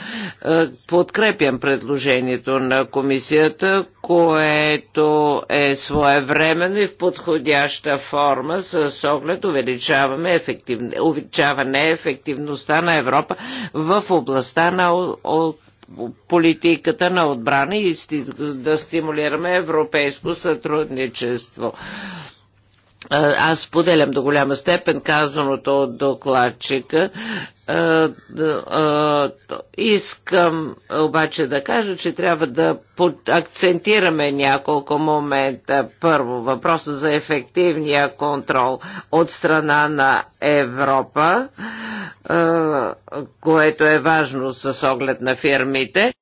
Подкрепям предложението на комисията, което е своевременно и в подходяща форма с оглед увеличаване, ефективно, ефективността на Европа в областта на политиката на отбрана и да стимулираме европейско сътрудничество. Аз поделям до голяма степен казаното от докладчика. Искам обаче да кажа, че трябва да акцентираме няколко момента. Първо, въпроса за ефективния контрол от страна на Европа, което е важно с оглед на фирмите.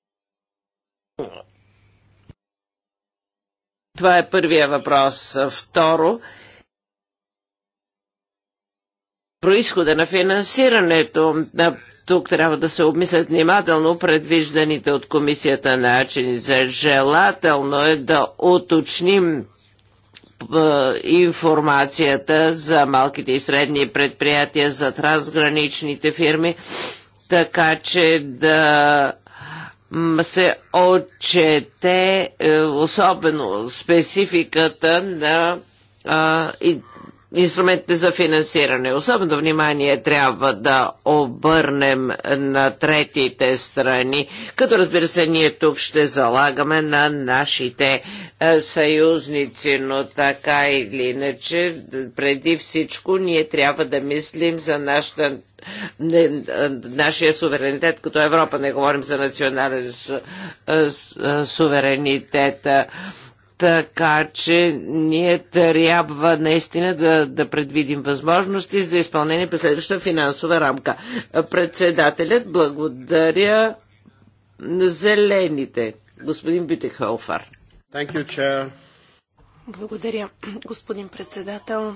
Това е първия въпрос. Второ, происхода на финансирането. Тук трябва да се обмислят внимателно предвижданите от комисията начини. За желателно е да уточним информацията за малките и средни предприятия, за трансграничните фирми, така че да се отчете е, особено спецификата на инструментите за финансиране. Особено внимание трябва да обърнем на третите страни, като разбира се ние тук ще залагаме на нашите е, съюзници, но така или иначе преди всичко ние трябва да мислим за нашата е, нашия суверенитет като Европа, не говорим за национален е, суверенитет. Така че ние трябва наистина да, да предвидим възможности за изпълнение през следващата финансова рамка. Председателят благодаря на зелените. Господин Бютехолфар. Благодаря, господин председател.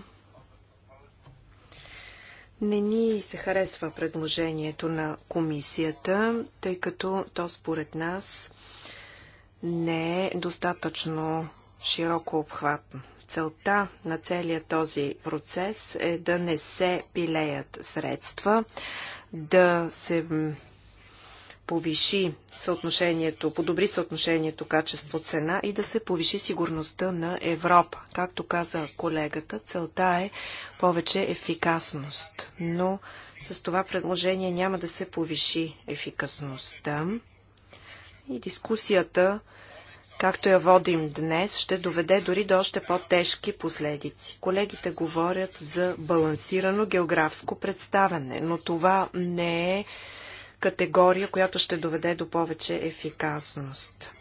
Не ни се харесва предложението на комисията, тъй като то според нас не е достатъчно широко обхватно. Целта на целият този процес е да не се пилеят средства, да се повиши съотношението, подобри съотношението качество-цена и да се повиши сигурността на Европа. Както каза колегата, целта е повече ефикасност, но с това предложение няма да се повиши ефикасността. И дискусията, както я водим днес, ще доведе дори до още по-тежки последици. Колегите говорят за балансирано географско представяне, но това не е категория, която ще доведе до повече ефикасност.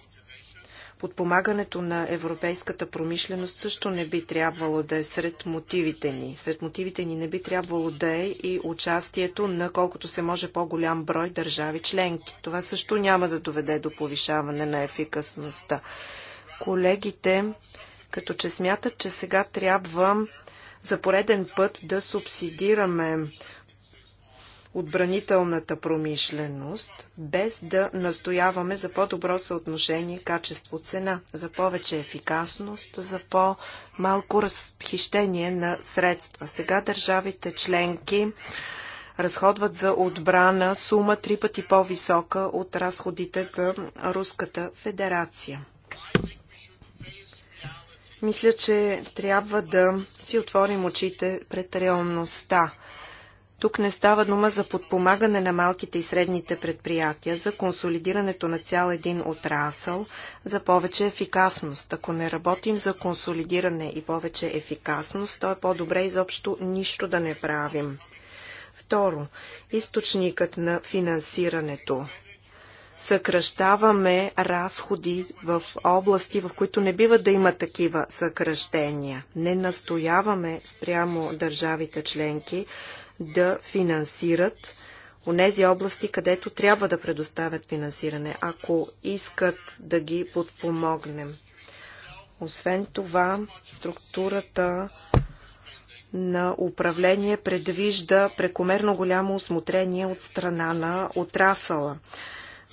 Подпомагането на европейската промишленост също не би трябвало да е сред мотивите ни. Сред мотивите ни не би трябвало да е и участието на колкото се може по-голям брой държави членки. Това също няма да доведе до повишаване на ефикасността. Колегите като че смятат, че сега трябва за пореден път да субсидираме отбранителната промишленост, без да настояваме за по-добро съотношение качество-цена, за повече ефикасност, за по-малко разхищение на средства. Сега държавите членки разходват за отбрана сума три пъти по-висока от разходите към Руската федерация. Мисля, че трябва да си отворим очите пред реалността – тук не става дума за подпомагане на малките и средните предприятия, за консолидирането на цял един отрасъл, за повече ефикасност. Ако не работим за консолидиране и повече ефикасност, то е по-добре изобщо нищо да не правим. Второ, източникът на финансирането. Съкръщаваме разходи в области, в които не бива да има такива съкръщения. Не настояваме спрямо държавите членки да финансират у нези области, където трябва да предоставят финансиране, ако искат да ги подпомогнем. Освен това, структурата на управление предвижда прекомерно голямо осмотрение от страна на отрасала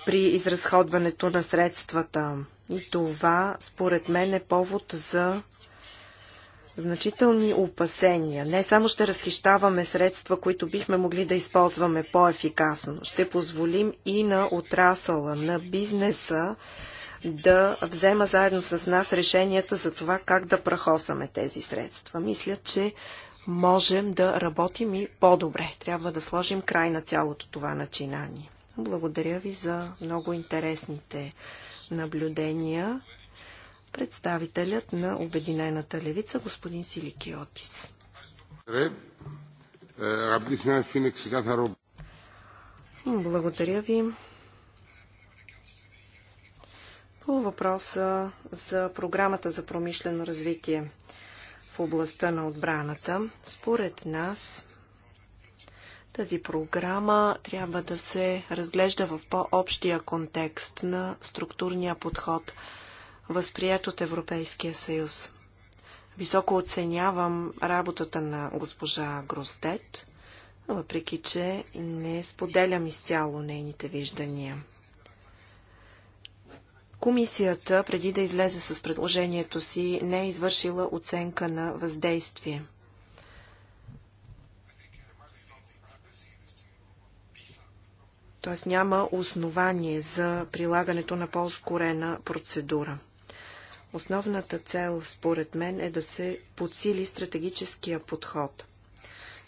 при изразходването на средствата. И това, според мен, е повод за значителни опасения. Не само ще разхищаваме средства, които бихме могли да използваме по-ефикасно, ще позволим и на отрасъла, на бизнеса да взема заедно с нас решенията за това как да прахосаме тези средства. Мисля, че можем да работим и по-добре. Трябва да сложим край на цялото това начинание. Благодаря ви за много интересните наблюдения представителят на Обединената левица, господин Силикиотис. Благодаря ви. По въпроса за програмата за промишлено развитие в областта на отбраната, според нас тази програма трябва да се разглежда в по-общия контекст на структурния подход – възприят от Европейския съюз. Високо оценявам работата на госпожа Гроздет, въпреки че не споделям изцяло нейните виждания. Комисията, преди да излезе с предложението си, не е извършила оценка на въздействие. Т.е. няма основание за прилагането на по-ускорена процедура. Основната цел, според мен, е да се подсили стратегическия подход.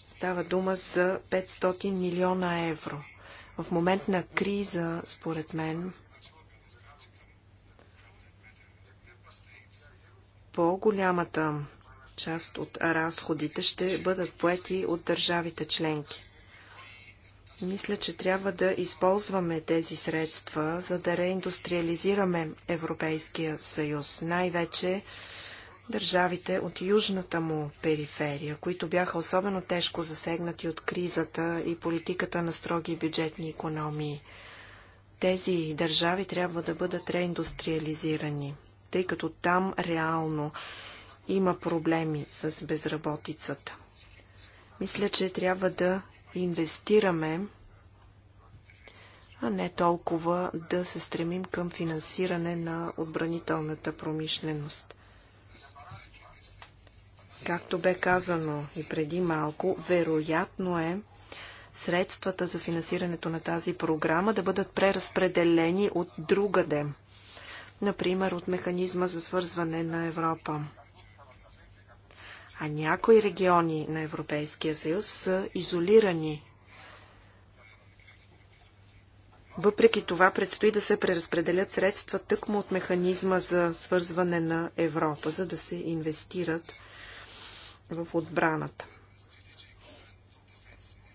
Става дума за 500 милиона евро. В момент на криза, според мен, по-голямата част от разходите ще бъдат поети от държавите членки. Мисля, че трябва да използваме тези средства, за да реиндустриализираме Европейския съюз. Най-вече държавите от южната му периферия, които бяха особено тежко засегнати от кризата и политиката на строги бюджетни економии. Тези държави трябва да бъдат реиндустриализирани, тъй като там реално има проблеми с безработицата. Мисля, че трябва да инвестираме, а не толкова да се стремим към финансиране на отбранителната промишленост. Както бе казано и преди малко, вероятно е средствата за финансирането на тази програма да бъдат преразпределени от другаде, например от механизма за свързване на Европа. А някои региони на Европейския съюз са изолирани. Въпреки това предстои да се преразпределят средства тъкмо от механизма за свързване на Европа, за да се инвестират в отбраната.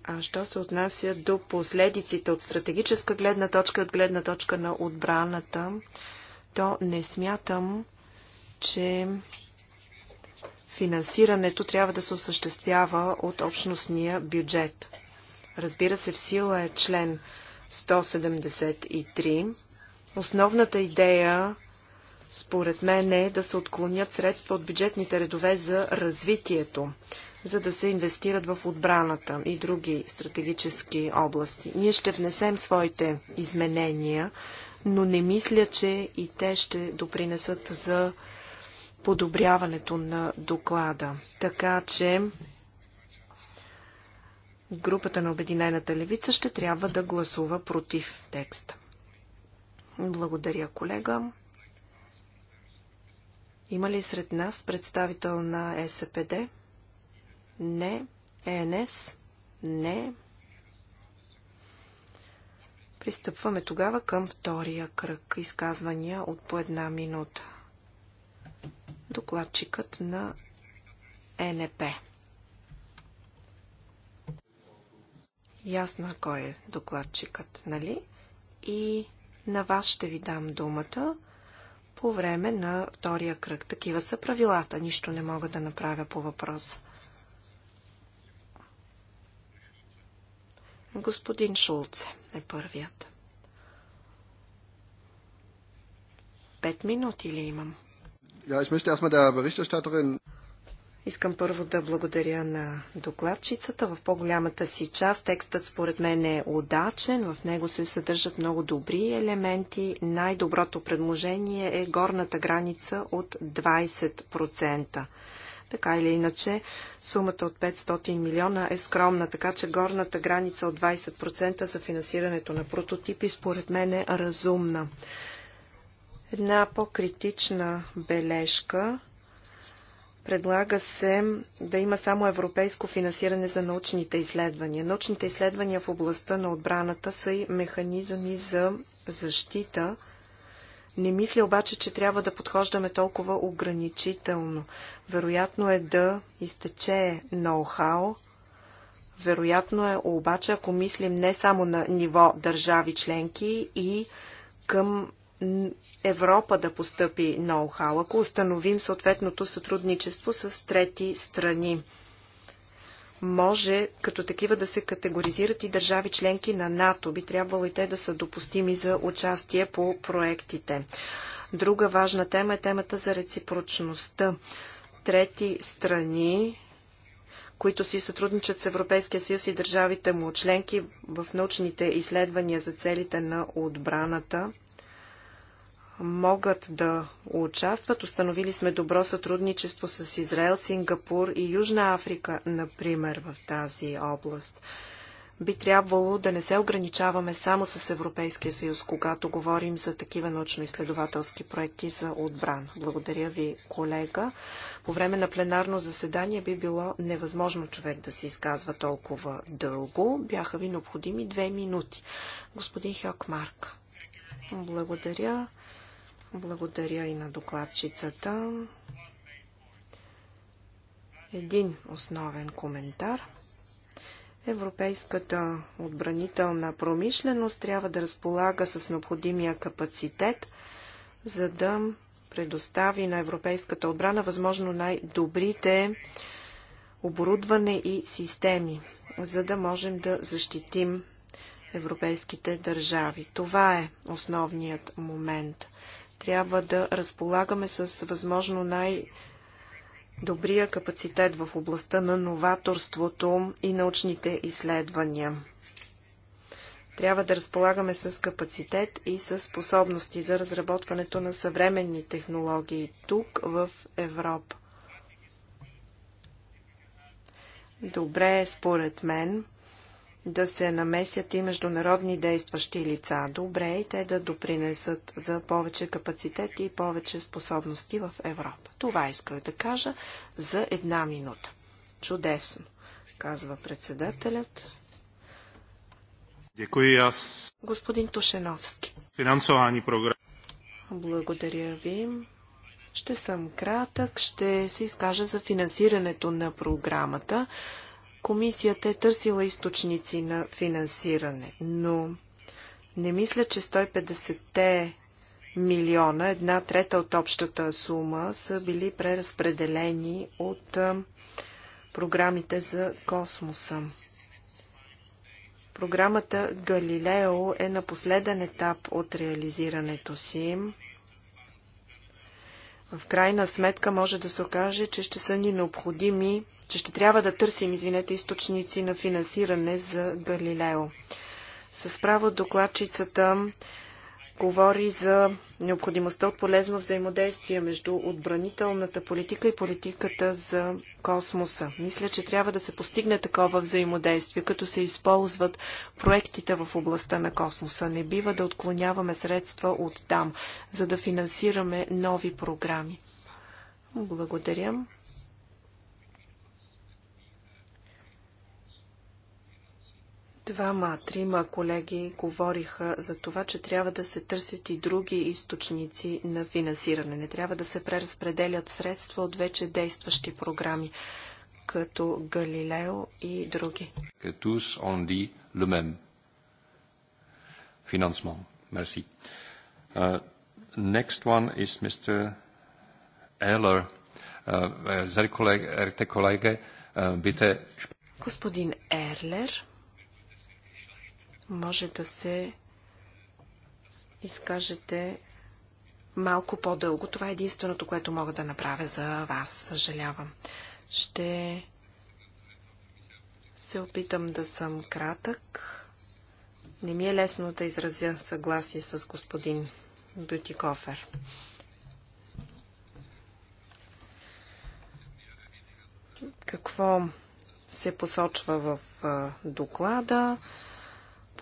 А що се отнася до последиците от стратегическа гледна точка и от гледна точка на отбраната, то не смятам, че Финансирането трябва да се осъществява от общностния бюджет. Разбира се, в сила е член 173. Основната идея, според мен, е да се отклонят средства от бюджетните редове за развитието, за да се инвестират в отбраната и други стратегически области. Ние ще внесем своите изменения, но не мисля, че и те ще допринесат за подобряването на доклада. Така че групата на Обединената левица ще трябва да гласува против текста. Благодаря, колега. Има ли сред нас представител на СПД? Не. Е ЕНС? Не. Пристъпваме тогава към втория кръг изказвания от по една минута докладчикът на ЕНП. Ясно е кой е докладчикът, нали? И на вас ще ви дам думата по време на втория кръг. Такива са правилата. Нищо не мога да направя по въпроса. Господин Шулце е първият. Пет минути ли имам? Ja, ich möchte erstmal der Berichterstatterin Искам първо да благодаря на докладчицата. В по-голямата си част текстът според мен е удачен. В него се съдържат много добри елементи. Най-доброто предложение е горната граница от 20%. Така или иначе, сумата от 500 милиона е скромна, така че горната граница от 20% за финансирането на прототипи според мен е разумна. Една по-критична бележка. Предлага се да има само европейско финансиране за научните изследвания. Научните изследвания в областта на отбраната са и механизми за защита. Не мисля обаче, че трябва да подхождаме толкова ограничително. Вероятно е да изтече ноу-хау, вероятно е обаче, ако мислим не само на ниво държави членки и към Европа да постъпи ноу-хау, ако установим съответното сътрудничество с трети страни. Може като такива да се категоризират и държави членки на НАТО. Би трябвало и те да са допустими за участие по проектите. Друга важна тема е темата за реципрочността. Трети страни, които си сътрудничат с Европейския съюз и държавите му членки в научните изследвания за целите на отбраната, могат да участват. Установили сме добро сътрудничество с Израел, Сингапур и Южна Африка, например, в тази област. Би трябвало да не се ограничаваме само с Европейския съюз, когато говорим за такива научно-изследователски проекти за отбран. Благодаря ви, колега. По време на пленарно заседание би било невъзможно човек да се изказва толкова дълго. Бяха ви необходими две минути. Господин Хьокмарк. Благодаря. Благодаря и на докладчицата. Един основен коментар. Европейската отбранителна промишленост трябва да разполага с необходимия капацитет, за да предостави на европейската отбрана възможно най-добрите оборудване и системи, за да можем да защитим европейските държави. Това е основният момент. Трябва да разполагаме с възможно най- добрия капацитет в областта на новаторството и научните изследвания. Трябва да разполагаме с капацитет и с способности за разработването на съвременни технологии тук в Европа. Добре е според мен да се намесят и международни действащи лица. Добре е и те да допринесат за повече капацитет и повече способности в Европа. Това исках да кажа за една минута. Чудесно, казва председателят. Дякую аз. Господин Тушеновски. Финансовани програми. Благодаря ви. Ще съм кратък. Ще се изкажа за финансирането на програмата. Комисията е търсила източници на финансиране, но не мисля, че 150-те милиона, една трета от общата сума, са били преразпределени от програмите за космоса. Програмата Галилео е на последен етап от реализирането си. В крайна сметка може да се окаже, че ще са ни необходими че ще трябва да търсим, извинете, източници на финансиране за Галилео. С право докладчицата говори за необходимостта от полезно взаимодействие между отбранителната политика и политиката за космоса. Мисля, че трябва да се постигне такова взаимодействие, като се използват проектите в областта на космоса. Не бива да отклоняваме средства от там, за да финансираме нови програми. Благодаря. Двама, трима колеги говориха за това, че трябва да се търсят и други източници на финансиране. Не трябва да се преразпределят средства от вече действащи програми, като Галилео и други. Е, uh, next one is Mr. Eller. Uh, uh, bitte... Uh, uh, Господин Ерлер, може да се изкажете малко по-дълго. Това е единственото, което мога да направя за вас. Съжалявам. Ще се опитам да съм кратък. Не ми е лесно да изразя съгласие с господин Бютикофер. Какво се посочва в доклада?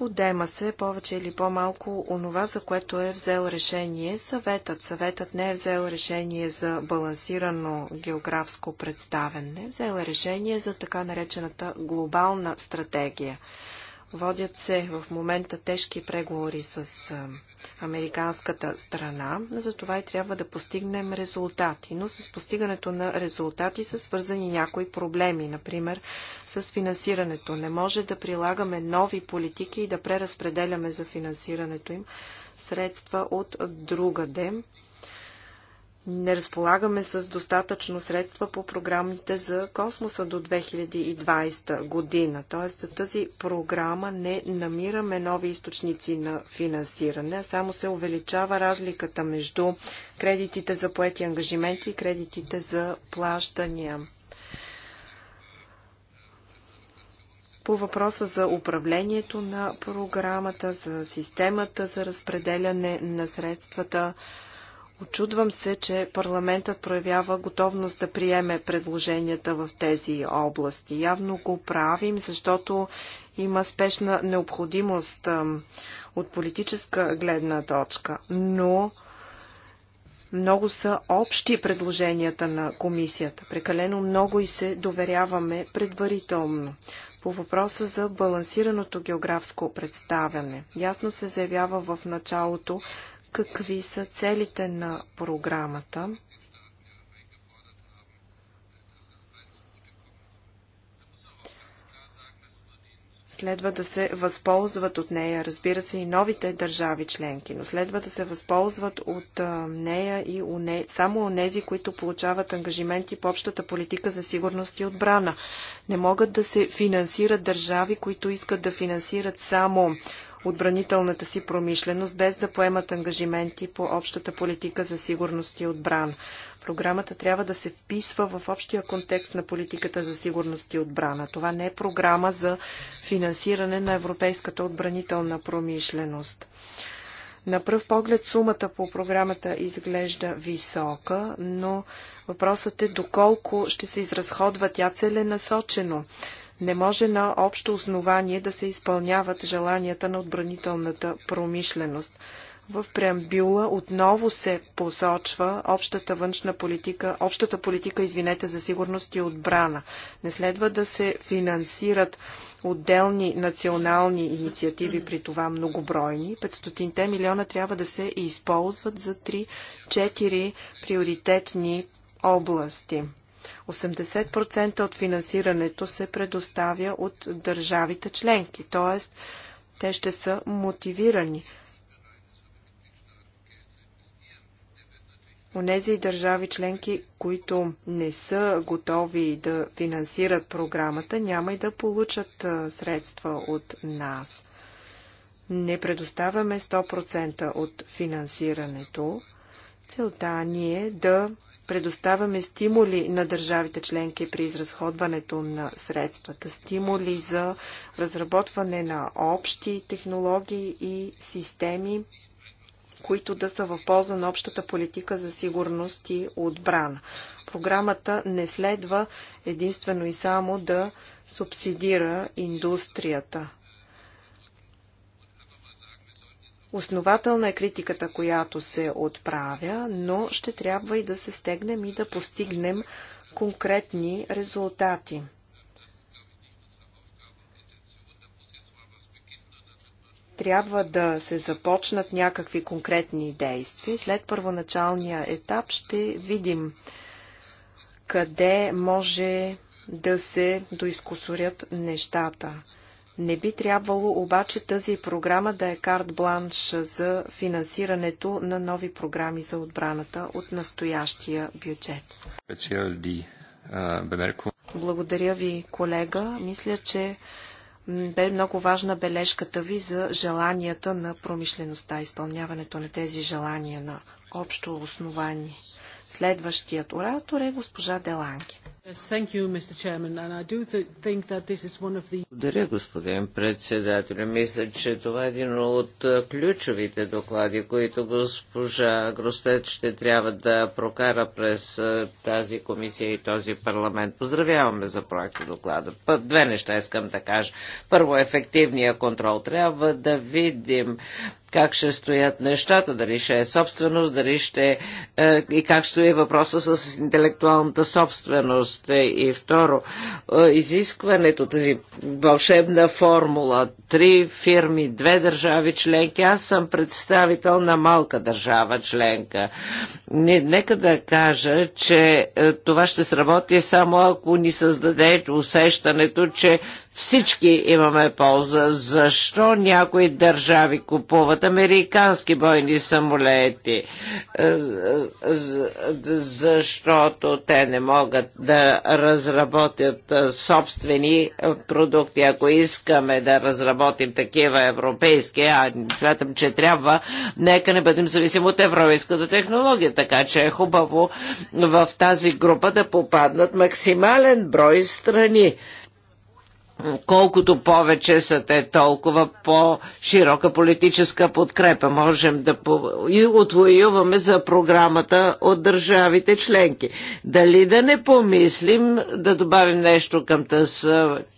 Подема се повече или по-малко онова, за което е взел решение съветът. Съветът не е взел решение за балансирано географско представене, взел е решение за така наречената глобална стратегия. Водят се в момента тежки преговори с американската страна, за това и трябва да постигнем резултати. Но с постигането на резултати са свързани някои проблеми, например с финансирането. Не може да прилагаме нови политики и да преразпределяме за финансирането им средства от другаде не разполагаме с достатъчно средства по програмите за космоса до 2020 година. Тоест за тази програма не намираме нови източници на финансиране, а само се увеличава разликата между кредитите за поети ангажименти и кредитите за плащания. по въпроса за управлението на програмата, за системата за разпределяне на средствата. Очудвам се, че парламентът проявява готовност да приеме предложенията в тези области. Явно го правим, защото има спешна необходимост от политическа гледна точка. Но много са общи предложенията на комисията. Прекалено много и се доверяваме предварително. По въпроса за балансираното географско представяне. Ясно се заявява в началото, какви са целите на програмата. Следва да се възползват от нея, разбира се, и новите държави членки, но следва да се възползват от нея и уне, само нези, които получават ангажименти по общата политика за сигурност и отбрана. Не могат да се финансират държави, които искат да финансират само отбранителната си промишленост, без да поемат ангажименти по общата политика за сигурност и отбрана. Програмата трябва да се вписва в общия контекст на политиката за сигурност и отбрана. Това не е програма за финансиране на европейската отбранителна промишленост. На пръв поглед сумата по програмата изглежда висока, но въпросът е доколко ще се изразходва тя целенасочено. Не може на общо основание да се изпълняват желанията на отбранителната промишленост. В преамбюла отново се посочва общата външна политика, общата политика, извинете, за сигурност и отбрана. Не следва да се финансират отделни национални инициативи, при това многобройни. 500 милиона трябва да се използват за 3-4 приоритетни области. 80% от финансирането се предоставя от държавите членки, т.е. те ще са мотивирани. Онези държави членки, които не са готови да финансират програмата, няма и да получат средства от нас. Не предоставяме 100% от финансирането. Целта ни е да предоставяме стимули на държавите членки при изразходването на средствата, стимули за разработване на общи технологии и системи, които да са в полза на общата политика за сигурност и отбрана. Програмата не следва единствено и само да субсидира индустрията. Основателна е критиката, която се отправя, но ще трябва и да се стегнем и да постигнем конкретни резултати. трябва да се започнат някакви конкретни действия. След първоначалния етап ще видим къде може да се доискусорят нещата. Не би трябвало обаче тази програма да е карт бланш за финансирането на нови програми за отбраната от настоящия бюджет. Благодаря ви, колега. Мисля, че бе много важна бележката ви за желанията на промишлеността, изпълняването на тези желания на общо основание. Следващият оратор е госпожа Деланги. Благодаря, господин председател. Мисля, че това е един от е, ключовите доклади, които госпожа Гростет ще трябва да прокара през е, тази комисия и този парламент. Поздравяваме за проекта доклада. Две неща искам да кажа. Първо, ефективния контрол. Трябва да видим как ще стоят нещата, дали ще е собственост, дали ще е, и как ще стои въпроса с интелектуалната собственост. Е, и второ, е, изискването, тази вълшебна формула, три фирми, две държави членки, аз съм представител на малка държава членка. Не, нека да кажа, че е, това ще сработи само ако ни създаде усещането, че всички имаме полза. Защо някои държави купуват от американски бойни самолети, е, е, е, защото те не могат да разработят собствени продукти. Ако искаме да разработим такива европейски, а смятам, че трябва, нека не бъдем зависими от европейската технология, така че е хубаво в тази група да попаднат максимален брой страни колкото повече са те, толкова по-широка политическа подкрепа можем да по... отвоюваме за програмата от държавите членки. Дали да не помислим да добавим нещо към тази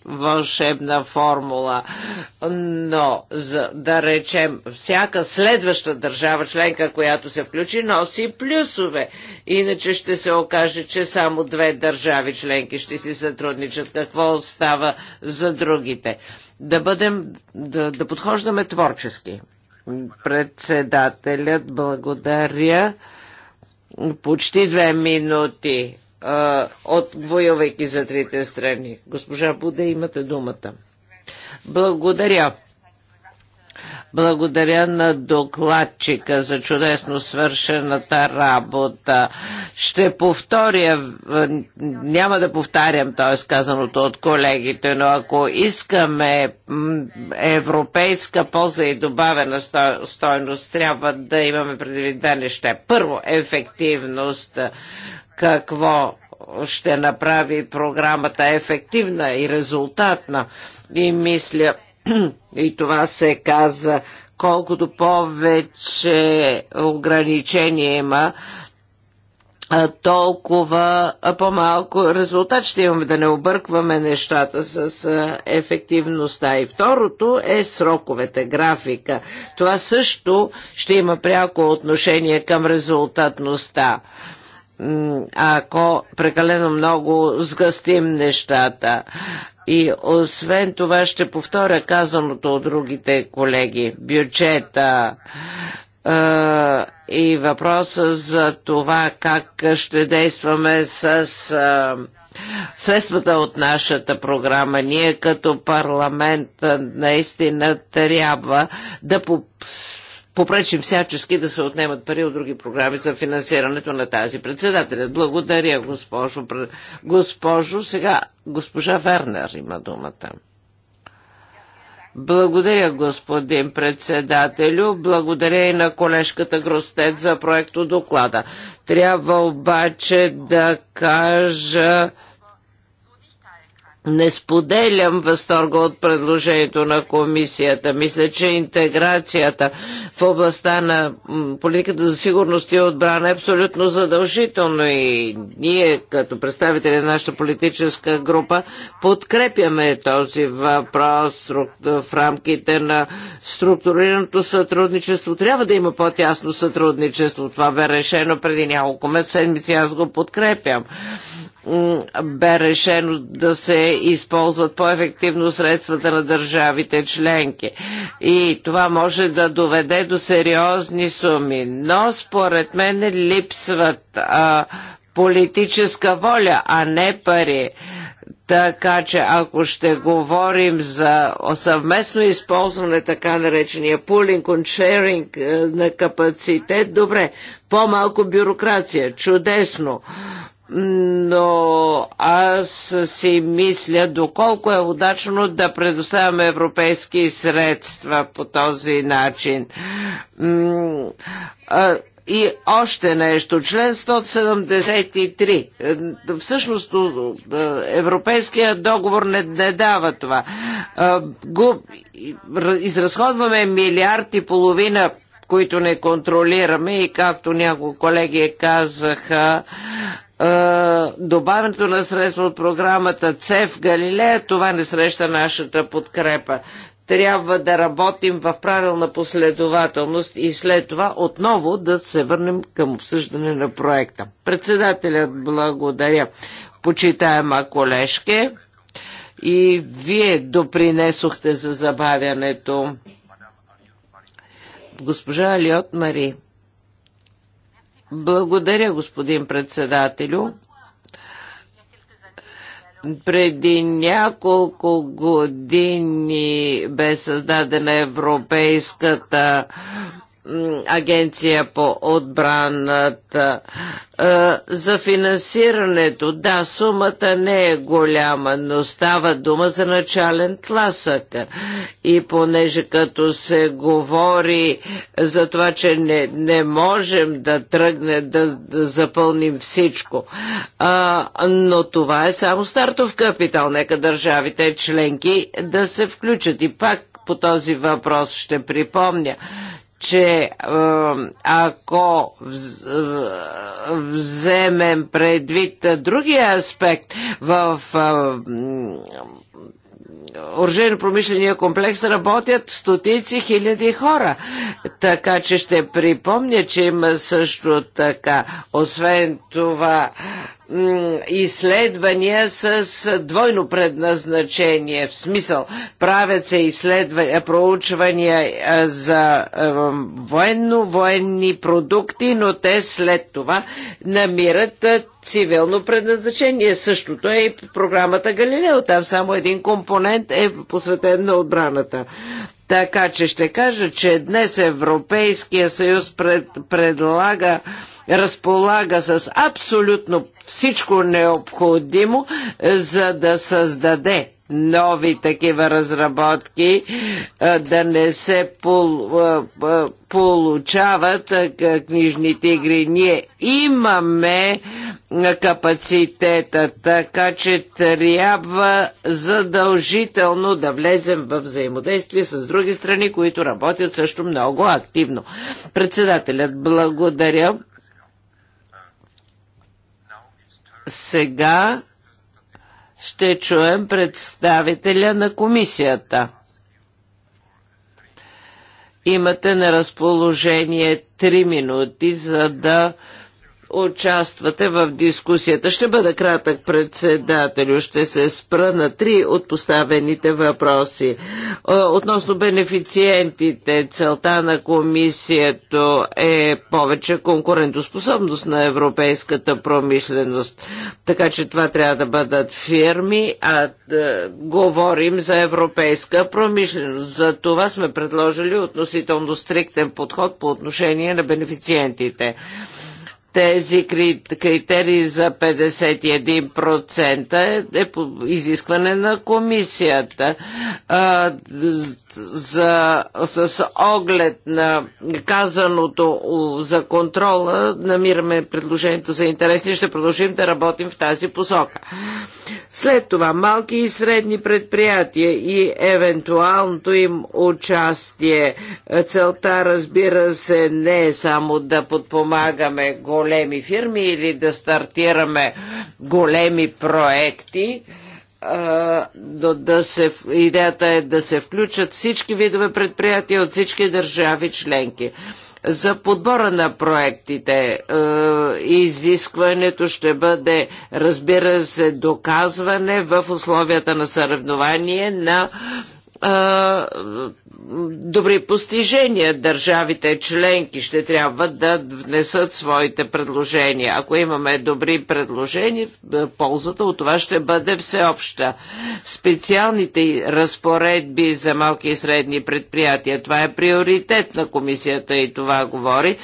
вълшебна формула, но за, да речем, всяка следваща държава членка, която се включи, носи плюсове. Иначе ще се окаже, че само две държави членки ще си сътрудничат. Какво става за другите. Да бъдем, да, да подхождаме творчески. Председателят, благодаря. Почти две минути отвоювайки за трите страни. Госпожа Буде, имате думата. Благодаря. Благодаря на докладчика за чудесно свършената работа. Ще повторя, няма да повтарям, т.е. казаното от колегите, но ако искаме европейска полза и добавена стойност, трябва да имаме предвид две неща. Първо, ефективност. Какво ще направи програмата ефективна и резултатна? И мисля, и това се каза, колкото повече ограничения има, толкова по-малко резултат ще имаме, да не объркваме нещата с ефективността. И второто е сроковете, графика. Това също ще има пряко отношение към резултатността ако прекалено много сгъстим нещата. И освен това ще повторя казаното от другите колеги. Бюджета а, и въпроса за това как ще действаме с а, средствата от нашата програма. Ние като парламент наистина трябва да попречим всячески да се отнемат пари от други програми за финансирането на тази. Председателят, благодаря госпожо. Госпожо, сега госпожа Вернер има думата. Благодаря, господин председателю. Благодаря и на колежката Гростет за проекто доклада. Трябва обаче да кажа не споделям възторга от предложението на комисията. Мисля, че интеграцията в областта на политиката за сигурност и отбрана е абсолютно задължително и ние, като представители на нашата политическа група, подкрепяме този въпрос в рамките на структурираното сътрудничество. Трябва да има по-тясно сътрудничество. Това бе решено преди няколко седмици. Аз го подкрепям бе решено да се използват по-ефективно средствата на държавите членки. И това може да доведе до сериозни суми. Но според мен липсват а, политическа воля, а не пари. Така че ако ще говорим за съвместно използване така наречения пулинг и шеринг на капацитет, добре, по-малко бюрокрация, чудесно но аз си мисля доколко е удачно да предоставяме европейски средства по този начин. И още нещо, член 173. Е, всъщност е, Европейския договор не, не дава това. Е, го, изразходваме милиард и половина които не контролираме и както някои колеги казаха, добавянето на средства от програмата ЦЕФ Галилея, това не среща нашата подкрепа. Трябва да работим в правилна последователност и след това отново да се върнем към обсъждане на проекта. Председателят благодаря. Почитаема колежке, и вие допринесохте за забавянето. Госпожа Алиот Мари. Благодаря, господин председателю. Преди няколко години бе създадена Европейската агенция по отбраната. За финансирането, да, сумата не е голяма, но става дума за начален тласък. И понеже като се говори за това, че не, не можем да тръгне да, да запълним всичко, а, но това е само стартов капитал. Нека държавите членки да се включат. И пак по този въпрос ще припомня, че е, ако е, вземем предвид другия аспект в е, оръжейно-промишления комплекс работят стотици хиляди хора. Така че ще припомня, че има също така, освен това, изследвания с двойно предназначение. В смисъл, правят се изследвания, е, проучвания е, за е, военно-военни продукти, но те след това намират цивилно предназначение. Същото е и програмата Галилео. Там само един компонент е посветен на отбраната. Така че ще кажа, че днес Европейския съюз пред, предлага, разполага с абсолютно всичко необходимо, за да създаде нови такива разработки да не се получават книжните игри. Ние имаме капацитета, така че трябва задължително да влезем в взаимодействие с други страни, които работят също много активно. Председателят, благодаря. Сега ще чуем представителя на комисията. Имате на разположение 3 минути, за да участвате в дискусията. Ще бъда кратък председателю. Ще се спра на три от поставените въпроси. Е, относно бенефициентите, целта на комисията е повече конкурентоспособност на европейската промишленост. Така че това трябва да бъдат фирми, а да е, говорим за европейска промишленост. За това сме предложили относително стриктен подход по отношение на бенефициентите тези критерии за 51% е изискване на комисията а, за, с оглед на казаното за контрола намираме предложението за интересни и ще продължим да работим в тази посока. След това малки и средни предприятия и евентуалното им участие. Целта разбира се не е само да подпомагаме голям големи фирми или да стартираме големи проекти. Да, да се, идеята е да се включат всички видове предприятия от всички държави членки. За подбора на проектите изискването ще бъде, разбира се, доказване в условията на съревнование на добри постижения държавите членки ще трябва да внесат своите предложения. Ако имаме добри предложения, ползата от това ще бъде всеобща. Специалните разпоредби за малки и средни предприятия, това е приоритет на комисията и това говори,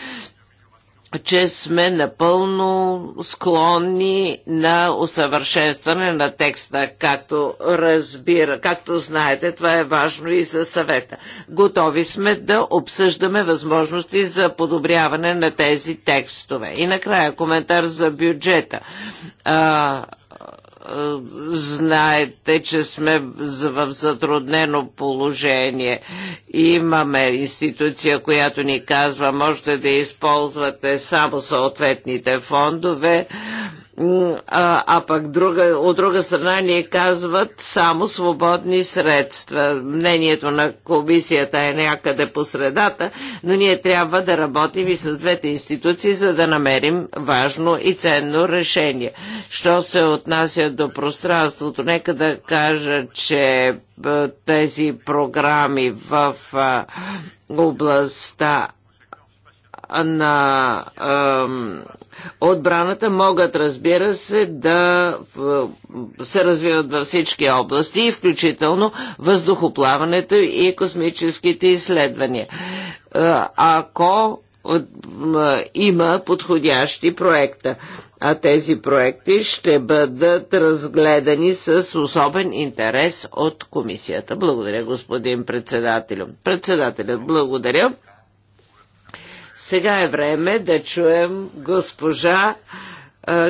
че сме напълно склонни на усъвършенстване на текста, както разбира, както знаете, това е важно и за съвета. Готови сме да обсъждаме възможности за подобряване на тези текстове. И накрая коментар за бюджета. А, знаете, че сме в затруднено положение. Имаме институция, която ни казва, можете да използвате само съответните фондове а, а пък друга, от друга страна ни казват само свободни средства. Мнението на комисията е някъде по средата, но ние трябва да работим и с двете институции, за да намерим важно и ценно решение. Що се отнася до пространството, нека да кажа, че тези програми в областта на е, отбраната могат, разбира се, да се развиват във всички области, включително въздухоплаването и космическите изследвания. Ако има подходящи проекта. А тези проекти ще бъдат разгледани с особен интерес от комисията. Благодаря, господин председател. Председателят, благодаря. Сега е време да чуем госпожа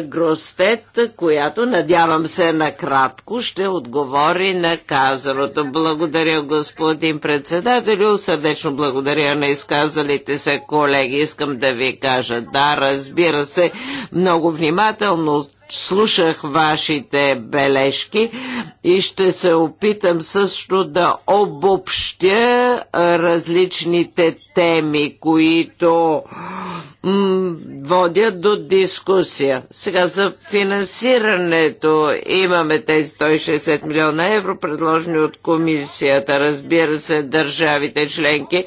Гростет, която надявам се накратко ще отговори на казаното. Благодаря господин председател, сърдечно благодаря на изказалите се колеги. Искам да ви кажа, да, разбира се, много внимателно слушах вашите бележки и ще се опитам също да обобщя различните теми, които водят до дискусия. Сега за финансирането имаме тези 160 милиона евро, предложени от комисията. Разбира се, държавите членки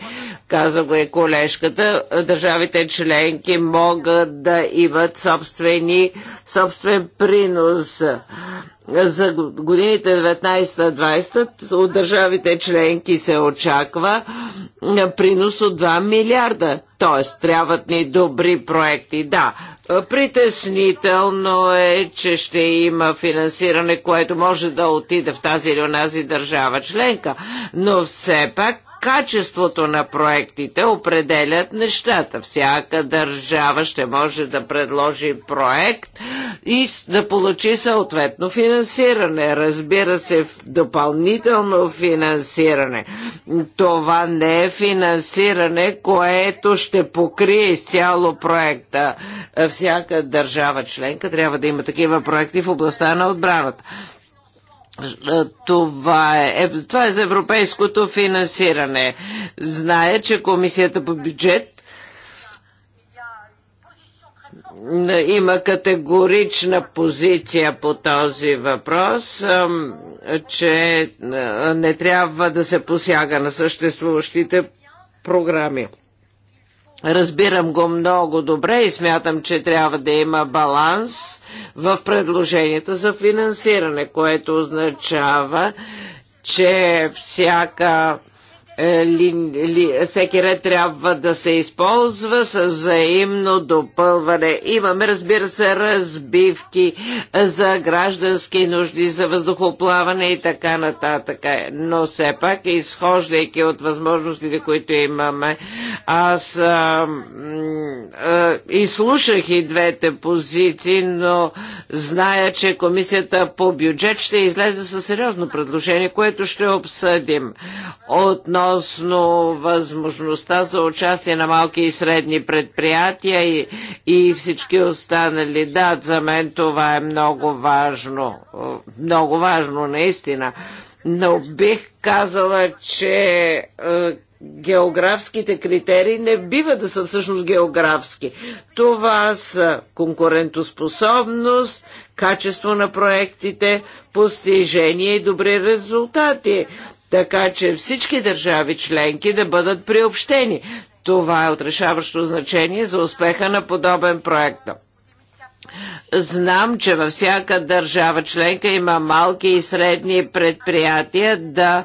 каза го е колежката, държавите членки могат да имат собствени, собствен принос. За годините 19-20 от държавите членки се очаква принос от 2 милиарда. Т.е. трябват ни добри проекти. Да, притеснително е, че ще има финансиране, което може да отиде в тази или онази държава членка, но все пак качеството на проектите определят нещата. Всяка държава ще може да предложи проект и да получи съответно финансиране. Разбира се, допълнително финансиране. Това не е финансиране, което ще покрие изцяло проекта. Всяка държава членка трябва да има такива проекти в областта на отбраната. Е, това е, това е за европейското финансиране. Знае, че Комисията по бюджет е, има категорична позиция по този въпрос, е, че не трябва да се посяга на съществуващите програми. Разбирам го много добре и смятам, че трябва да има баланс в предложенията за финансиране, което означава, че всяка е, ли, ли, всеки ред трябва да се използва с взаимно допълване. Имаме, разбира се, разбивки за граждански нужди, за въздухоплаване и така нататък. Но все пак, изхождайки от възможностите, които имаме, аз а, а, изслушах и двете позиции, но зная, че комисията по бюджет ще излезе със сериозно предложение, което ще обсъдим отново относно възможността за участие на малки и средни предприятия и, и всички останали. Да, за мен това е много важно. Много важно, наистина. Но бих казала, че е, географските критерии не бива да са всъщност географски. Това са конкурентоспособност, качество на проектите, постижение и добри резултати така че всички държави членки да бъдат приобщени. Това е отрешаващо значение за успеха на подобен проект. Знам, че във всяка държава членка има малки и средни предприятия да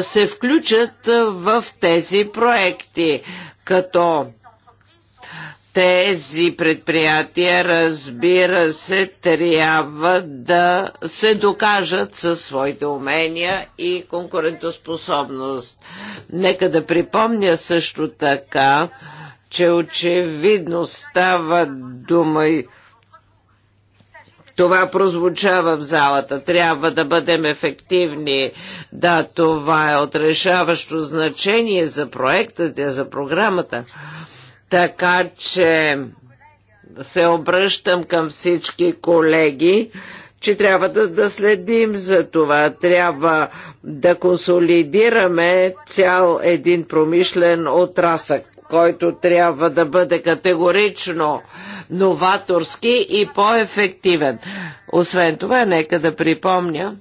се включат в тези проекти, като тези предприятия, разбира се, трябва да се докажат със своите умения и конкурентоспособност. Нека да припомня също така, че очевидно става дума и това прозвучава в залата. Трябва да бъдем ефективни. Да, това е отрешаващо значение за и за програмата. Така че се обръщам към всички колеги, че трябва да, да следим за това. Трябва да консолидираме цял един промишлен отрасък, който трябва да бъде категорично новаторски и по-ефективен. Освен това, нека да припомня,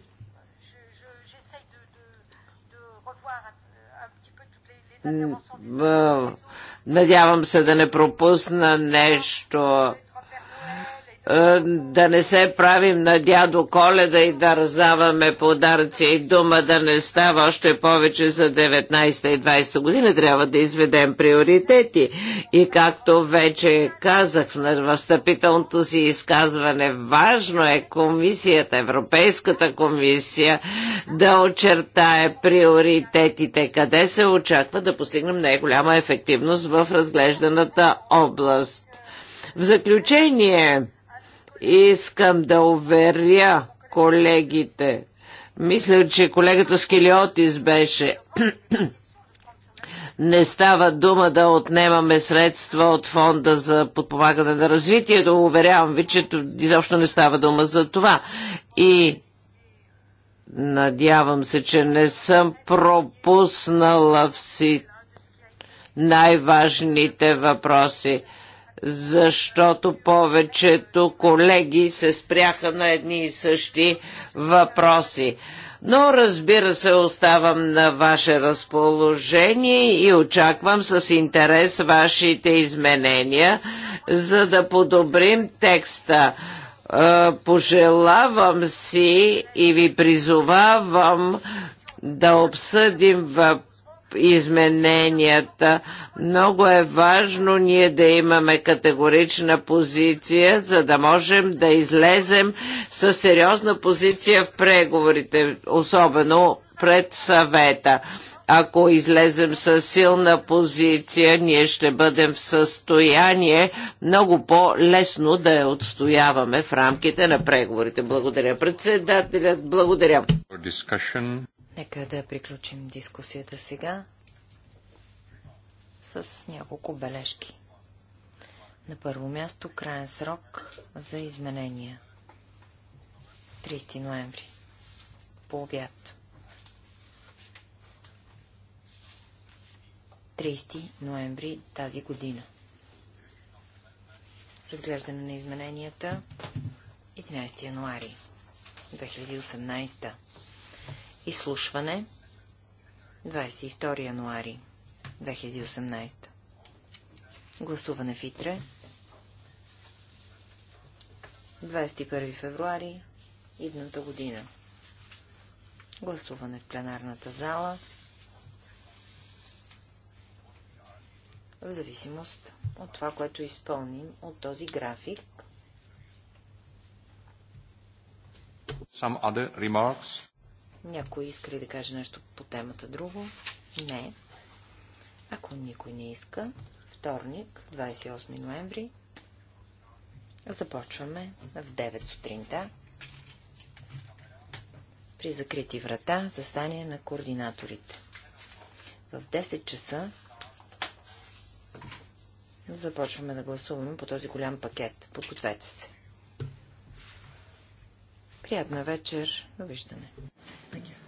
Надявам се да не пропусна нещо. Е, да не се правим на дядо Коледа и да раздаваме подаръци и дума да не става още повече за 19 и 20 година. Трябва да изведем приоритети. И както вече казах на възстъпителното си изказване, важно е комисията, Европейската комисия да очертае приоритетите, къде се очаква да постигнем най-голяма ефективност в разглежданата област. В заключение, Искам да уверя колегите. Мисля, че колегата Скелиотис беше не става дума да отнемаме средства от фонда за подпомагане на Да Уверявам ви, че изобщо не става дума за това. И надявам се, че не съм пропуснала всички най-важните въпроси защото повечето колеги се спряха на едни и същи въпроси. Но разбира се, оставам на ваше разположение и очаквам с интерес вашите изменения, за да подобрим текста. Е, пожелавам си и ви призовавам да обсъдим въпроси измененията. Много е важно ние да имаме категорична позиция, за да можем да излезем с сериозна позиция в преговорите, особено пред съвета. Ако излезем с силна позиция, ние ще бъдем в състояние много по-лесно да я отстояваме в рамките на преговорите. Благодаря председателят, благодаря. Нека да приключим дискусията сега с няколко бележки. На първо място краен срок за изменения. 30 ноември. По обяд. 30 ноември тази година. Разглеждане на измененията 11 януари 2018. Изслушване 22 януари 2018 Гласуване в ИТРЕ 21 февруари идната година Гласуване в пленарната зала в зависимост от това, което изпълним от този график. Some other remarks. Някой иска ли да каже нещо по темата друго? Не. Ако никой не иска, вторник, 28 ноември, започваме в 9 сутринта при закрити врата застание на координаторите. В 10 часа започваме да гласуваме по този голям пакет. Подгответе се. Приятна вечер. Довиждане. Thank